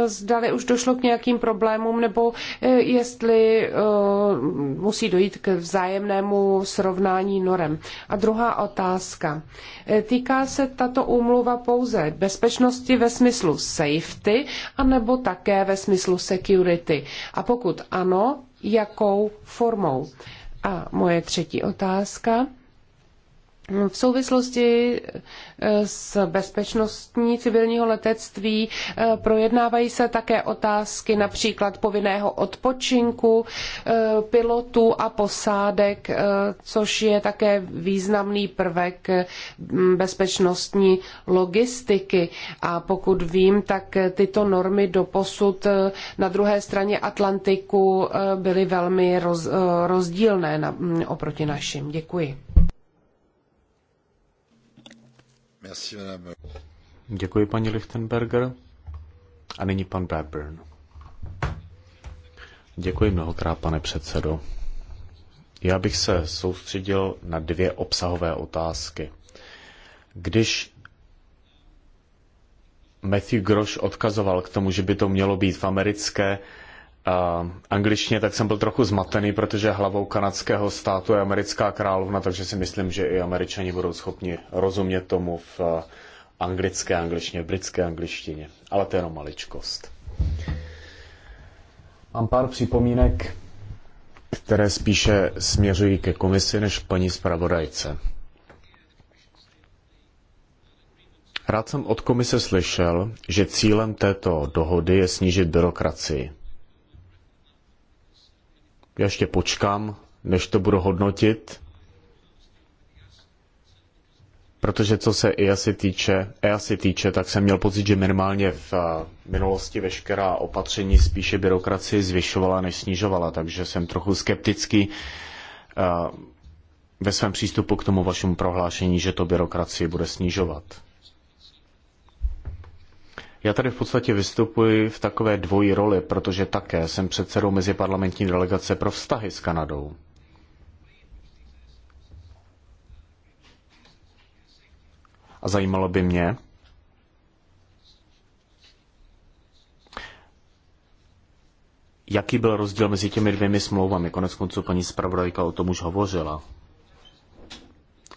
zdali už došlo k nějakým problémům nebo jestli jestli uh, musí dojít k vzájemnému srovnání norem. A druhá otázka. Eh, týká se tato úmluva pouze bezpečnosti ve smyslu safety, anebo také ve smyslu security? A pokud ano, jakou formou? A moje třetí otázka v souvislosti eh, s bezpečnostní civilního letectví eh, projednávají se také otázky například povinného odpočinku eh, pilotů a posádek, což je také významný prvek bezpečnostní logistiky. A pokud vím, tak tyto normy doposud na druhé straně Atlantiku byly velmi rozdílné oproti našim. Děkuji. Děkuji, paní Lichtenberger. A nyní pan Bradburn. Děkuji mnohokrát, pane předsedo. Já bych se soustředil na dvě obsahové otázky. Když Matthew Grosh odkazoval k tomu, že by to mělo být v americké angličtině, tak jsem byl trochu zmatený, protože hlavou kanadského státu je americká královna, takže si myslím, že i američani budou schopni rozumět tomu v eh, anglické angličtině, britské angličtině. Ale to je jenom maličkost. Mám pár připomínek, které spíše směřují ke komisi než paní zpravodajce. Rád jsem od komise slyšel, že cílem této dohody je snížit byrokracii. Já ještě počkám, než to budu hodnotit, protože co se EASy týče, EASy týče, tak jsem měl pocit, že minimálně v eh, minulosti veškerá opatření spíše byrokracii zvyšovala, než snižovala, takže jsem trochu skeptický eh, ve svém přístupu k tomu vašemu prohlášení, že to byrokracii bude snižovat. Já tady v podstatě vystupuji v takové dvojí roli, protože také jsem předsedou meziparlamentní delegace pro vztahy s Kanadou. A zajímalo by mě, jaký byl rozdíl mezi těmi dvěmi smlouvami. Konec konců paní zpravodajka o tom už hovořila.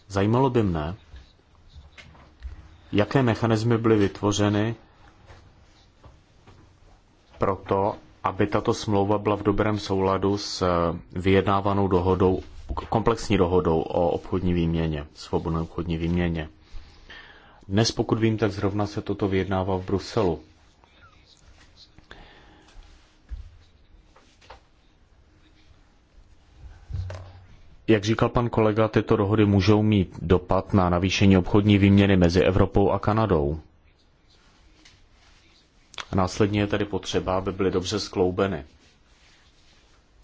Zajímalo by mne, jaké mechanismy byly vytvořeny proto, aby tato smlouva byla v dobrém souladu s eh, vyjednávanou dohodou, komplexní dohodou o obchodní výměně, svobodné obchodní výměně. Dnes, pokud vím, tak zrovna se toto vyjednává v Bruselu. Jak říkal pan kolega, tyto dohody můžou mít dopad na navýšení obchodní výměny mezi Evropou a Kanadou. A následně je tedy potřeba, aby byly dobře skloubeny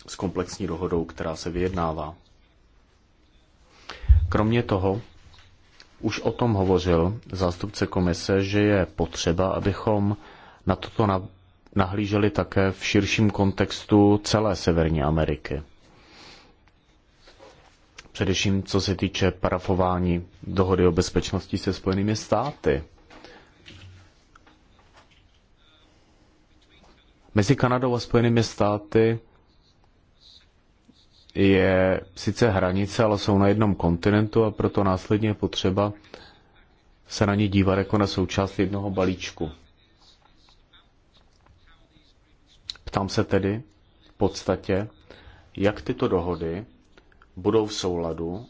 s komplexní dohodou, která se vyjednává. Kromě toho, už o tom hovořil zástupce komise, že je potřeba, abychom na toto nahlíželi také v širším kontextu celé Severní Ameriky. Především co se týče parafování dohody o bezpečnosti se Spojenými státy. Mezi Kanadou a Spojenými státy je sice hranice, ale jsou na jednom kontinentu a proto následně je potřeba se na ní dívat jako na součást jednoho balíčku. Ptám se tedy v podstatě, jak tyto dohody budou v souladu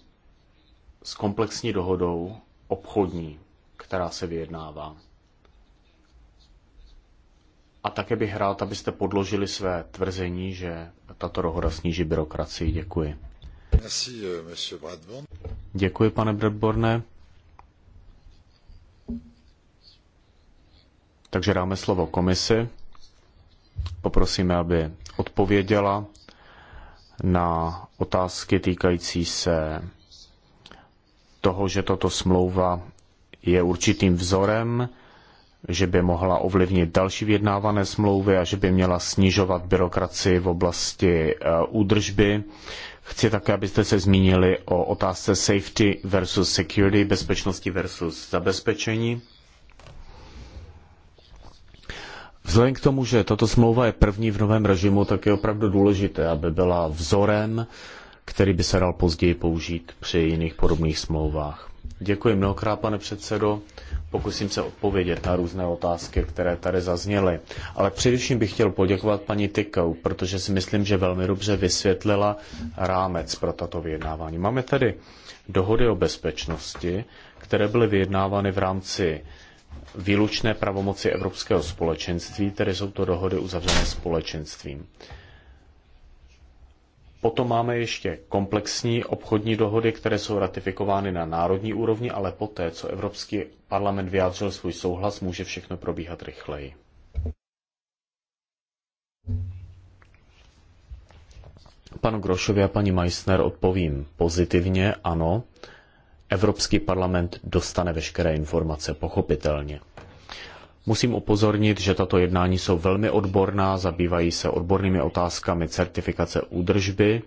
s komplexní dohodou obchodní, která se vyjednává. A také bych rád, abyste podložili své tvrzení, že tato dohoda sníží byrokracii. Děkuji. Merci, euh, Děkuji, pane Bradborne. Takže dáme slovo komisi. Poprosíme, aby odpověděla na otázky týkající se toho, že tato smlouva je určitým vzorem že by mohla ovlivnit další vyjednávané smlouvy a že by měla snižovat byrokracii v oblasti e, údržby. Chci také, abyste se zmínili o otázce safety versus security, bezpečnosti versus zabezpečení. Vzhledem k tomu, že tato smlouva je první v novém režimu, tak je opravdu důležité, aby byla vzorem, který by se dal později použít při jiných podobných smlouvách. Děkuji mnohokrát, pane předsedo. Pokusím se odpovědět na různé otázky, které tady zazněly. Ale především bych chtěl poděkovat paní Tykou, protože si myslím, že velmi dobře vysvětlila rámec pro tato vyjednávání. Máme tady dohody o bezpečnosti, které byly vyjednávány v rámci výlučné pravomoci Evropského společenství, tedy jsou to dohody uzavřené společenstvím. Potom máme ještě komplexní obchodní dohody, které jsou ratifikovány na národní úrovni, ale poté, co Evropský parlament vyjádřil svůj souhlas, může všechno probíhat rychleji. Panu Grošovi a paní Meissner odpovím pozitivně, ano. Evropský parlament dostane veškeré informace, pochopitelně. Musím upozornit, že tato jednání jsou velmi odborná, zabývají se odbornými otázkami certifikace údržby,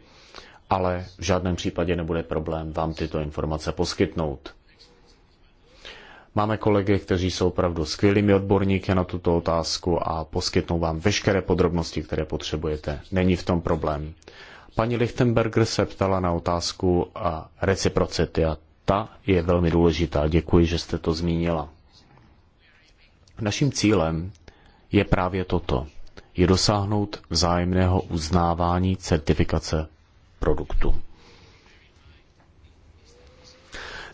ale v žádném případě nebude problém vám tyto informace poskytnout. Máme kolegy, kteří jsou opravdu skvělými odborníky na tuto otázku a poskytnou vám veškeré podrobnosti, které potřebujete. Není v tom problém. Paní Lichtenberger se ptala na otázku a reciprocity a ta je velmi důležitá. Děkuji, že jste to zmínila. Naším cílem je právě toto. Je dosáhnout vzájemného uznávání certifikace produktu.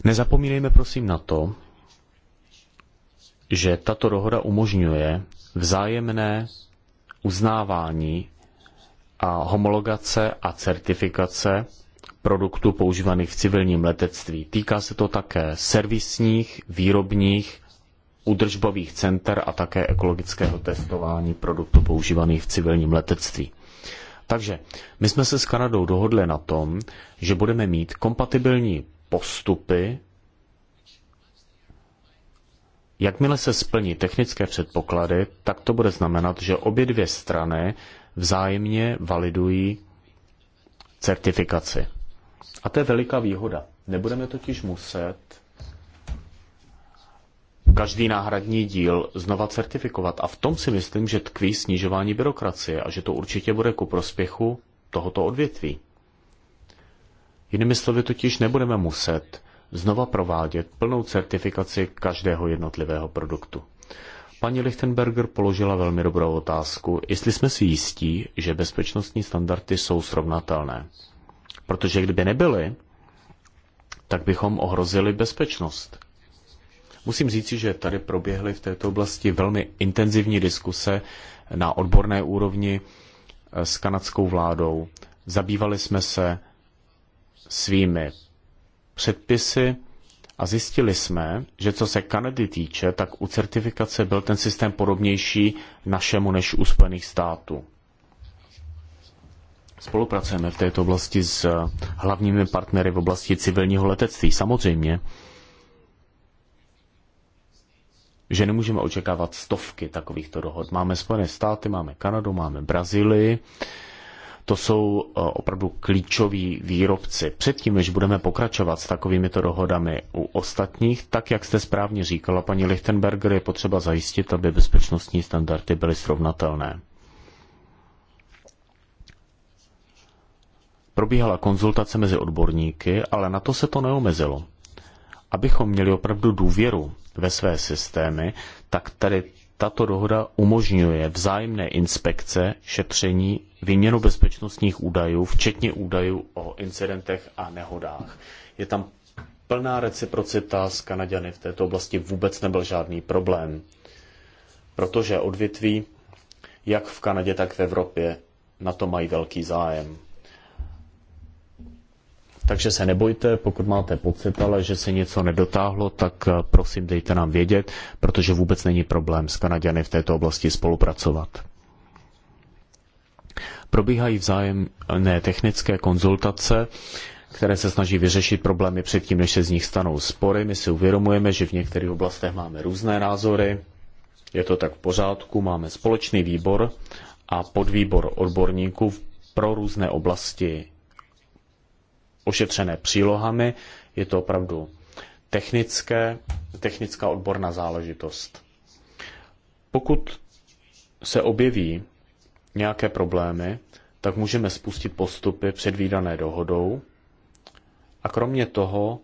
Nezapomínejme prosím na to, že tato dohoda umožňuje vzájemné uznávání a homologace a certifikace produktů používaných v civilním letectví. Týká se to také servisních, výrobních údržbových center a také ekologického testování produktů používaných v civilním letectví. Takže my jsme se s Kanadou dohodli na tom, že budeme mít kompatibilní postupy, jakmile se splní technické předpoklady, tak to bude znamenat, že obě dvě strany vzájemně validují certifikaci. A to je veliká výhoda. Nebudeme totiž muset každý náhradní díl znova certifikovat. A v tom si myslím, že tkví snižování byrokracie a že to určitě bude ku prospěchu tohoto odvětví. Jinými slovy totiž nebudeme muset znova provádět plnou certifikaci každého jednotlivého produktu. Paní Lichtenberger položila velmi dobrou otázku, jestli jsme si jistí, že bezpečnostní standardy jsou srovnatelné. Protože kdyby nebyly, tak bychom ohrozili bezpečnost Musím říci, že tady proběhly v této oblasti velmi intenzivní diskuse na odborné úrovni eh, s kanadskou vládou. Zabývali jsme se svými předpisy a zjistili jsme, že co se Kanady týče, tak u certifikace byl ten systém podobnější našemu než u Spojených států. Spolupracujeme v této oblasti s eh, hlavními partnery v oblasti civilního letectví. Samozřejmě, že nemůžeme očekávat stovky takovýchto dohod. Máme Spojené státy, máme Kanadu, máme Brazílii. To jsou eh, opravdu klíčoví výrobci. Předtím, než budeme pokračovat s takovýmito dohodami u ostatních, tak jak jste správně říkala, paní Lichtenberger, je potřeba zajistit, aby bezpečnostní standardy byly srovnatelné. Probíhala konzultace mezi odborníky, ale na to se to neomezilo. Abychom měli opravdu důvěru ve své systémy, tak tady tato dohoda umožňuje vzájemné inspekce, šetření, výměnu bezpečnostních údajů, včetně údajů o incidentech a nehodách. Je tam plná reciprocita s Kanaďany. V této oblasti vůbec nebyl žádný problém, protože odvětví, jak v Kanadě, tak v Evropě, na to mají velký zájem. Takže se nebojte, pokud máte pocit, ale že se něco nedotáhlo, tak eh, prosím dejte nám vědět, protože vůbec není problém s Kanaděny v této oblasti spolupracovat. Probíhají vzájemné technické konzultace, které se snaží vyřešit problémy předtím, než se z nich stanou spory. My si uvědomujeme, že v některých oblastech máme různé názory. Je to tak v pořádku, máme společný výbor a podvýbor odborníků pro různé oblasti ošetřené přílohami. Je to opravdu technické, technická odborná záležitost. Pokud se objeví nějaké problémy, tak můžeme spustit postupy předvídané dohodou. A kromě toho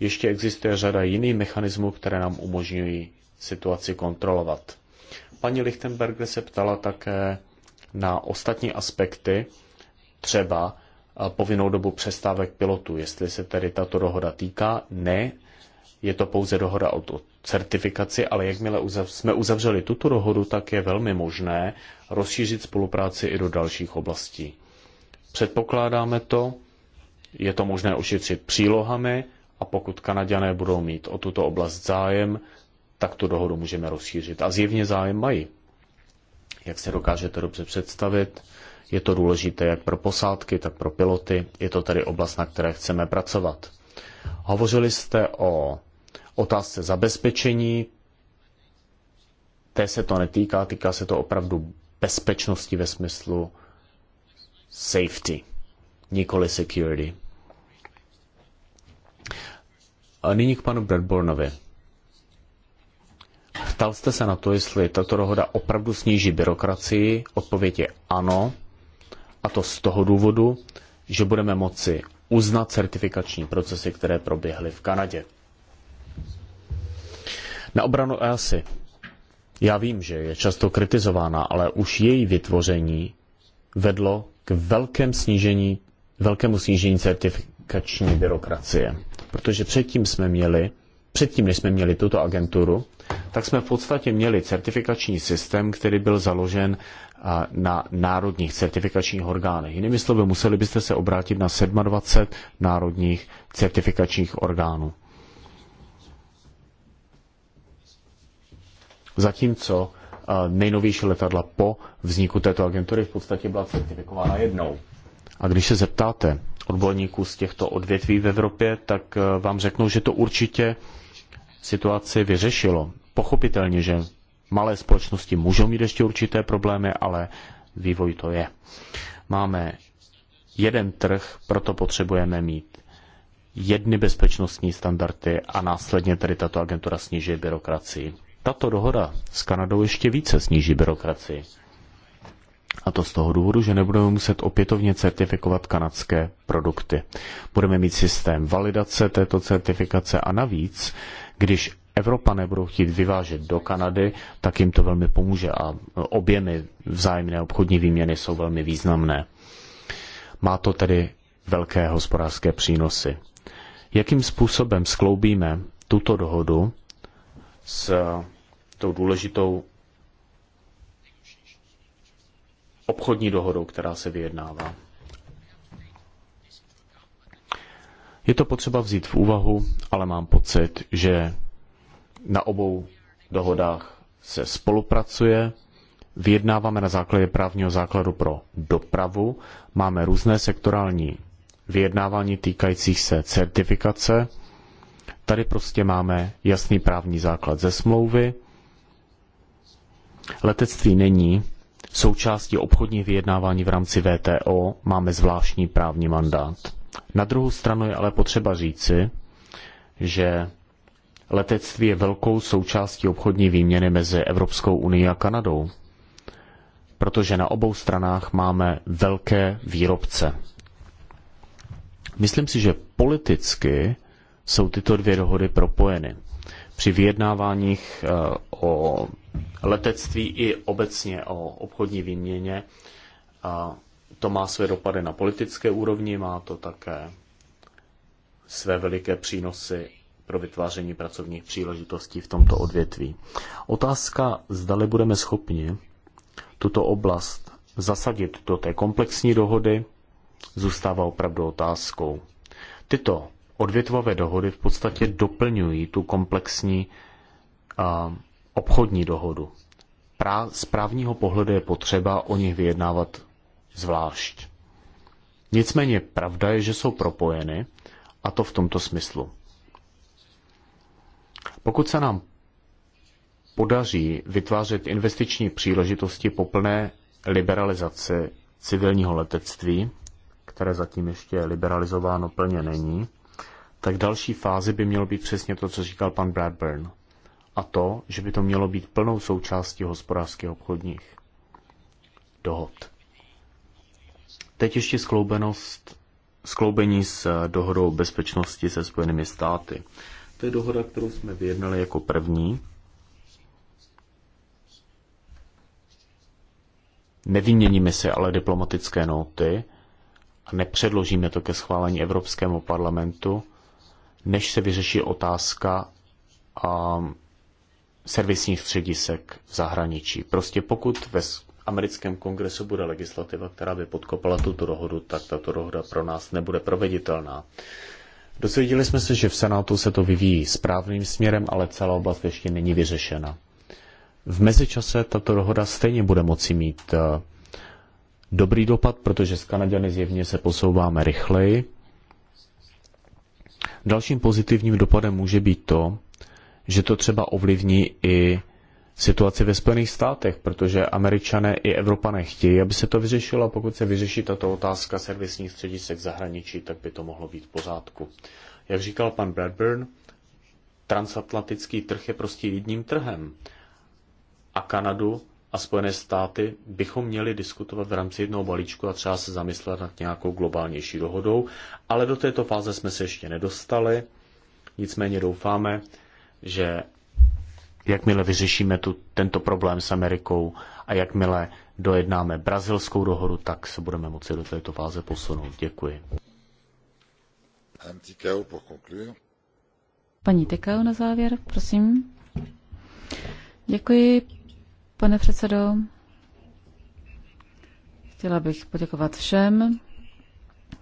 ještě existuje řada jiných mechanismů, které nám umožňují situaci kontrolovat. Paní Lichtenberger se ptala také na ostatní aspekty, třeba povinnou dobu přestávek pilotů. Jestli se tedy tato dohoda týká, ne, je to pouze dohoda o certifikaci, ale jakmile uzav, jsme uzavřeli tuto dohodu, tak je velmi možné rozšířit spolupráci i do dalších oblastí. Předpokládáme to, je to možné ošetřit přílohami a pokud Kanaděné budou mít o tuto oblast zájem, tak tu dohodu můžeme rozšířit. A zjevně zájem mají. Jak se dokážete dobře představit, je to důležité jak pro posádky, tak pro piloty. Je to tedy oblast, na které chceme pracovat. Hovořili jste o otázce zabezpečení. Té se to netýká, týká se to opravdu bezpečnosti ve smyslu safety, nikoli security. A nyní k panu Bradbornovi. Ptal jste se na to, jestli tato dohoda opravdu sníží byrokracii. Odpověď je ano, a to z toho důvodu, že budeme moci uznat certifikační procesy, které proběhly v Kanadě. Na obranu EASY. Já vím, že je často kritizována, ale už její vytvoření vedlo k velkém snížení, velkému snížení certifikační byrokracie. Protože předtím jsme měli, předtím, než jsme měli tuto agenturu, tak jsme v podstatě měli certifikační systém, který byl založen na národních certifikačních orgánech. Jinými slovy, museli byste se obrátit na 27 národních certifikačních orgánů. Zatímco uh, nejnovější letadla po vzniku této agentury v podstatě byla certifikována jednou. A když se zeptáte odborníků z těchto odvětví v Evropě, tak uh, vám řeknou, že to určitě situaci vyřešilo. Pochopitelně, že Malé společnosti můžou mít ještě určité problémy, ale vývoj to je. Máme jeden trh, proto potřebujeme mít jedny bezpečnostní standardy a následně tedy tato agentura sníží byrokracii. Tato dohoda s Kanadou ještě více sníží byrokracii. A to z toho důvodu, že nebudeme muset opětovně certifikovat kanadské produkty. Budeme mít systém validace této certifikace a navíc, když Evropa budou chtít vyvážet do Kanady, tak jim to velmi pomůže a objemy vzájemné obchodní výměny jsou velmi významné. Má to tedy velké hospodářské přínosy. Jakým způsobem skloubíme tuto dohodu s tou důležitou obchodní dohodou, která se vyjednává? Je to potřeba vzít v úvahu, ale mám pocit, že na obou dohodách se spolupracuje, vyjednáváme na základě právního základu pro dopravu, máme různé sektorální vyjednávání týkajících se certifikace. Tady prostě máme jasný právní základ ze smlouvy. Letectví není součástí obchodních vyjednávání v rámci VTO, máme zvláštní právní mandát. Na druhou stranu je ale potřeba říci, že letectví je velkou součástí obchodní výměny mezi Evropskou unii a Kanadou, protože na obou stranách máme velké výrobce. Myslím si, že politicky jsou tyto dvě dohody propojeny. Při vyjednáváních eh, o letectví i obecně o obchodní výměně to má své dopady na politické úrovni, má to také své veliké přínosy pro vytváření pracovních příležitostí v tomto odvětví. Otázka, zdali budeme schopni tuto oblast zasadit do té komplexní dohody, zůstává opravdu otázkou. Tyto odvětvové dohody v podstatě doplňují tu komplexní a, obchodní dohodu. Pra, z právního pohledu je potřeba o nich vyjednávat zvlášť. Nicméně pravda je, že jsou propojeny, a to v tomto smyslu. Pokud se nám podaří vytvářet investiční příležitosti po plné liberalizaci civilního letectví, které zatím ještě liberalizováno plně není, tak další fázi by mělo být přesně to, co říkal pan Bradburn. A to, že by to mělo být plnou součástí hospodářských obchodních dohod. Teď ještě skloubenost, skloubení s dohodou bezpečnosti se Spojenými státy. To je dohoda, kterou jsme vyjednali jako první. Nevyměníme si ale diplomatické noty a nepředložíme to ke schválení Evropskému parlamentu, než se vyřeší otázka a servisních středisek v zahraničí. Prostě pokud ve americkém kongresu bude legislativa, která by podkopala tuto dohodu, tak tato dohoda pro nás nebude proveditelná. Dozvěděli jsme se, že v Senátu se to vyvíjí správným směrem, ale celá oblast ještě není vyřešena. V mezičase tato dohoda stejně bude moci mít eh, dobrý dopad, protože s Kanaděny zjevně se posouváme rychleji. Dalším pozitivním dopadem může být to, že to třeba ovlivní i situaci ve Spojených státech, protože američané i Evropané chtějí, aby se to vyřešilo a pokud se vyřeší tato otázka servisních středisek zahraničí, tak by to mohlo být v pořádku. Jak říkal pan Bradburn, transatlantický trh je prostě jedním trhem a Kanadu a Spojené státy bychom měli diskutovat v rámci jednoho balíčku a třeba se zamyslet nad nějakou globálnější dohodou, ale do této fáze jsme se ještě nedostali. Nicméně doufáme, že jakmile vyřešíme tu, tento problém s Amerikou a jakmile dojednáme brazilskou dohodu, tak se budeme moci do této fáze posunout. Děkuji. Paní Tykau na závěr, prosím. Děkuji, pane předsedo. Chtěla bych poděkovat všem,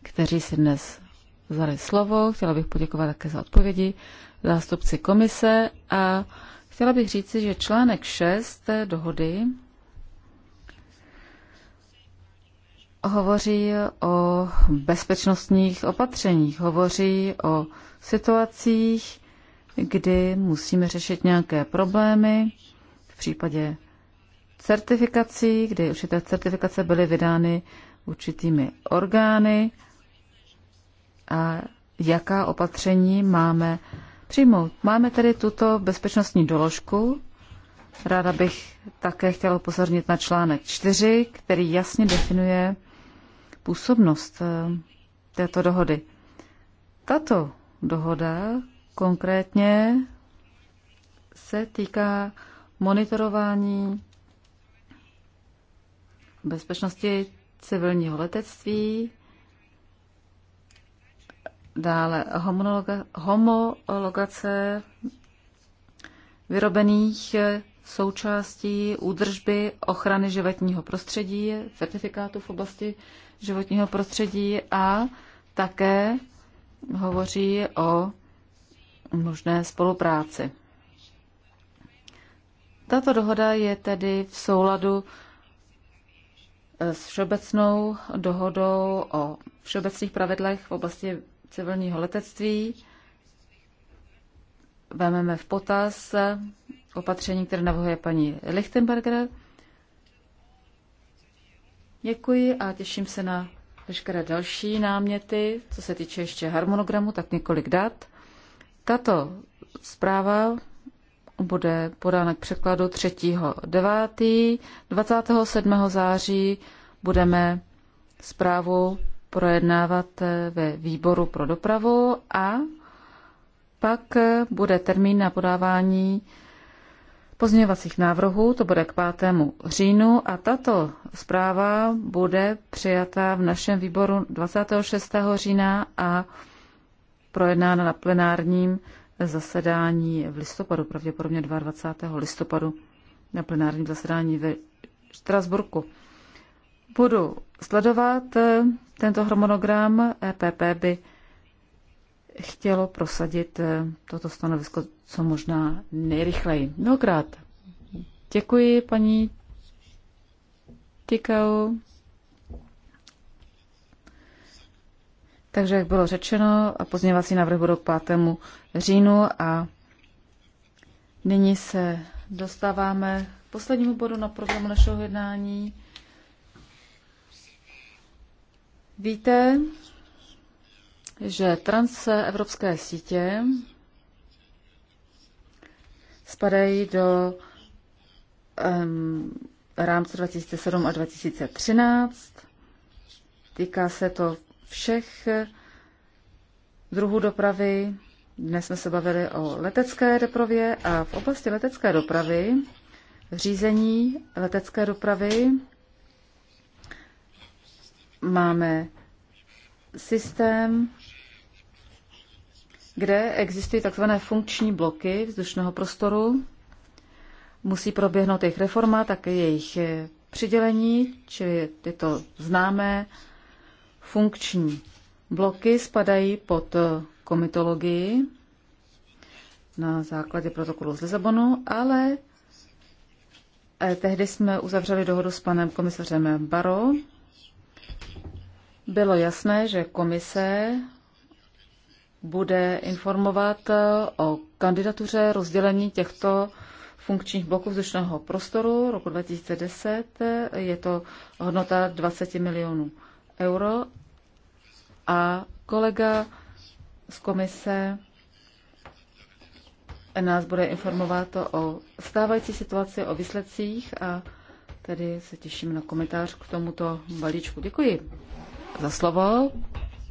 kteří si dnes vzali slovo. Chtěla bych poděkovat také za odpovědi zástupci komise a Chtěla bych říci, že článek 6 dohody hovoří o bezpečnostních opatřeních, hovoří o situacích, kdy musíme řešit nějaké problémy v případě certifikací, kdy určité certifikace byly vydány určitými orgány a jaká opatření máme přijmout. Máme tedy tuto bezpečnostní doložku. Ráda bych také chtěla upozornit na článek 4, který jasně definuje působnost eh, této dohody. Tato dohoda konkrétně se týká monitorování bezpečnosti civilního letectví Dále homologa, homologace vyrobených součástí údržby ochrany životního prostředí, certifikátu v oblasti životního prostředí a také hovoří o možné spolupráci. Tato dohoda je tedy v souladu s všeobecnou dohodou o všeobecných pravidlech v oblasti civilního letectví. Vememe v potaz opatření, které navrhuje paní Lichtenberger. Děkuji a těším se na veškeré další náměty. Co se týče ještě harmonogramu, tak několik dat. Tato zpráva bude podána k překladu 3. 9. 27. září budeme zprávu projednávat eh, ve výboru pro dopravu a pak eh, bude termín na podávání pozměňovacích návrhů, to bude k 5. říjnu a tato zpráva bude přijata v našem výboru 26. října a projednána na plenárním zasedání v listopadu, pravděpodobně 22. listopadu na plenárním zasedání ve Štrasburku. Budu sledovat eh, tento harmonogram. EPP by chtělo prosadit eh, toto stanovisko co možná nejrychleji. Mnohokrát děkuji paní Tikau. Takže, jak bylo řečeno, pozměňovací návrh budou k 5. říjnu a nyní se dostáváme k poslednímu bodu na programu našeho jednání. Víte, že transevropské sítě spadají do um, rámce 2007 a 2013. Týká se to všech druhů dopravy. Dnes jsme se bavili o letecké dopravě a v oblasti letecké dopravy, řízení letecké dopravy máme systém, kde existují takzvané funkční bloky vzdušného prostoru. Musí proběhnout jejich reforma, také jejich přidělení, čili tyto známé funkční bloky spadají pod komitologii na základě protokolu z Lisabonu, ale eh, tehdy jsme uzavřeli dohodu s panem komisařem Baro bylo jasné, že komise bude informovat eh, o kandidatuře rozdělení těchto funkčních bloků vzdušného prostoru roku 2010. Je to hodnota 20 milionů euro. A kolega z komise nás bude informovat o stávající situaci, o výsledcích a tedy se těším na komentář k tomuto balíčku. Děkuji za slovo.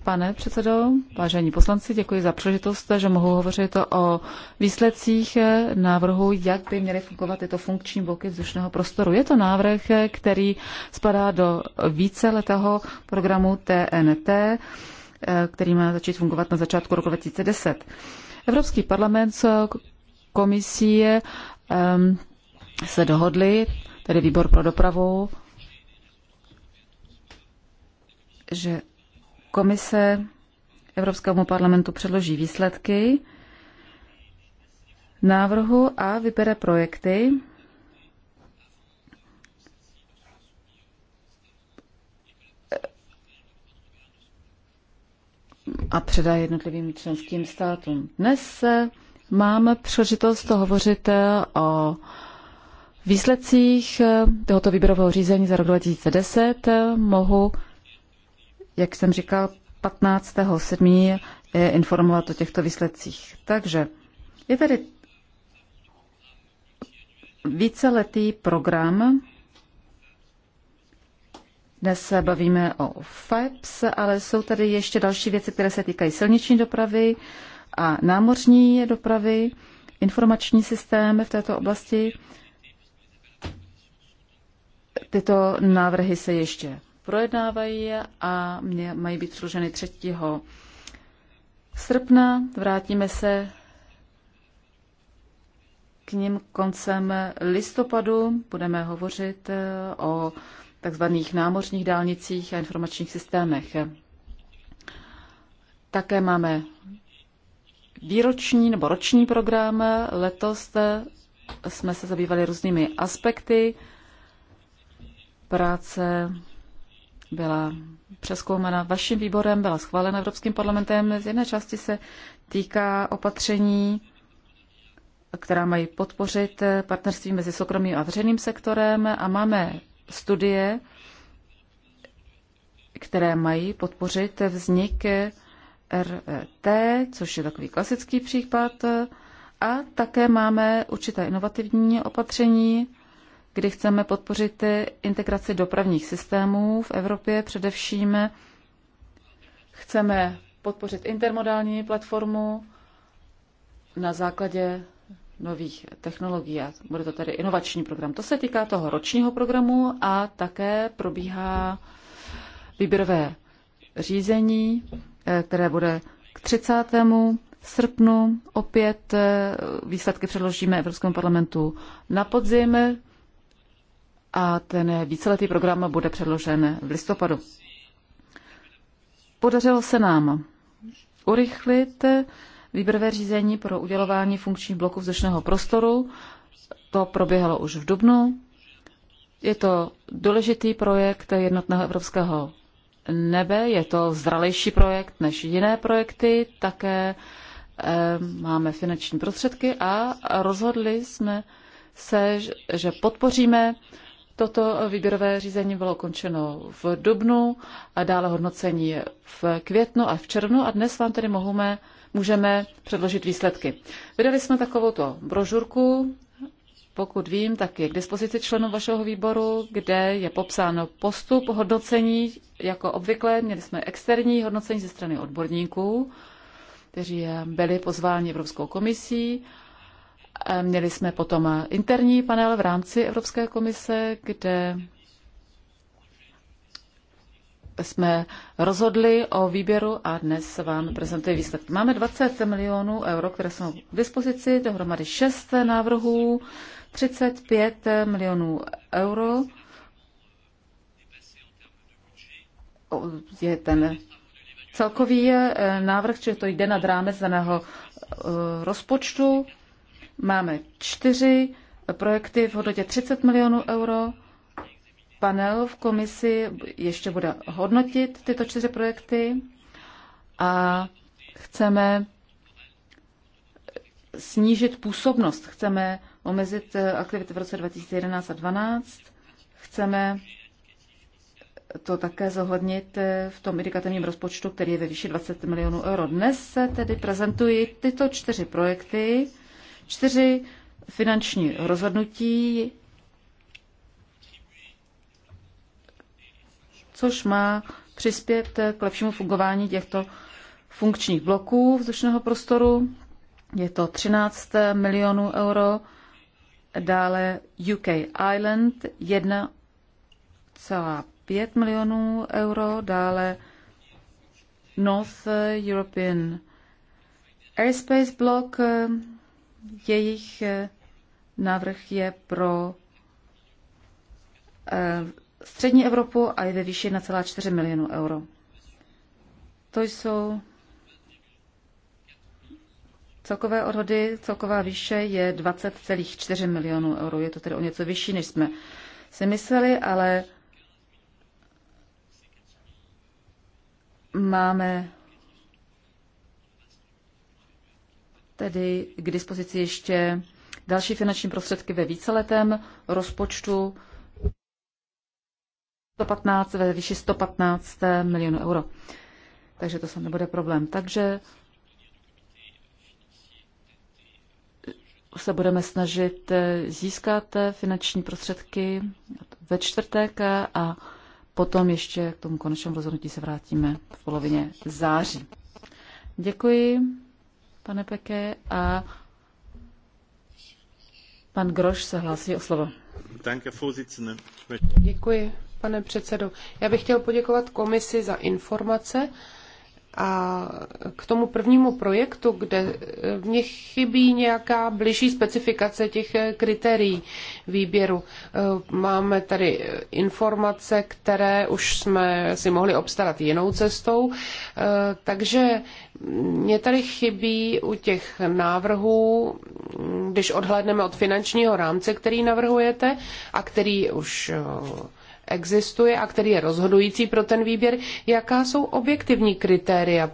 Pane předsedo, vážení poslanci, děkuji za příležitost, že mohu hovořit o výsledcích návrhu, jak by měly fungovat tyto funkční bloky vzdušného prostoru. Je to návrh, který spadá do víceletého programu TNT, který má začít fungovat na začátku roku 2010. Evropský parlament s komisí se dohodli, tedy výbor pro dopravu, že komise Evropskému parlamentu předloží výsledky návrhu a vybere projekty, a předá jednotlivým členským státům. Dnes mám příležitost hovořit o výsledcích tohoto výběrového řízení za rok 2010. Mohu jak jsem říkal, 15.7. je informovat o těchto výsledcích. Takže je tady víceletý program. Dnes se bavíme o FEPS, ale jsou tady ještě další věci, které se týkají silniční dopravy a námořní dopravy, informační systém v této oblasti. Tyto návrhy se ještě projednávají a mě mají být předloženy 3. srpna. Vrátíme se k ním koncem listopadu. Budeme hovořit eh, o takzvaných námořních dálnicích a informačních systémech. Také máme výroční nebo roční program. Letos eh, jsme se zabývali různými aspekty práce byla přeskoumena vaším výborem, byla schválena Evropským parlamentem. Z jedné části se týká opatření, která mají podpořit partnerství mezi soukromým a veřejným sektorem a máme studie, které mají podpořit vznik RT, e což je takový klasický případ, a také máme určité inovativní opatření, kdy chceme podpořit integraci dopravních systémů v Evropě. Především chceme podpořit intermodální platformu na základě nových technologií a bude to tady inovační program. To se týká toho ročního programu a také probíhá výběrové řízení, eh, které bude k 30. srpnu. Opět eh, výsledky předložíme Evropskému parlamentu na podzim a ten víceletý program bude předložen v listopadu. Podařilo se nám urychlit výběrové řízení pro udělování funkčních bloků vzdušného prostoru. To proběhlo už v dubnu. Je to důležitý projekt jednotného evropského nebe, je to zralejší projekt než jiné projekty, také eh, máme finanční prostředky a rozhodli jsme se, že podpoříme Toto výběrové řízení bylo končeno v dubnu a dále hodnocení v květnu a v červnu a dnes vám tedy mohume, můžeme předložit výsledky. Vydali jsme takovouto brožurku, pokud vím, tak je k dispozici členů vašeho výboru, kde je popsáno postup hodnocení, jako obvykle. Měli jsme externí hodnocení ze strany odborníků, kteří byli pozváni Evropskou komisí Měli jsme potom interní panel v rámci Evropské komise, kde jsme rozhodli o výběru a dnes vám prezentuji výsledky. Máme 20 milionů euro, které jsou k dispozici, dohromady 6 návrhů, 35 milionů euro. Je ten celkový eh, návrh, že to jde nad rámec daného eh, rozpočtu. Máme čtyři projekty v hodnotě 30 milionů euro. Panel v komisi ještě bude hodnotit tyto čtyři projekty a chceme snížit působnost, chceme omezit aktivity v roce 2011 a 2012, chceme to také zohlednit v tom indikativním rozpočtu, který je ve výši 20 milionů euro. Dnes se tedy prezentují tyto čtyři projekty čtyři finanční rozhodnutí, což má přispět k lepšímu fungování těchto funkčních bloků vzdušného prostoru. Je to 13 milionů euro, dále UK Island 1,5 milionů euro, dále North European Airspace Block jejich eh, návrh je pro eh, střední Evropu a je ve výši 1,4 milionu euro. To jsou celkové odhody, celková výše je 20,4 milionů euro. Je to tedy o něco vyšší, než jsme si mysleli, ale máme tedy k dispozici ještě další finanční prostředky ve víceletém rozpočtu 115, ve výši 115 milionů euro. Takže to se nebude problém. Takže se budeme snažit eh, získat eh, finanční prostředky ve čtvrtek a potom ještě k tomu konečnému rozhodnutí se vrátíme v polovině září. Děkuji pane Peke, a pan Groš se hlásí o slovo. Děkuji, pane předsedo. Já bych chtěl poděkovat komisi za informace a k tomu prvnímu projektu, kde v nich eh, chybí nějaká blížší specifikace těch eh, kritérií výběru. Eh, máme tady informace, které už jsme si mohli obstarat jinou cestou, takže mě tady chybí u těch návrhů, když odhlédneme od finančního rámce, který navrhujete a který už existuje a který je rozhodující pro ten výběr, jaká jsou objektivní kritéria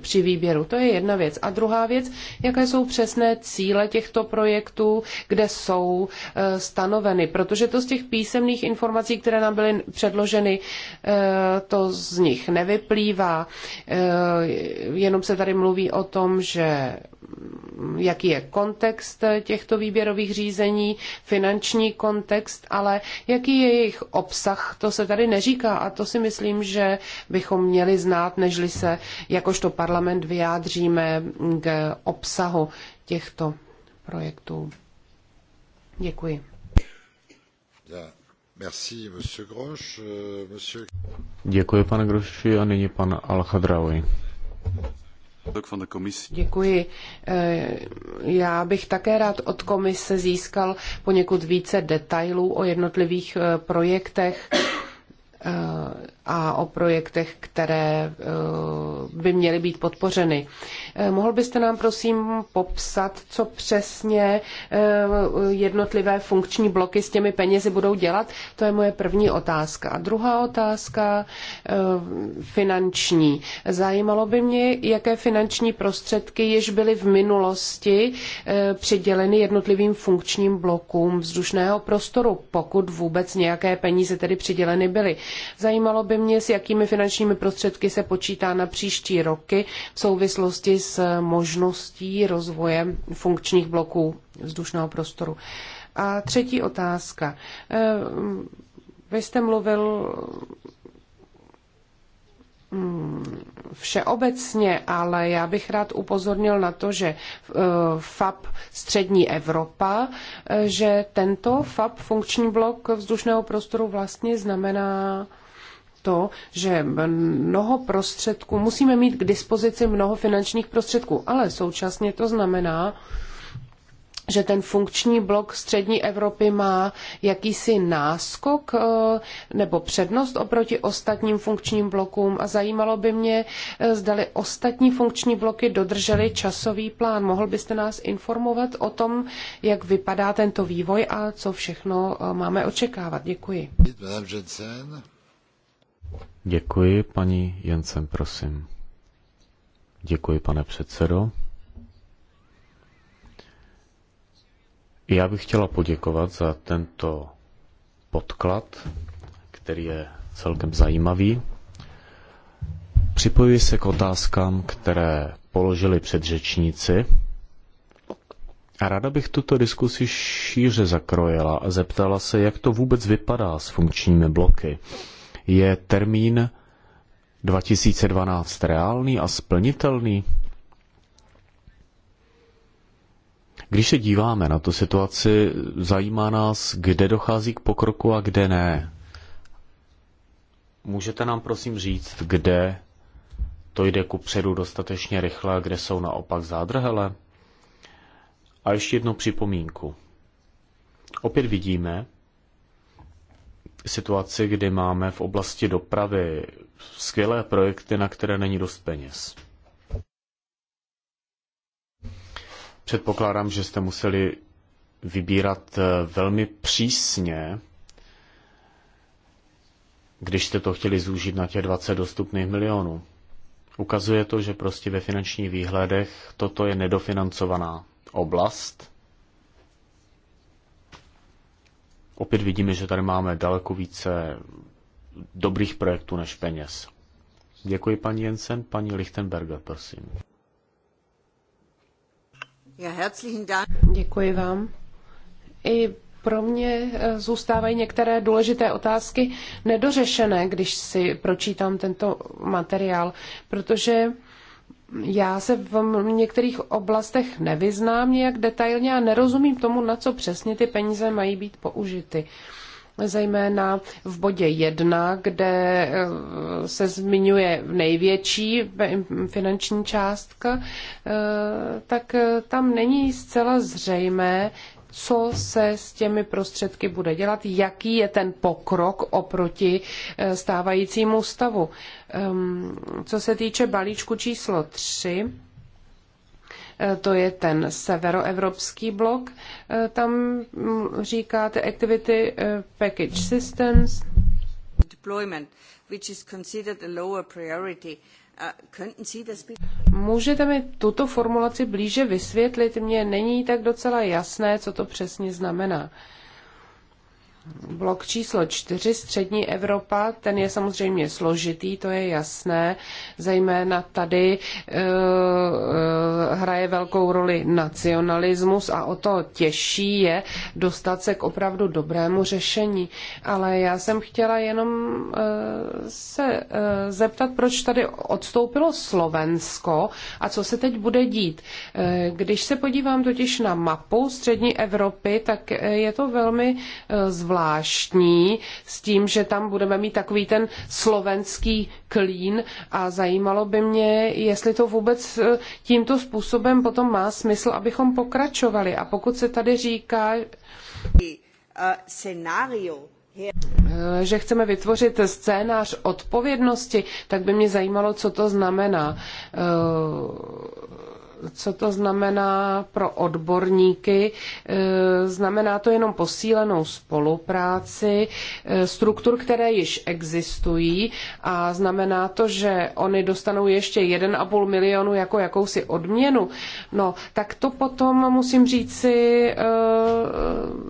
při výběru. To je jedna věc. A druhá věc, jaké jsou přesné cíle těchto projektů, kde jsou eh, stanoveny. Protože to z těch písemných informací, které nám byly předloženy, eh, to z nich nevyplývá. Eh, jenom se tady mluví o tom, že jaký je kontext těchto výběrových řízení, finanční kontext, ale jaký je jejich obsah, to se tady neříká a to si myslím, že bychom měli znát, nežli se jakožto parlament vyjádříme k obsahu těchto projektů. Děkuji. Euh, Děkuji, pane Groši, a nyní pan al Děkuji. Eh, já bych také rád od komise získal poněkud více detailů o jednotlivých eh, projektech a o projektech, které eh, by měly být podpořeny. Eh, mohl byste nám prosím popsat, co přesně eh, jednotlivé funkční bloky s těmi penězi budou dělat? To je moje první otázka. A druhá otázka finanční. Zajímalo by mě, jaké finanční prostředky již byly v minulosti přiděleny jednotlivým funkčním blokům vzdušného prostoru, pokud vůbec nějaké peníze tedy přiděleny byly. Zajímalo by mě, s jakými finančními prostředky se počítá na příští roky v souvislosti s možností rozvoje funkčních bloků vzdušného prostoru. A třetí otázka. Eh, vy jste mluvil Mm, všeobecně, ale já bych rád upozornil na to, že eh, FAP Střední Evropa, eh, že tento FAP funkční blok vzdušného prostoru vlastně znamená to, že mnoho prostředků, musíme mít k dispozici mnoho finančních prostředků, ale současně to znamená, že ten funkční blok střední Evropy má jakýsi náskok eh, nebo přednost oproti ostatním funkčním blokům a zajímalo by mě, eh, zdali ostatní funkční bloky dodržely časový plán. Mohl byste nás informovat o tom, jak vypadá tento vývoj a co všechno eh, máme očekávat? Děkuji. Děkuji, paní Jensen, prosím. Děkuji, pane předsedo. Já bych chtěla poděkovat za tento podklad, který je celkem zajímavý. Připojuji se k otázkám, které položili předřečníci. A ráda bych tuto diskusi šíře zakrojila a zeptala se, jak to vůbec vypadá s funkčními bloky. Je termín 2012 reálný a splnitelný? Když se díváme na tu situaci, zajímá nás, kde dochází k pokroku a kde ne. Můžete nám prosím říct, kde to jde ku předu dostatečně rychle a kde jsou naopak zádrhele? A ještě jednu připomínku. Opět vidíme situaci, kdy máme v oblasti dopravy skvělé projekty, na které není dost peněz. Předpokládám, že jste museli vybírat eh, velmi přísně, když jste to chtěli zúžit na těch 20 dostupných milionů. Ukazuje to, že prostě ve finančních výhledech toto je nedofinancovaná oblast. Opět vidíme, že tady máme daleko více dobrých projektů než peněz. Děkuji paní Jensen, paní Lichtenberger, prosím. Děkuji vám. I pro mě eh, zůstávají některé důležité otázky nedořešené, když si pročítám tento materiál, protože já se v některých oblastech nevyznám nějak detailně a nerozumím tomu, na co přesně ty peníze mají být použity. Uh, zejména v bodě 1, kde eh, se zmiňuje největší finanční částka, eh, tak eh, tam není zcela zřejmé, co se s těmi prostředky bude dělat, jaký je ten pokrok oproti stávajícímu stavu. Ehm, co se týče balíčku číslo 3, Eh, to je ten severoevropský blok. Eh, tam mm, říkáte Activity eh, Package Systems. Deployment, which is considered a lower priority. Můžete mi tuto formulaci blíže vysvětlit? Mně není tak docela jasné, co to přesně znamená. Uh, Blok číslo čtyři, střední Evropa, ten je samozřejmě složitý, to je jasné. Zejména tady e, e, hraje velkou roli nacionalismus a o to těžší je dostat se k opravdu dobrému řešení. Ale já jsem chtěla jenom e, se e, zeptat, proč tady odstoupilo Slovensko a co se teď bude dít. E, když se podívám totiž na mapu střední Evropy, tak e, je to velmi e, zvláštní zvláštní s tím, že tam budeme mít takový ten slovenský klín a zajímalo by mě, jestli to vůbec eh, tímto způsobem potom má smysl, abychom pokračovali. A pokud se tady říká, eh, že chceme vytvořit scénář odpovědnosti, tak by mě zajímalo, co to znamená. Eh, co to znamená pro odborníky. E, znamená to jenom posílenou spolupráci e, struktur, které již existují a znamená to, že oni dostanou ještě 1,5 milionu jako jakousi odměnu. No, tak to potom musím říci, e,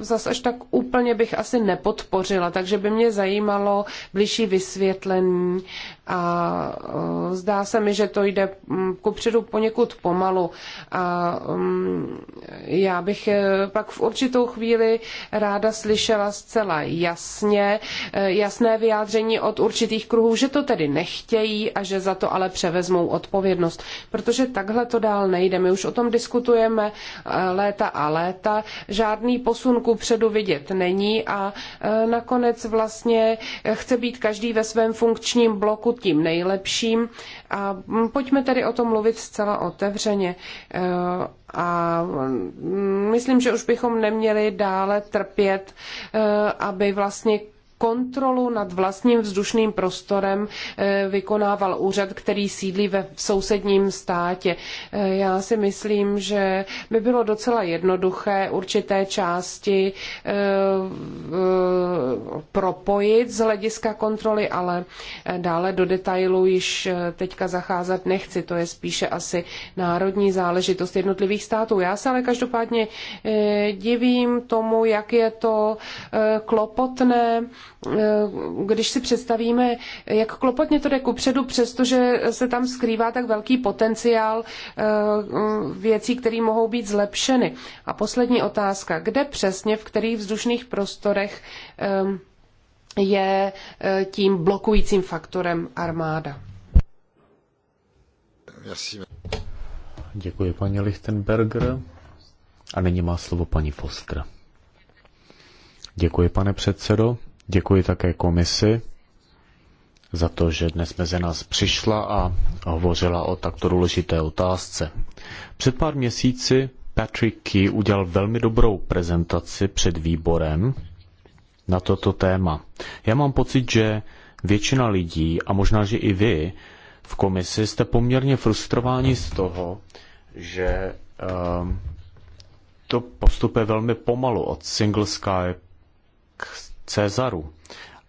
zas až tak úplně bych asi nepodpořila, takže by mě zajímalo bližší vysvětlení a e, zdá se mi, že to jde mm, kupředu poněkud pomalu. A mm, já bych e, pak v určitou chvíli ráda slyšela zcela jasně, e, jasné vyjádření od určitých kruhů, že to tedy nechtějí a že za to ale převezmou odpovědnost. Protože takhle to dál nejde. My už o tom diskutujeme léta a léta. Žádný posun kupředu vidět není a nakonec vlastně chce být každý ve svém funkčním bloku tím nejlepším. A mm, pojďme tedy o tom mluvit zcela otevřeně. E, a mm, myslím, že už bychom neměli dále trpět, e, aby vlastně kontrolu nad vlastním vzdušným prostorem eh, vykonával úřad, který sídlí ve sousedním státě. Eh, já si myslím, že by bylo docela jednoduché určité části eh, propojit z hlediska kontroly, ale dále do detailu již teďka zacházet nechci. To je spíše asi národní záležitost jednotlivých států. Já se ale každopádně divím tomu, jak je to klopotné, Eh, když si představíme, jak klopotně to jde kupředu, přestože se tam skrývá tak velký potenciál eh, mm, věcí, které mohou být zlepšeny. A poslední otázka. Kde přesně, v kterých vzdušných prostorech eh, je tím blokujícím faktorem armáda? Děkuji, paní Lichtenberger. A nyní má slovo paní Foster. Děkuji, pane předsedo. Děkuji také komisi za to, že dnes mezi nás přišla a hovořila o takto důležité otázce. Před pár měsíci Patrick Key udělal velmi dobrou prezentaci před výborem na toto téma. Já mám pocit, že většina lidí, a možná, že i vy v komisi, jste poměrně frustrováni z toho, že um, to postupuje velmi pomalu od Single Sky Cezaru.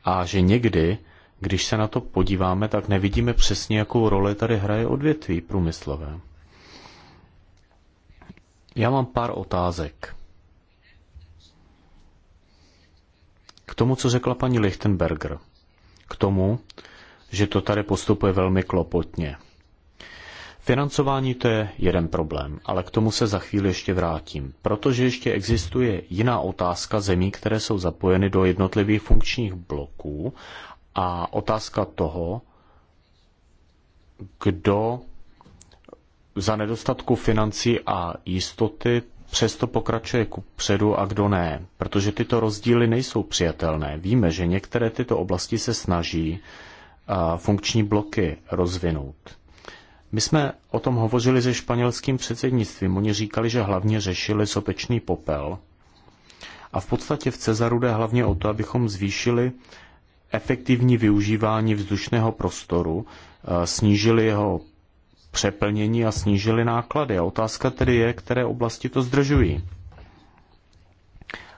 A že někdy, když se na to podíváme, tak nevidíme přesně, jakou roli tady hraje odvětví průmyslové. Já mám pár otázek. K tomu, co řekla paní Lichtenberger. K tomu, že to tady postupuje velmi klopotně. Financování to je jeden problém, ale k tomu se za chvíli ještě vrátím, protože ještě existuje jiná otázka zemí, které jsou zapojeny do jednotlivých funkčních bloků a otázka toho, kdo za nedostatku financí a jistoty přesto pokračuje ku předu a kdo ne, protože tyto rozdíly nejsou přijatelné. Víme, že některé tyto oblasti se snaží funkční bloky rozvinout. My jsme o tom hovořili se španělským předsednictvím. Oni říkali, že hlavně řešili sopečný popel. A v podstatě v Cezaru jde hlavně o to, abychom zvýšili efektivní využívání vzdušného prostoru, eh, snížili jeho přeplnění a snížili náklady. A otázka tedy je, které oblasti to zdržují.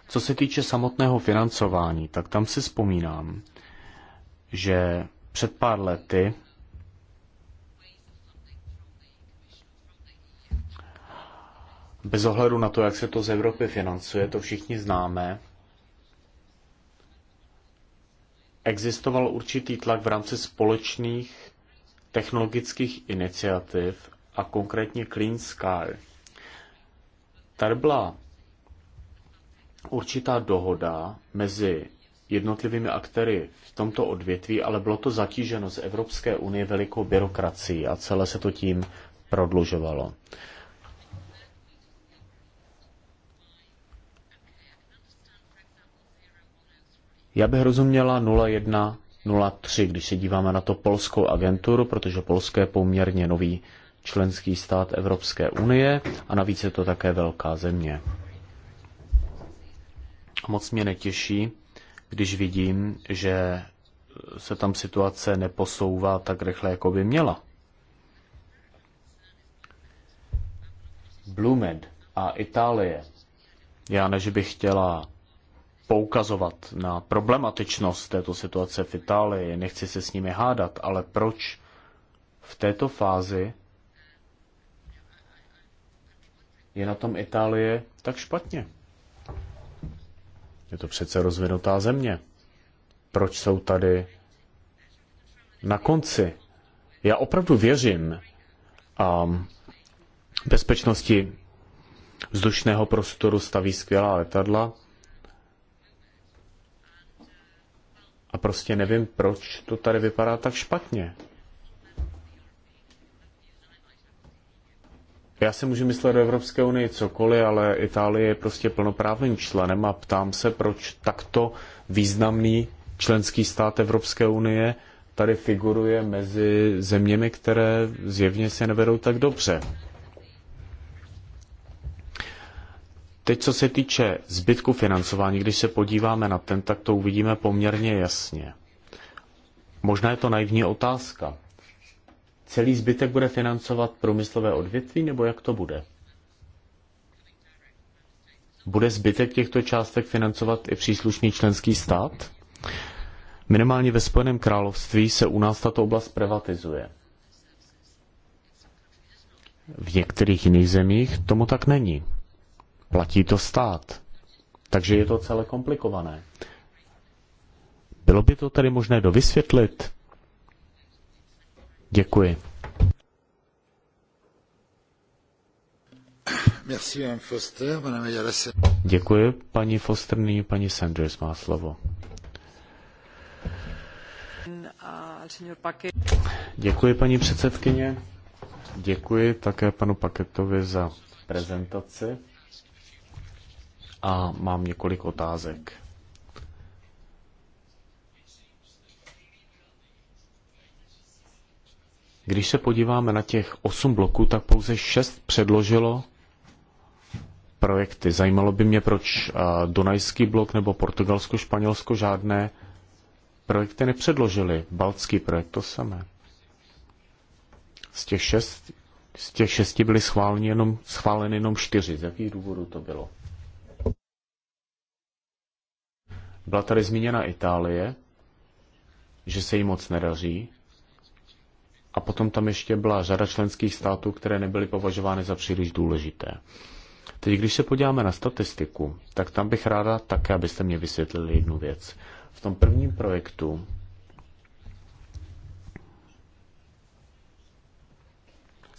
Co se týče samotného financování, tak tam si vzpomínám, že před pár lety Bez ohledu na to, jak se to z Evropy financuje, to všichni známe, existoval určitý tlak v rámci společných technologických iniciativ a konkrétně Clean Sky. Tady byla určitá dohoda mezi jednotlivými aktéry v tomto odvětví, ale bylo to zatíženo z Evropské unie velikou byrokracií a celé se to tím prodlužovalo. Já bych rozuměla 0103, když se díváme na to polskou agenturu, protože Polsko je poměrně nový členský stát Evropské unie a navíc je to také velká země. Moc mě netěší, když vidím, že se tam situace neposouvá tak rychle, jako by měla. Blumed a Itálie. Já než bych chtěla poukazovat na problematičnost této situace v Itálii, nechci se s nimi hádat, ale proč v této fázi je na tom Itálie tak špatně? Je to přece rozvinutá země. Proč jsou tady na konci? Já opravdu věřím a um, bezpečnosti vzdušného prostoru staví skvělá letadla, A prostě nevím, proč to tady vypadá tak špatně. Já si můžu myslet o Evropské unii cokoliv, ale Itálie je prostě plnoprávným členem a ptám se, proč takto významný členský stát Evropské unie tady figuruje mezi zeměmi, které zjevně se nevedou tak dobře. Teď, co se týče zbytku financování, když se podíváme na ten, tak to uvidíme poměrně jasně. Možná je to naivní otázka. Celý zbytek bude financovat průmyslové odvětví, nebo jak to bude? Bude zbytek těchto částek financovat i příslušný členský stát? Minimálně ve Spojeném království se u nás tato oblast privatizuje. V některých jiných zemích tomu tak není platí to stát. Takže je to celé komplikované. Bylo by to tedy možné dovysvětlit? Děkuji. Děkuji, paní Foster, nyní paní Sanders má slovo. Děkuji, paní předsedkyně. Děkuji také panu Paketovi za prezentaci a mám několik otázek. Když se podíváme na těch osm bloků, tak pouze šest předložilo projekty. Zajímalo by mě, proč Dunajský blok nebo Portugalsko-Španělsko žádné projekty nepředložili. Baltský projekt to samé. Z těch, šest, z těch šesti byly schváleny jenom, schváleny jenom čtyři. Z jakých důvodů to bylo? Byla tady zmíněna Itálie, že se jí moc nedaří. A potom tam ještě byla řada členských států, které nebyly považovány za příliš důležité. Teď, když se podíváme na statistiku, tak tam bych ráda také, abyste mě vysvětlili jednu věc. V tom prvním projektu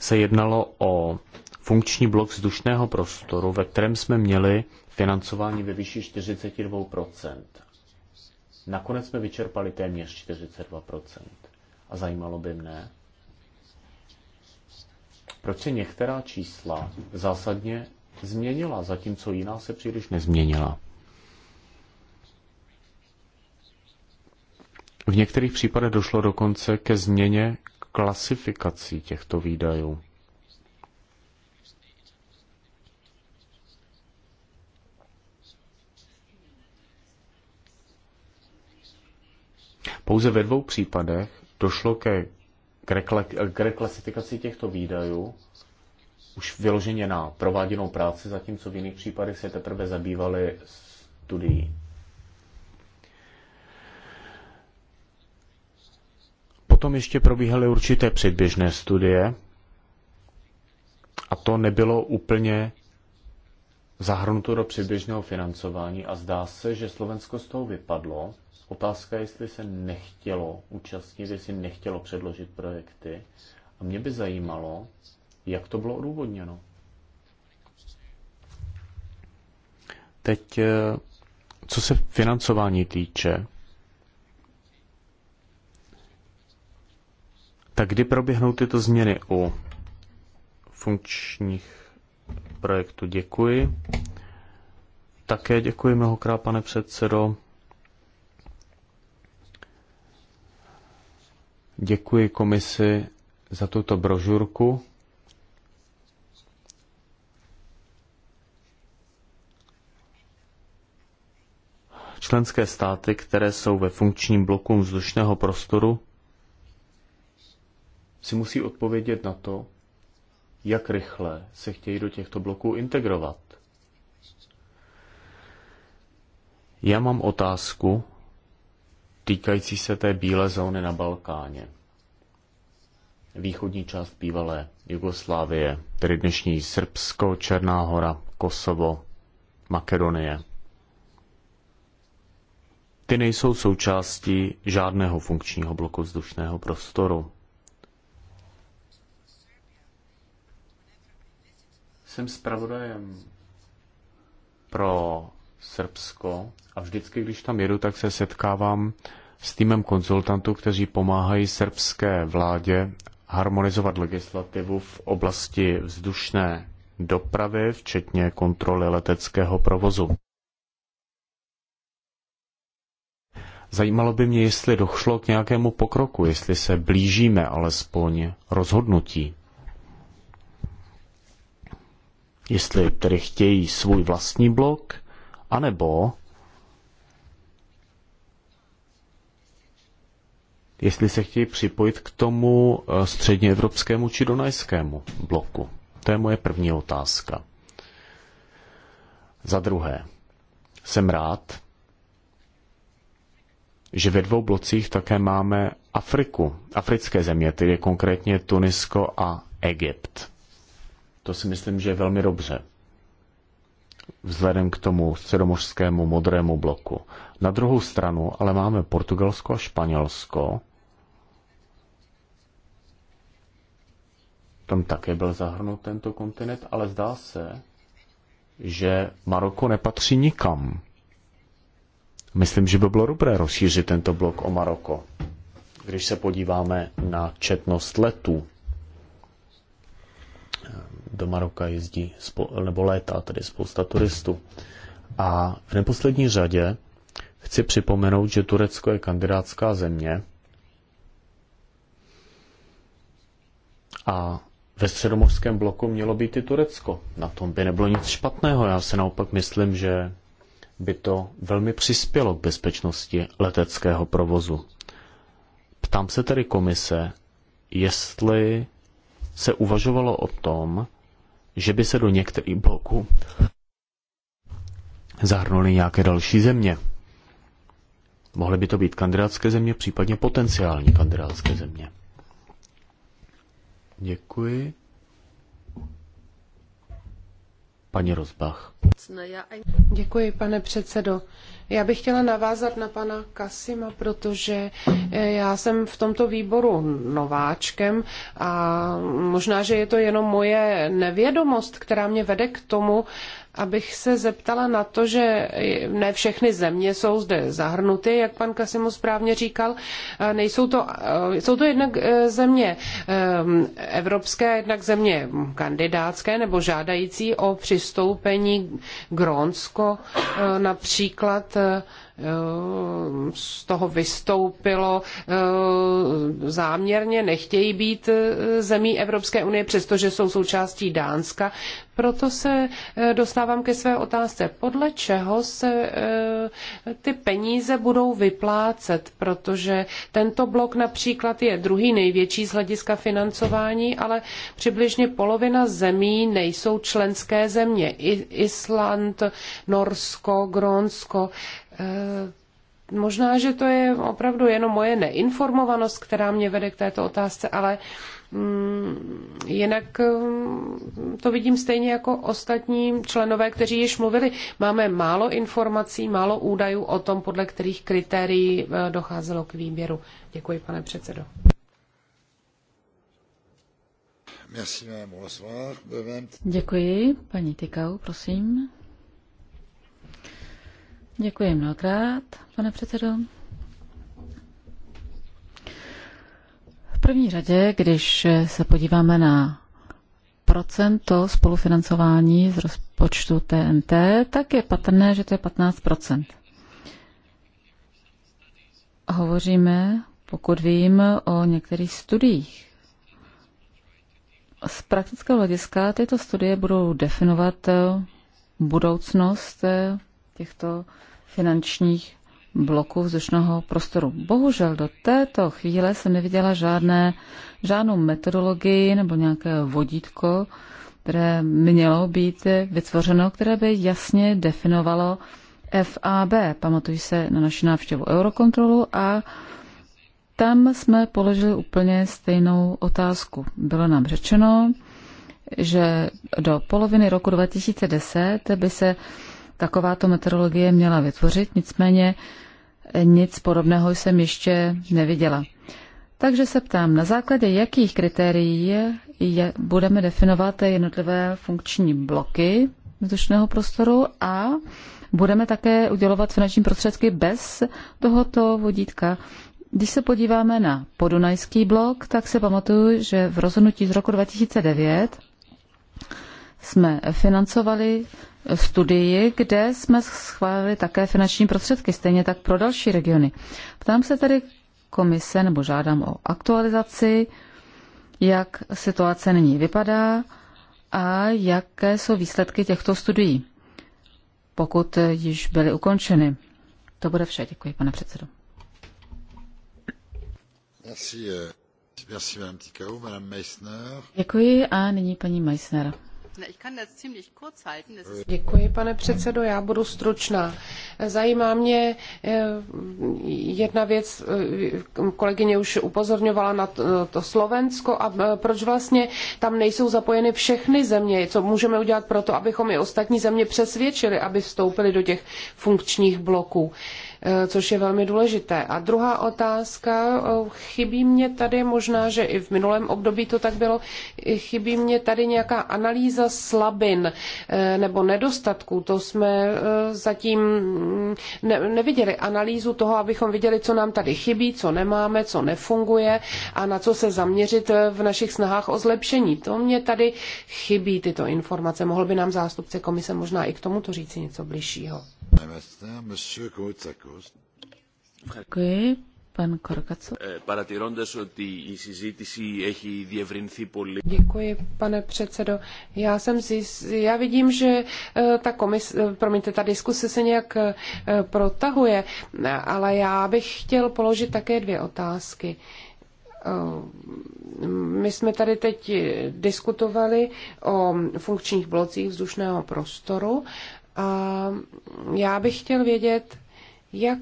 se jednalo o funkční blok vzdušného prostoru, ve kterém jsme měli financování ve výši 42%. Nakonec jsme vyčerpali téměř 42%. A zajímalo by mne, proč se některá čísla zásadně změnila, zatímco jiná se příliš nezměnila. V některých případech došlo dokonce ke změně klasifikací těchto výdajů. Pouze ve dvou případech došlo ke, k, reklasifikaci těchto výdajů už vyloženě na prováděnou práci, zatímco v jiných případech se teprve zabývali studií. Potom ještě probíhaly určité předběžné studie a to nebylo úplně zahrnuto do předběžného financování a zdá se, že Slovensko z toho vypadlo, Otázka je, jestli se nechtělo účastnit, jestli nechtělo předložit projekty. A mě by zajímalo, jak to bylo odůvodněno. Teď, eh, co se financování týče, tak kdy proběhnou tyto změny u funkčních projektů? Děkuji. Také děkuji mnohokrát, pane předsedo. Děkuji komisi za tuto brožurku. Členské státy, které jsou ve funkčním bloku vzdušného prostoru, si musí odpovědět na to, jak rychle se chtějí do těchto bloků integrovat. Já mám otázku, týkající se té bílé zóny na Balkáně. Východní část bývalé Jugoslávie, tedy dnešní Srbsko, Černá hora, Kosovo, Makedonie. Ty nejsou součástí žádného funkčního bloku vzdušného prostoru. Jsem zpravodajem pro Srbsko a vždycky, když tam jedu, tak se setkávám s týmem konzultantů, kteří pomáhají srbské vládě harmonizovat legislativu v oblasti vzdušné dopravy, včetně kontroly leteckého provozu. Zajímalo by mě, jestli došlo k nějakému pokroku, jestli se blížíme alespoň rozhodnutí. Jestli tedy chtějí svůj vlastní blok, anebo jestli se chtějí připojit k tomu eh, středněevropskému či donajskému bloku. To je moje první otázka. Za druhé, jsem rád, že ve dvou blocích také máme Afriku, africké země, tedy konkrétně Tunisko a Egypt. To si myslím, že je velmi dobře vzhledem k tomu středomořskému modrému bloku. Na druhou stranu ale máme Portugalsko a Španělsko. Tam také byl zahrnut tento kontinent, ale zdá se, že Maroko nepatří nikam. Myslím, že by bylo dobré rozšířit tento blok o Maroko. Když se podíváme na četnost letů, do Maroka jezdí, nebo létá tady spousta turistů. A v neposlední řadě chci připomenout, že Turecko je kandidátská země a ve středomořském bloku mělo být i Turecko. Na tom by nebylo nic špatného. Já se naopak myslím, že by to velmi přispělo k bezpečnosti leteckého provozu. Ptám se tedy komise, jestli se uvažovalo o tom, že by se do některých bloků zahrnuly nějaké další země. Mohly by to být kandidátské země, případně potenciální kandidátské země. Děkuji. Paní Rozbach. Děkuji, pane předsedo. Já bych chtěla navázat na pana Kasima, protože eh, já jsem v tomto výboru nováčkem a možná, že je to jenom moje nevědomost, která mě vede k tomu, abych se zeptala na to, že ne všechny země jsou zde zahrnuty, jak pan Kasimo správně říkal. Nejsou to, eh, jsou to jednak eh, země eh, evropské, jednak země kandidátské nebo žádající o přistoupení Grónsko například Eh, z toho vystoupilo eh, záměrně, nechtějí být eh, zemí Evropské unie, přestože jsou součástí Dánska. Proto se dostávám ke své otázce. Podle čeho se ty peníze budou vyplácet? Protože tento blok například je druhý největší z hlediska financování, ale přibližně polovina zemí nejsou členské země. Island, Norsko, Grónsko. Eh, možná, že to je opravdu jenom moje neinformovanost, která mě vede k této otázce, ale mm, Jinak mm, to vidím stejně jako ostatní členové, kteří již mluvili. Máme málo informací, málo údajů o tom, podle kterých kritérií eh, docházelo k výběru. Děkuji, pane předsedo. Děkuji, paní Tykau, prosím. Děkuji mnohokrát, pane předsedo. V první řadě, když se podíváme na procento spolufinancování z rozpočtu TNT, tak je patrné, že to je 15 Hovoříme, pokud vím, o některých studiích. Z praktického hlediska tyto studie budou definovat budoucnost těchto finančních bloků vzdušného prostoru. Bohužel do této chvíle jsem neviděla žádné, žádnou metodologii nebo nějaké vodítko, které mělo být vytvořeno, které by jasně definovalo FAB. Pamatuji se na naši návštěvu Eurokontrolu a tam jsme položili úplně stejnou otázku. Bylo nám řečeno, že do poloviny roku 2010 by se takováto meteorologie měla vytvořit, nicméně nic podobného jsem ještě neviděla. Takže se ptám, na základě jakých kritérií je, je, budeme definovat jednotlivé funkční bloky vzdušného prostoru a budeme také udělovat finanční prostředky bez tohoto vodítka. Když se podíváme na podunajský blok, tak se pamatuju, že v rozhodnutí z roku 2009 jsme financovali studii, kde jsme schválili také finanční prostředky, stejně tak pro další regiony. Ptám se tedy komise, nebo žádám o aktualizaci, jak situace nyní vypadá a jaké jsou výsledky těchto studií, pokud již byly ukončeny. To bude vše. Děkuji, pane předsedo. Eh, Děkuji a nyní paní Meissner. Děkuji, pane předsedo, já budu stručná. Zajímá mě eh, jedna věc, eh, kolegyně už upozorňovala na to Slovensko a eh, proč vlastně tam nejsou zapojeny všechny země, co můžeme udělat pro to, abychom i ostatní země přesvědčili, aby vstoupili do těch funkčních bloků. Eh, což je velmi důležité. A druhá otázka, eh, chybí mě tady možná, že i v minulém období to tak bylo, eh, chybí mě tady nějaká analýza slabin nebo nedostatků. To jsme zatím mm, neviděli analýzu toho, abychom viděli, co nám tady chybí, co nemáme, co nefunguje a na co se zaměřit v našich snahách o zlepšení. To mě tady chybí, tyto informace. Mohl by nám zástupce komise možná i k tomuto říci něco bližšího. Monsieur Děkuji. Pan Korkaco. Eh, Děkuji, pane předsedo. Já jsem zjist, já vidím, že eh, ta komis, eh, promiňte, ta diskuse se nějak protahuje, ale já bych chtěl položit také dvě otázky. My jsme tady teď diskutovali o funkčních blocích vzdušného prostoru a já bych chtěl vědět, jak,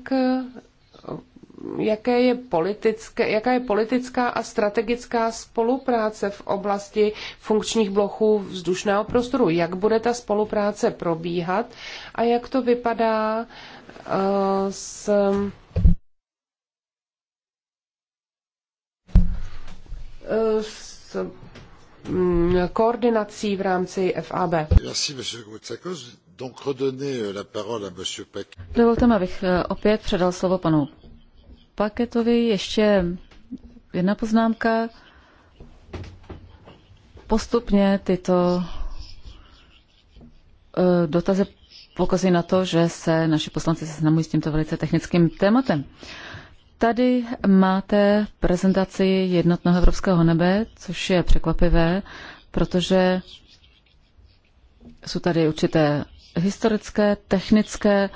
jaké je politické, jaká je politická a strategická spolupráce v oblasti funkčních bloků vzdušného prostoru, jak bude ta spolupráce probíhat a jak to vypadá eh, s eh, s Mm, koordinací v rámci FAB. Euh, Dovolte mi, abych eh, opět předal slovo panu Paketovi. Ještě jedna poznámka. Postupně tyto eh, dotazy pokazují na to, že se naši poslanci seznamují s tímto velice technickým tématem. Uh, Tady máte prezentaci jednotného evropského nebe, což je překvapivé, protože jsou tady určité historické, technické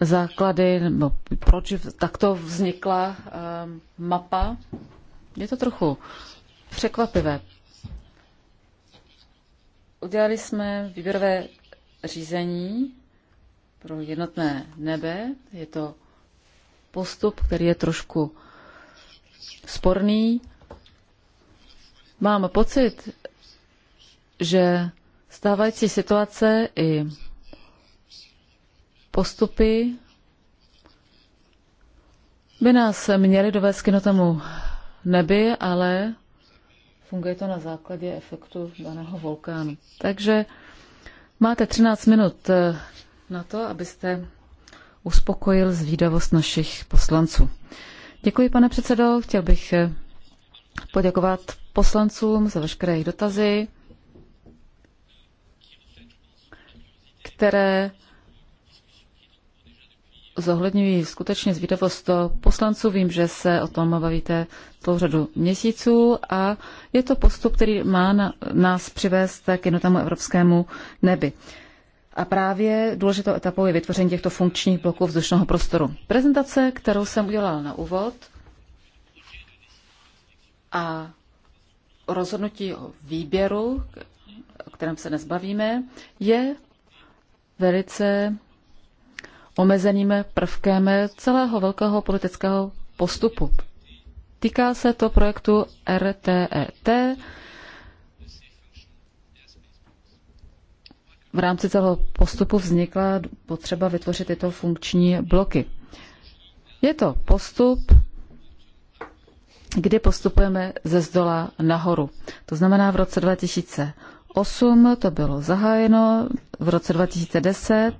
základy, nebo proč takto vznikla ehm, mapa. Je to trochu překvapivé. Udělali jsme výběrové řízení pro jednotné nebe. Je to postup, který je trošku sporný. Mám pocit, že stávající situace i postupy by nás měly dovést k tomu, nebi, ale funguje to na základě efektu daného vulkánu. Takže máte 13 minut eh, na to, abyste uspokojil zvídavost našich poslanců. Děkuji, pane předsedo. Chtěl bych eh, poděkovat poslancům za veškeré jejich dotazy, které zohledňují skutečně zvídavost poslanců. Vím, že se o tom bavíte tou řadu měsíců a je to postup, který má nás přivést k jednotnému evropskému nebi. A právě důležitou etapou je vytvoření těchto funkčních bloků vzdušného prostoru. Prezentace, kterou jsem udělal na úvod a rozhodnutí o výběru, o kterém se dnes bavíme, je velice omezeným prvkem celého velkého politického postupu. Týká se to projektu RTET, e v rámci celého postupu vznikla potřeba vytvořit tyto funkční bloky. Je to postup, kdy postupujeme ze zdola nahoru. To znamená v roce 2008 to bylo zahájeno, v roce 2010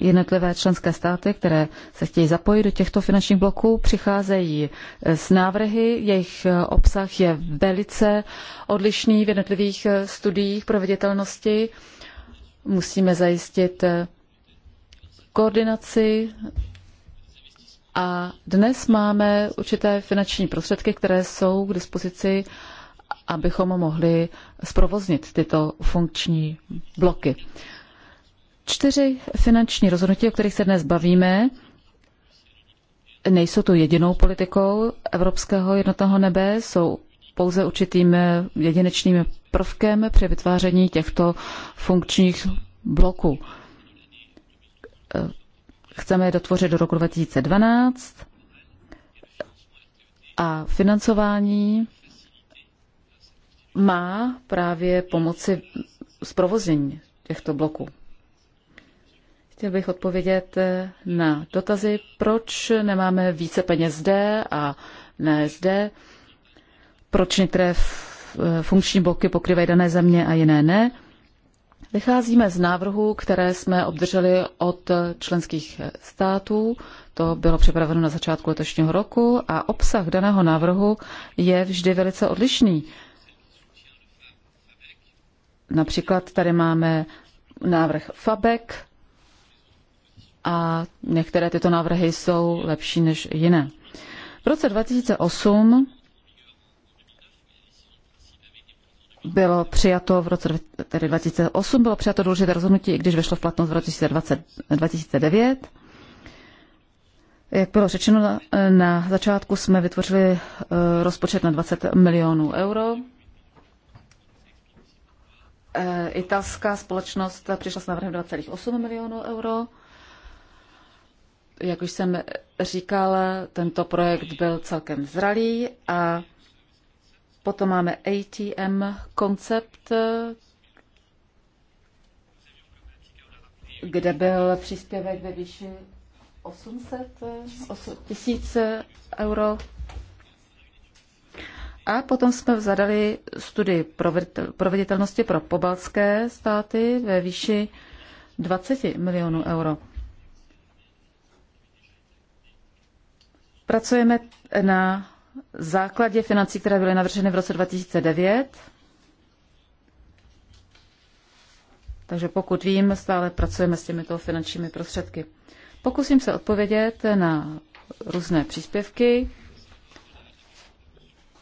jednotlivé členské státy, které se chtějí zapojit do těchto finančních bloků, přicházejí eh, s návrhy. Jejich eh, obsah je velice odlišný v jednotlivých eh, studiích proveditelnosti. Musíme zajistit eh, koordinaci a dnes máme určité finanční prostředky, které jsou k dispozici, abychom mohli zprovoznit tyto funkční bloky. Čtyři finanční rozhodnutí, o kterých se dnes bavíme, nejsou tu jedinou politikou Evropského jednotného nebe, jsou pouze určitým eh, jedinečným prvkem při vytváření těchto funkčních bloků. Chceme je dotvořit do roku 2012 a financování má právě pomoci zprovoznění těchto bloků. Chtěl bych odpovědět na dotazy, proč nemáme více peněz zde a ne zde, proč některé funkční bloky pokryvají dané země a jiné ne. Vycházíme z návrhu, které jsme obdrželi od členských států. To bylo připraveno na začátku letošního roku a obsah daného návrhu je vždy velice odlišný. Například tady máme návrh FABEC a některé tyto návrhy jsou lepší než jiné. V roce 2008 bylo přijato v roce tedy 2008, bylo přijato důležité rozhodnutí, i když vešlo v platnost v roce 2009. Jak bylo řečeno, na začátku jsme vytvořili eh, rozpočet na 20 milionů euro. Eh, italská společnost přišla s návrhem 2,8 milionů euro. Jak už jsem říkal, tento projekt byl celkem zralý a Potom máme ATM koncept, kde byl příspěvek ve výši 800 tisíc euro. A potom jsme zadali studii proveditelnosti pro pobaltské státy ve výši 20 milionů euro. Pracujeme na základě financí, které byly navrženy v roce 2009. Takže pokud vím, stále pracujeme s těmito finančními prostředky. Pokusím se odpovědět na různé příspěvky.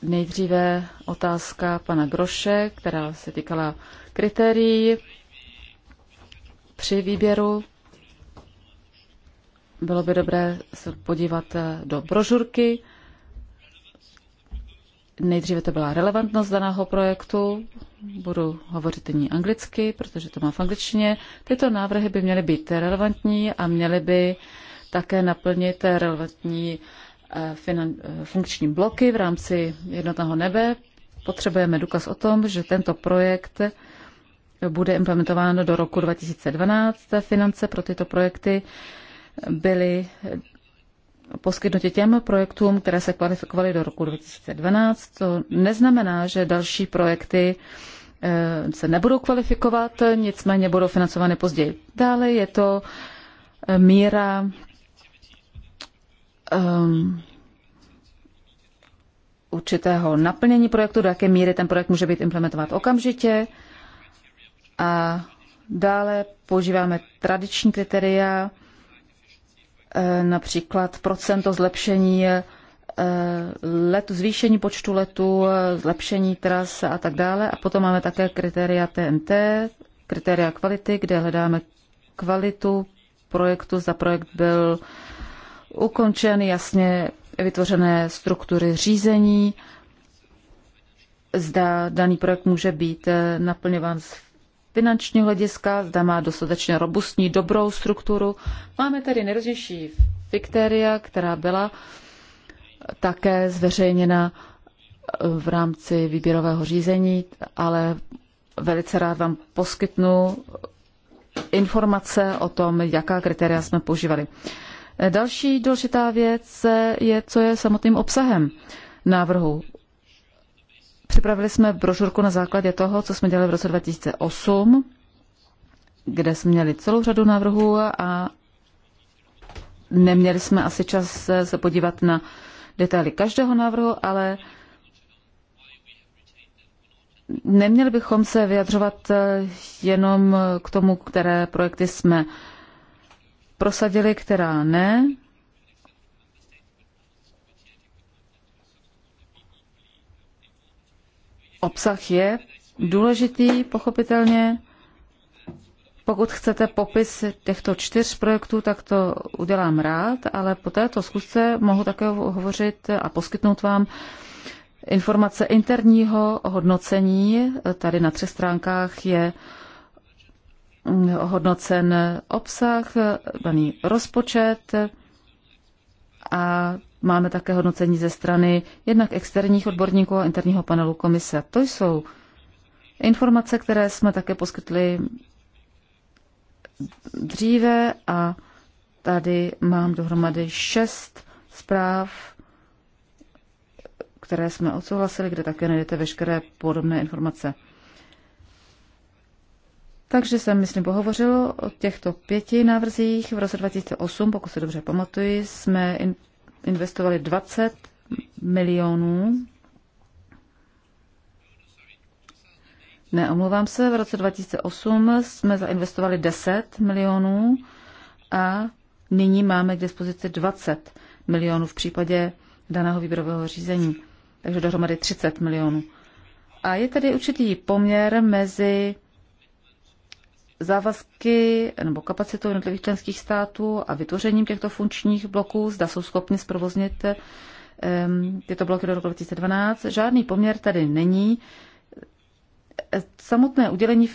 Nejdříve otázka pana Groše, která se týkala kritérií při výběru. Bylo by dobré se podívat do brožurky. Nejdříve to byla relevantnost daného projektu, budu hovořit nyní anglicky, protože to má v angličtině. Tyto návrhy by měly být relevantní a měly by také naplnit relevantní eh, eh, funkční bloky v rámci jednotného nebe. Potřebujeme důkaz o tom, že tento projekt bude implementován do roku 2012. Finance pro tyto projekty byly poskytnuti těm projektům, které se kvalifikovaly do roku 2012. To neznamená, že další projekty eh, se nebudou kvalifikovat, nicméně budou financovány později. Dále je to eh, míra um, určitého naplnění projektu, do jaké míry ten projekt může být implementovat okamžitě. A dále používáme tradiční kritéria, Eh, například procento zlepšení eh, letu, zvýšení počtu letů, eh, zlepšení tras a tak dále. A potom máme také kritéria TNT, kritéria kvality, kde hledáme kvalitu projektu. Za projekt byl ukončen jasně vytvořené struktury řízení, zda daný projekt může být naplňován z finančního hlediska, zda má dostatečně robustní, dobrou strukturu. Máme tady nejrůznější fiktéria, která byla také zveřejněna eh, v rámci výběrového řízení, ale velice rád vám poskytnu informace o tom, jaká kritéria jsme používali. Eh, další důležitá věc eh, je, co je samotným obsahem návrhu. Připravili jsme brožurku na základě toho, co jsme dělali v roce 2008, kde jsme měli celou řadu návrhů a neměli jsme asi čas se podívat na detaily každého návrhu, ale neměli bychom se vyjadřovat jenom k tomu, které projekty jsme prosadili, která ne. Obsah je důležitý, pochopitelně. Pokud chcete popis těchto čtyř projektů, tak to udělám rád, ale po této zkusce mohu také hovořit a poskytnout vám informace interního hodnocení. Tady na třech stránkách je mm, hodnocen obsah, daný rozpočet a Máme také hodnocení ze strany jednak externích odborníků a interního panelu komise. To jsou informace, které jsme také poskytli dříve a tady mám dohromady šest zpráv, které jsme odsouhlasili, kde také najdete veškeré podobné informace. Takže jsem, myslím, pohovořil o těchto pěti návrzích. V roce 2008, pokud se dobře pamatuji, jsme investovali 20 milionů. Ne, omlouvám se, v roce 2008 jsme zainvestovali 10 milionů a nyní máme k dispozici 20 milionů v případě daného výběrového řízení, takže dohromady 30 milionů. A je tady určitý poměr mezi závazky nebo kapacitou jednotlivých členských států a vytvořením těchto funkčních bloků, zda jsou schopni zprovoznit tyto bloky do roku 2012. Žádný poměr tady není. Samotné udělení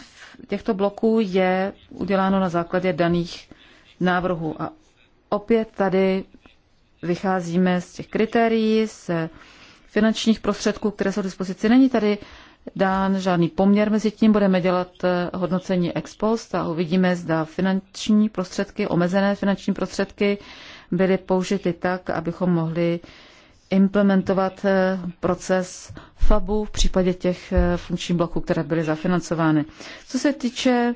těchto bloků je uděláno na základě daných návrhů a opět tady vycházíme z těch kritérií, z finančních prostředků, které jsou v dispozici. Není tady dán žádný poměr mezi tím. Budeme dělat eh, hodnocení ex post a uvidíme, zda finanční prostředky, omezené finanční prostředky byly použity tak, abychom mohli implementovat eh, proces FABu v případě těch eh, funkčních bloků, které byly zafinancovány. Co se týče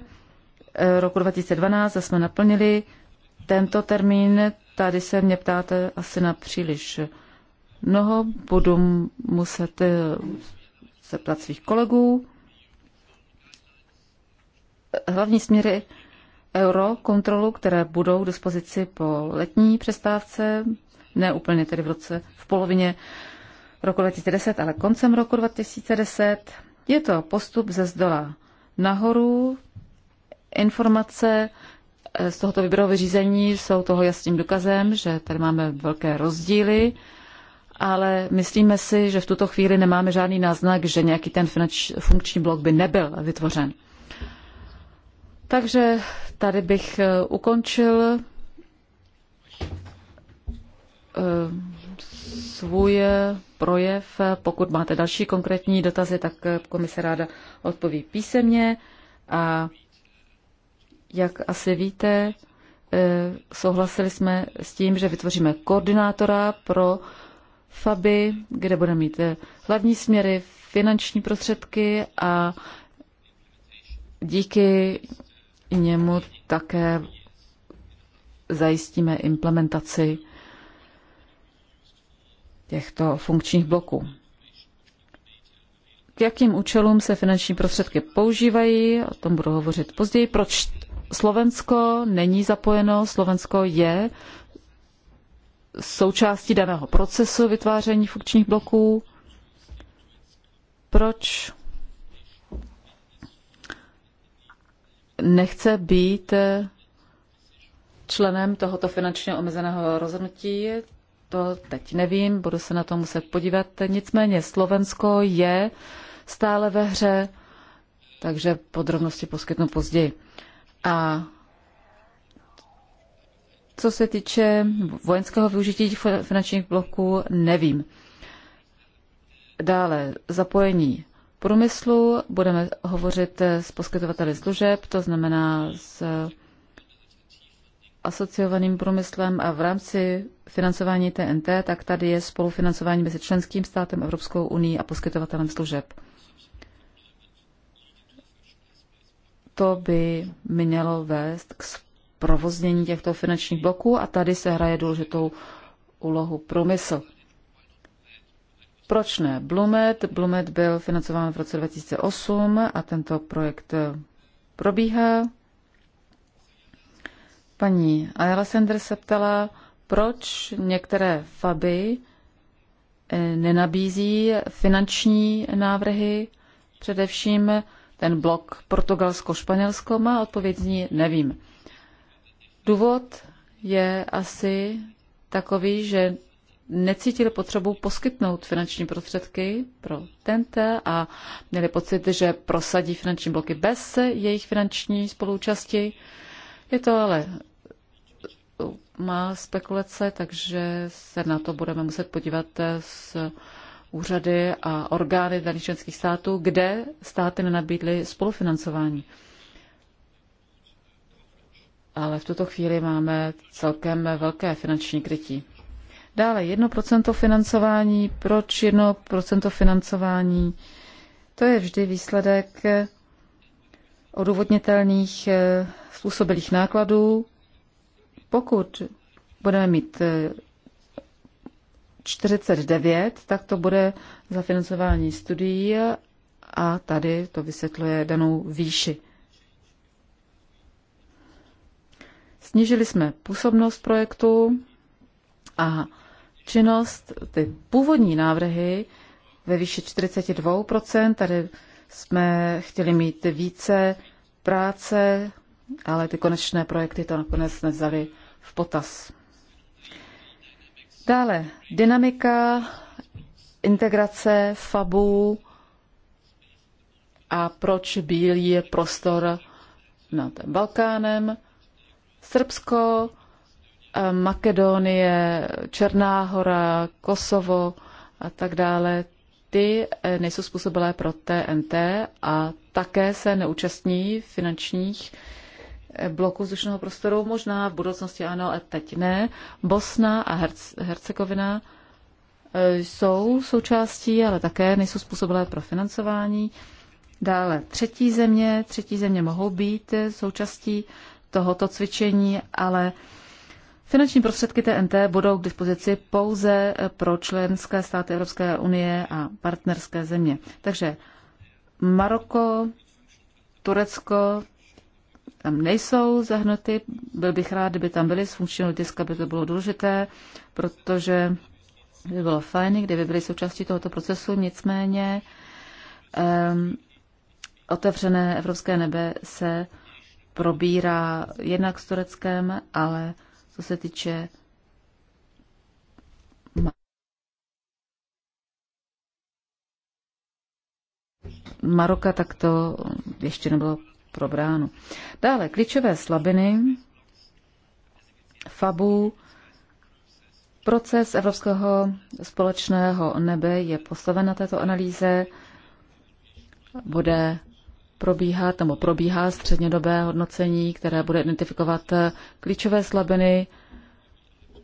roku 2012, jsme naplnili tento termín. Tady se mě ptáte asi na příliš mnoho. Budu muset zeptat svých kolegů. Hlavní směry euro kontrolu, které budou k dispozici po letní přestávce, ne úplně tedy v roce, v polovině roku 2010, ale koncem roku 2010. Je to postup ze zdola nahoru. Informace eh, z tohoto výběrového řízení jsou toho jasným důkazem, že tady máme velké rozdíly ale myslíme si, že v tuto chvíli nemáme žádný náznak, že nějaký ten funkční blok by nebyl vytvořen. Takže tady bych eh, ukončil eh, svůj projev. Pokud máte další konkrétní dotazy, tak eh, komise ráda odpoví písemně. A jak asi víte, souhlasili jsme s tím, že vytvoříme koordinátora pro FABy, kde bude mít eh, hlavní směry, finanční prostředky a díky němu také zajistíme implementaci těchto funkčních bloků. K jakým účelům se finanční prostředky používají, o tom budu hovořit později. Proč Slovensko není zapojeno? Slovensko je součástí daného procesu vytváření funkčních bloků. Proč nechce být členem tohoto finančně omezeného rozhodnutí? To teď nevím, budu se na to muset podívat. Nicméně Slovensko je stále ve hře, takže podrobnosti poskytnu později. A co se týče vojenského využití finančních bloků, nevím. Dále zapojení průmyslu, budeme hovořit s poskytovateli služeb, to znamená s asociovaným průmyslem a v rámci financování TNT, tak tady je spolufinancování mezi členským státem, Evropskou unii a poskytovatelem služeb. To by mělo vést k zprovoznění těchto finančních bloků a tady se hraje důležitou úlohu průmysl. Proč ne? Blumet. Blumet byl financován v roce 2008 a tento projekt probíhá. Paní Ayala Sender se ptala, proč některé faby eh, nenabízí finanční návrhy, především ten blok Portugalsko-Španělsko má odpověď ní, nevím. Důvod je asi takový, že necítili potřebu poskytnout finanční prostředky pro TNT a měli pocit, že prosadí finanční bloky bez jejich finanční spolúčasti. Je to ale má spekulace, takže se na to budeme muset podívat s úřady a orgány daných členských států, kde státy nenabídly spolufinancování ale v tuto chvíli máme celkem velké finanční krytí. Dále 1% financování. Proč 1% financování? To je vždy výsledek odůvodnitelných eh, způsobilých nákladů. Pokud budeme mít 49, eh, tak to bude za financování studií a tady to vysvětluje danou výši. Snížili jsme působnost projektu a činnost, ty původní návrhy ve výši 42%, tady jsme chtěli mít více práce, ale ty konečné projekty to nakonec nevzali v potaz. Dále dynamika integrace FABu a proč bílý je prostor nad Balkánem. Srbsko, eh, Makedonie, Černá hora, Kosovo a tak dále, ty eh, nejsou způsobilé pro TNT a také se neúčastní finančních eh, bloků vzdušného prostoru. Možná v budoucnosti ano, ale teď ne. Bosna a Herce- Hercegovina jsou součástí, ale také nejsou způsobilé pro financování. Dále třetí země. Třetí země mohou být součástí tohoto cvičení, ale finanční prostředky TNT budou k dispozici pouze pro členské státy Evropské unie a partnerské země. Takže Maroko, Turecko tam nejsou zahnuty. Byl bych rád, kdyby tam byly z funkčního hlediska, by to bylo důležité, protože by bylo fajn, kdyby byly součástí tohoto procesu. Nicméně um, otevřené evropské nebe se probírá jednak s Tureckem, ale co se týče Maroka, tak to ještě nebylo probráno. Dále klíčové slabiny, FABu, proces Evropského společného nebe je postaven na této analýze, bude probíhat nebo probíhá střednědobé hodnocení, které bude identifikovat eh, klíčové slabiny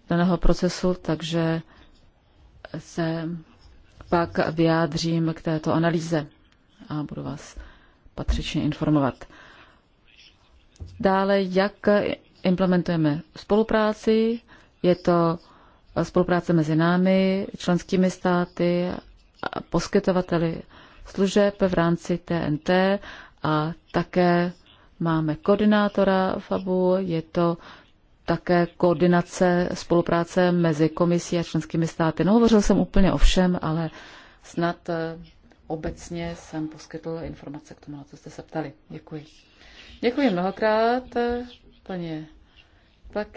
daného procesu, takže se pak vyjádřím k této analýze a budu vás patřičně informovat. Dále, jak implementujeme spolupráci, je to spolupráce mezi námi, členskými státy, a poskytovateli služeb v rámci TNT a také máme koordinátora FABu, je to také koordinace spolupráce mezi komisí a členskými státy. No, hovořil jsem úplně o všem, ale snad eh, obecně jsem poskytl informace k tomu, na co jste se ptali. Děkuji. Děkuji mnohokrát, eh, paní. Tak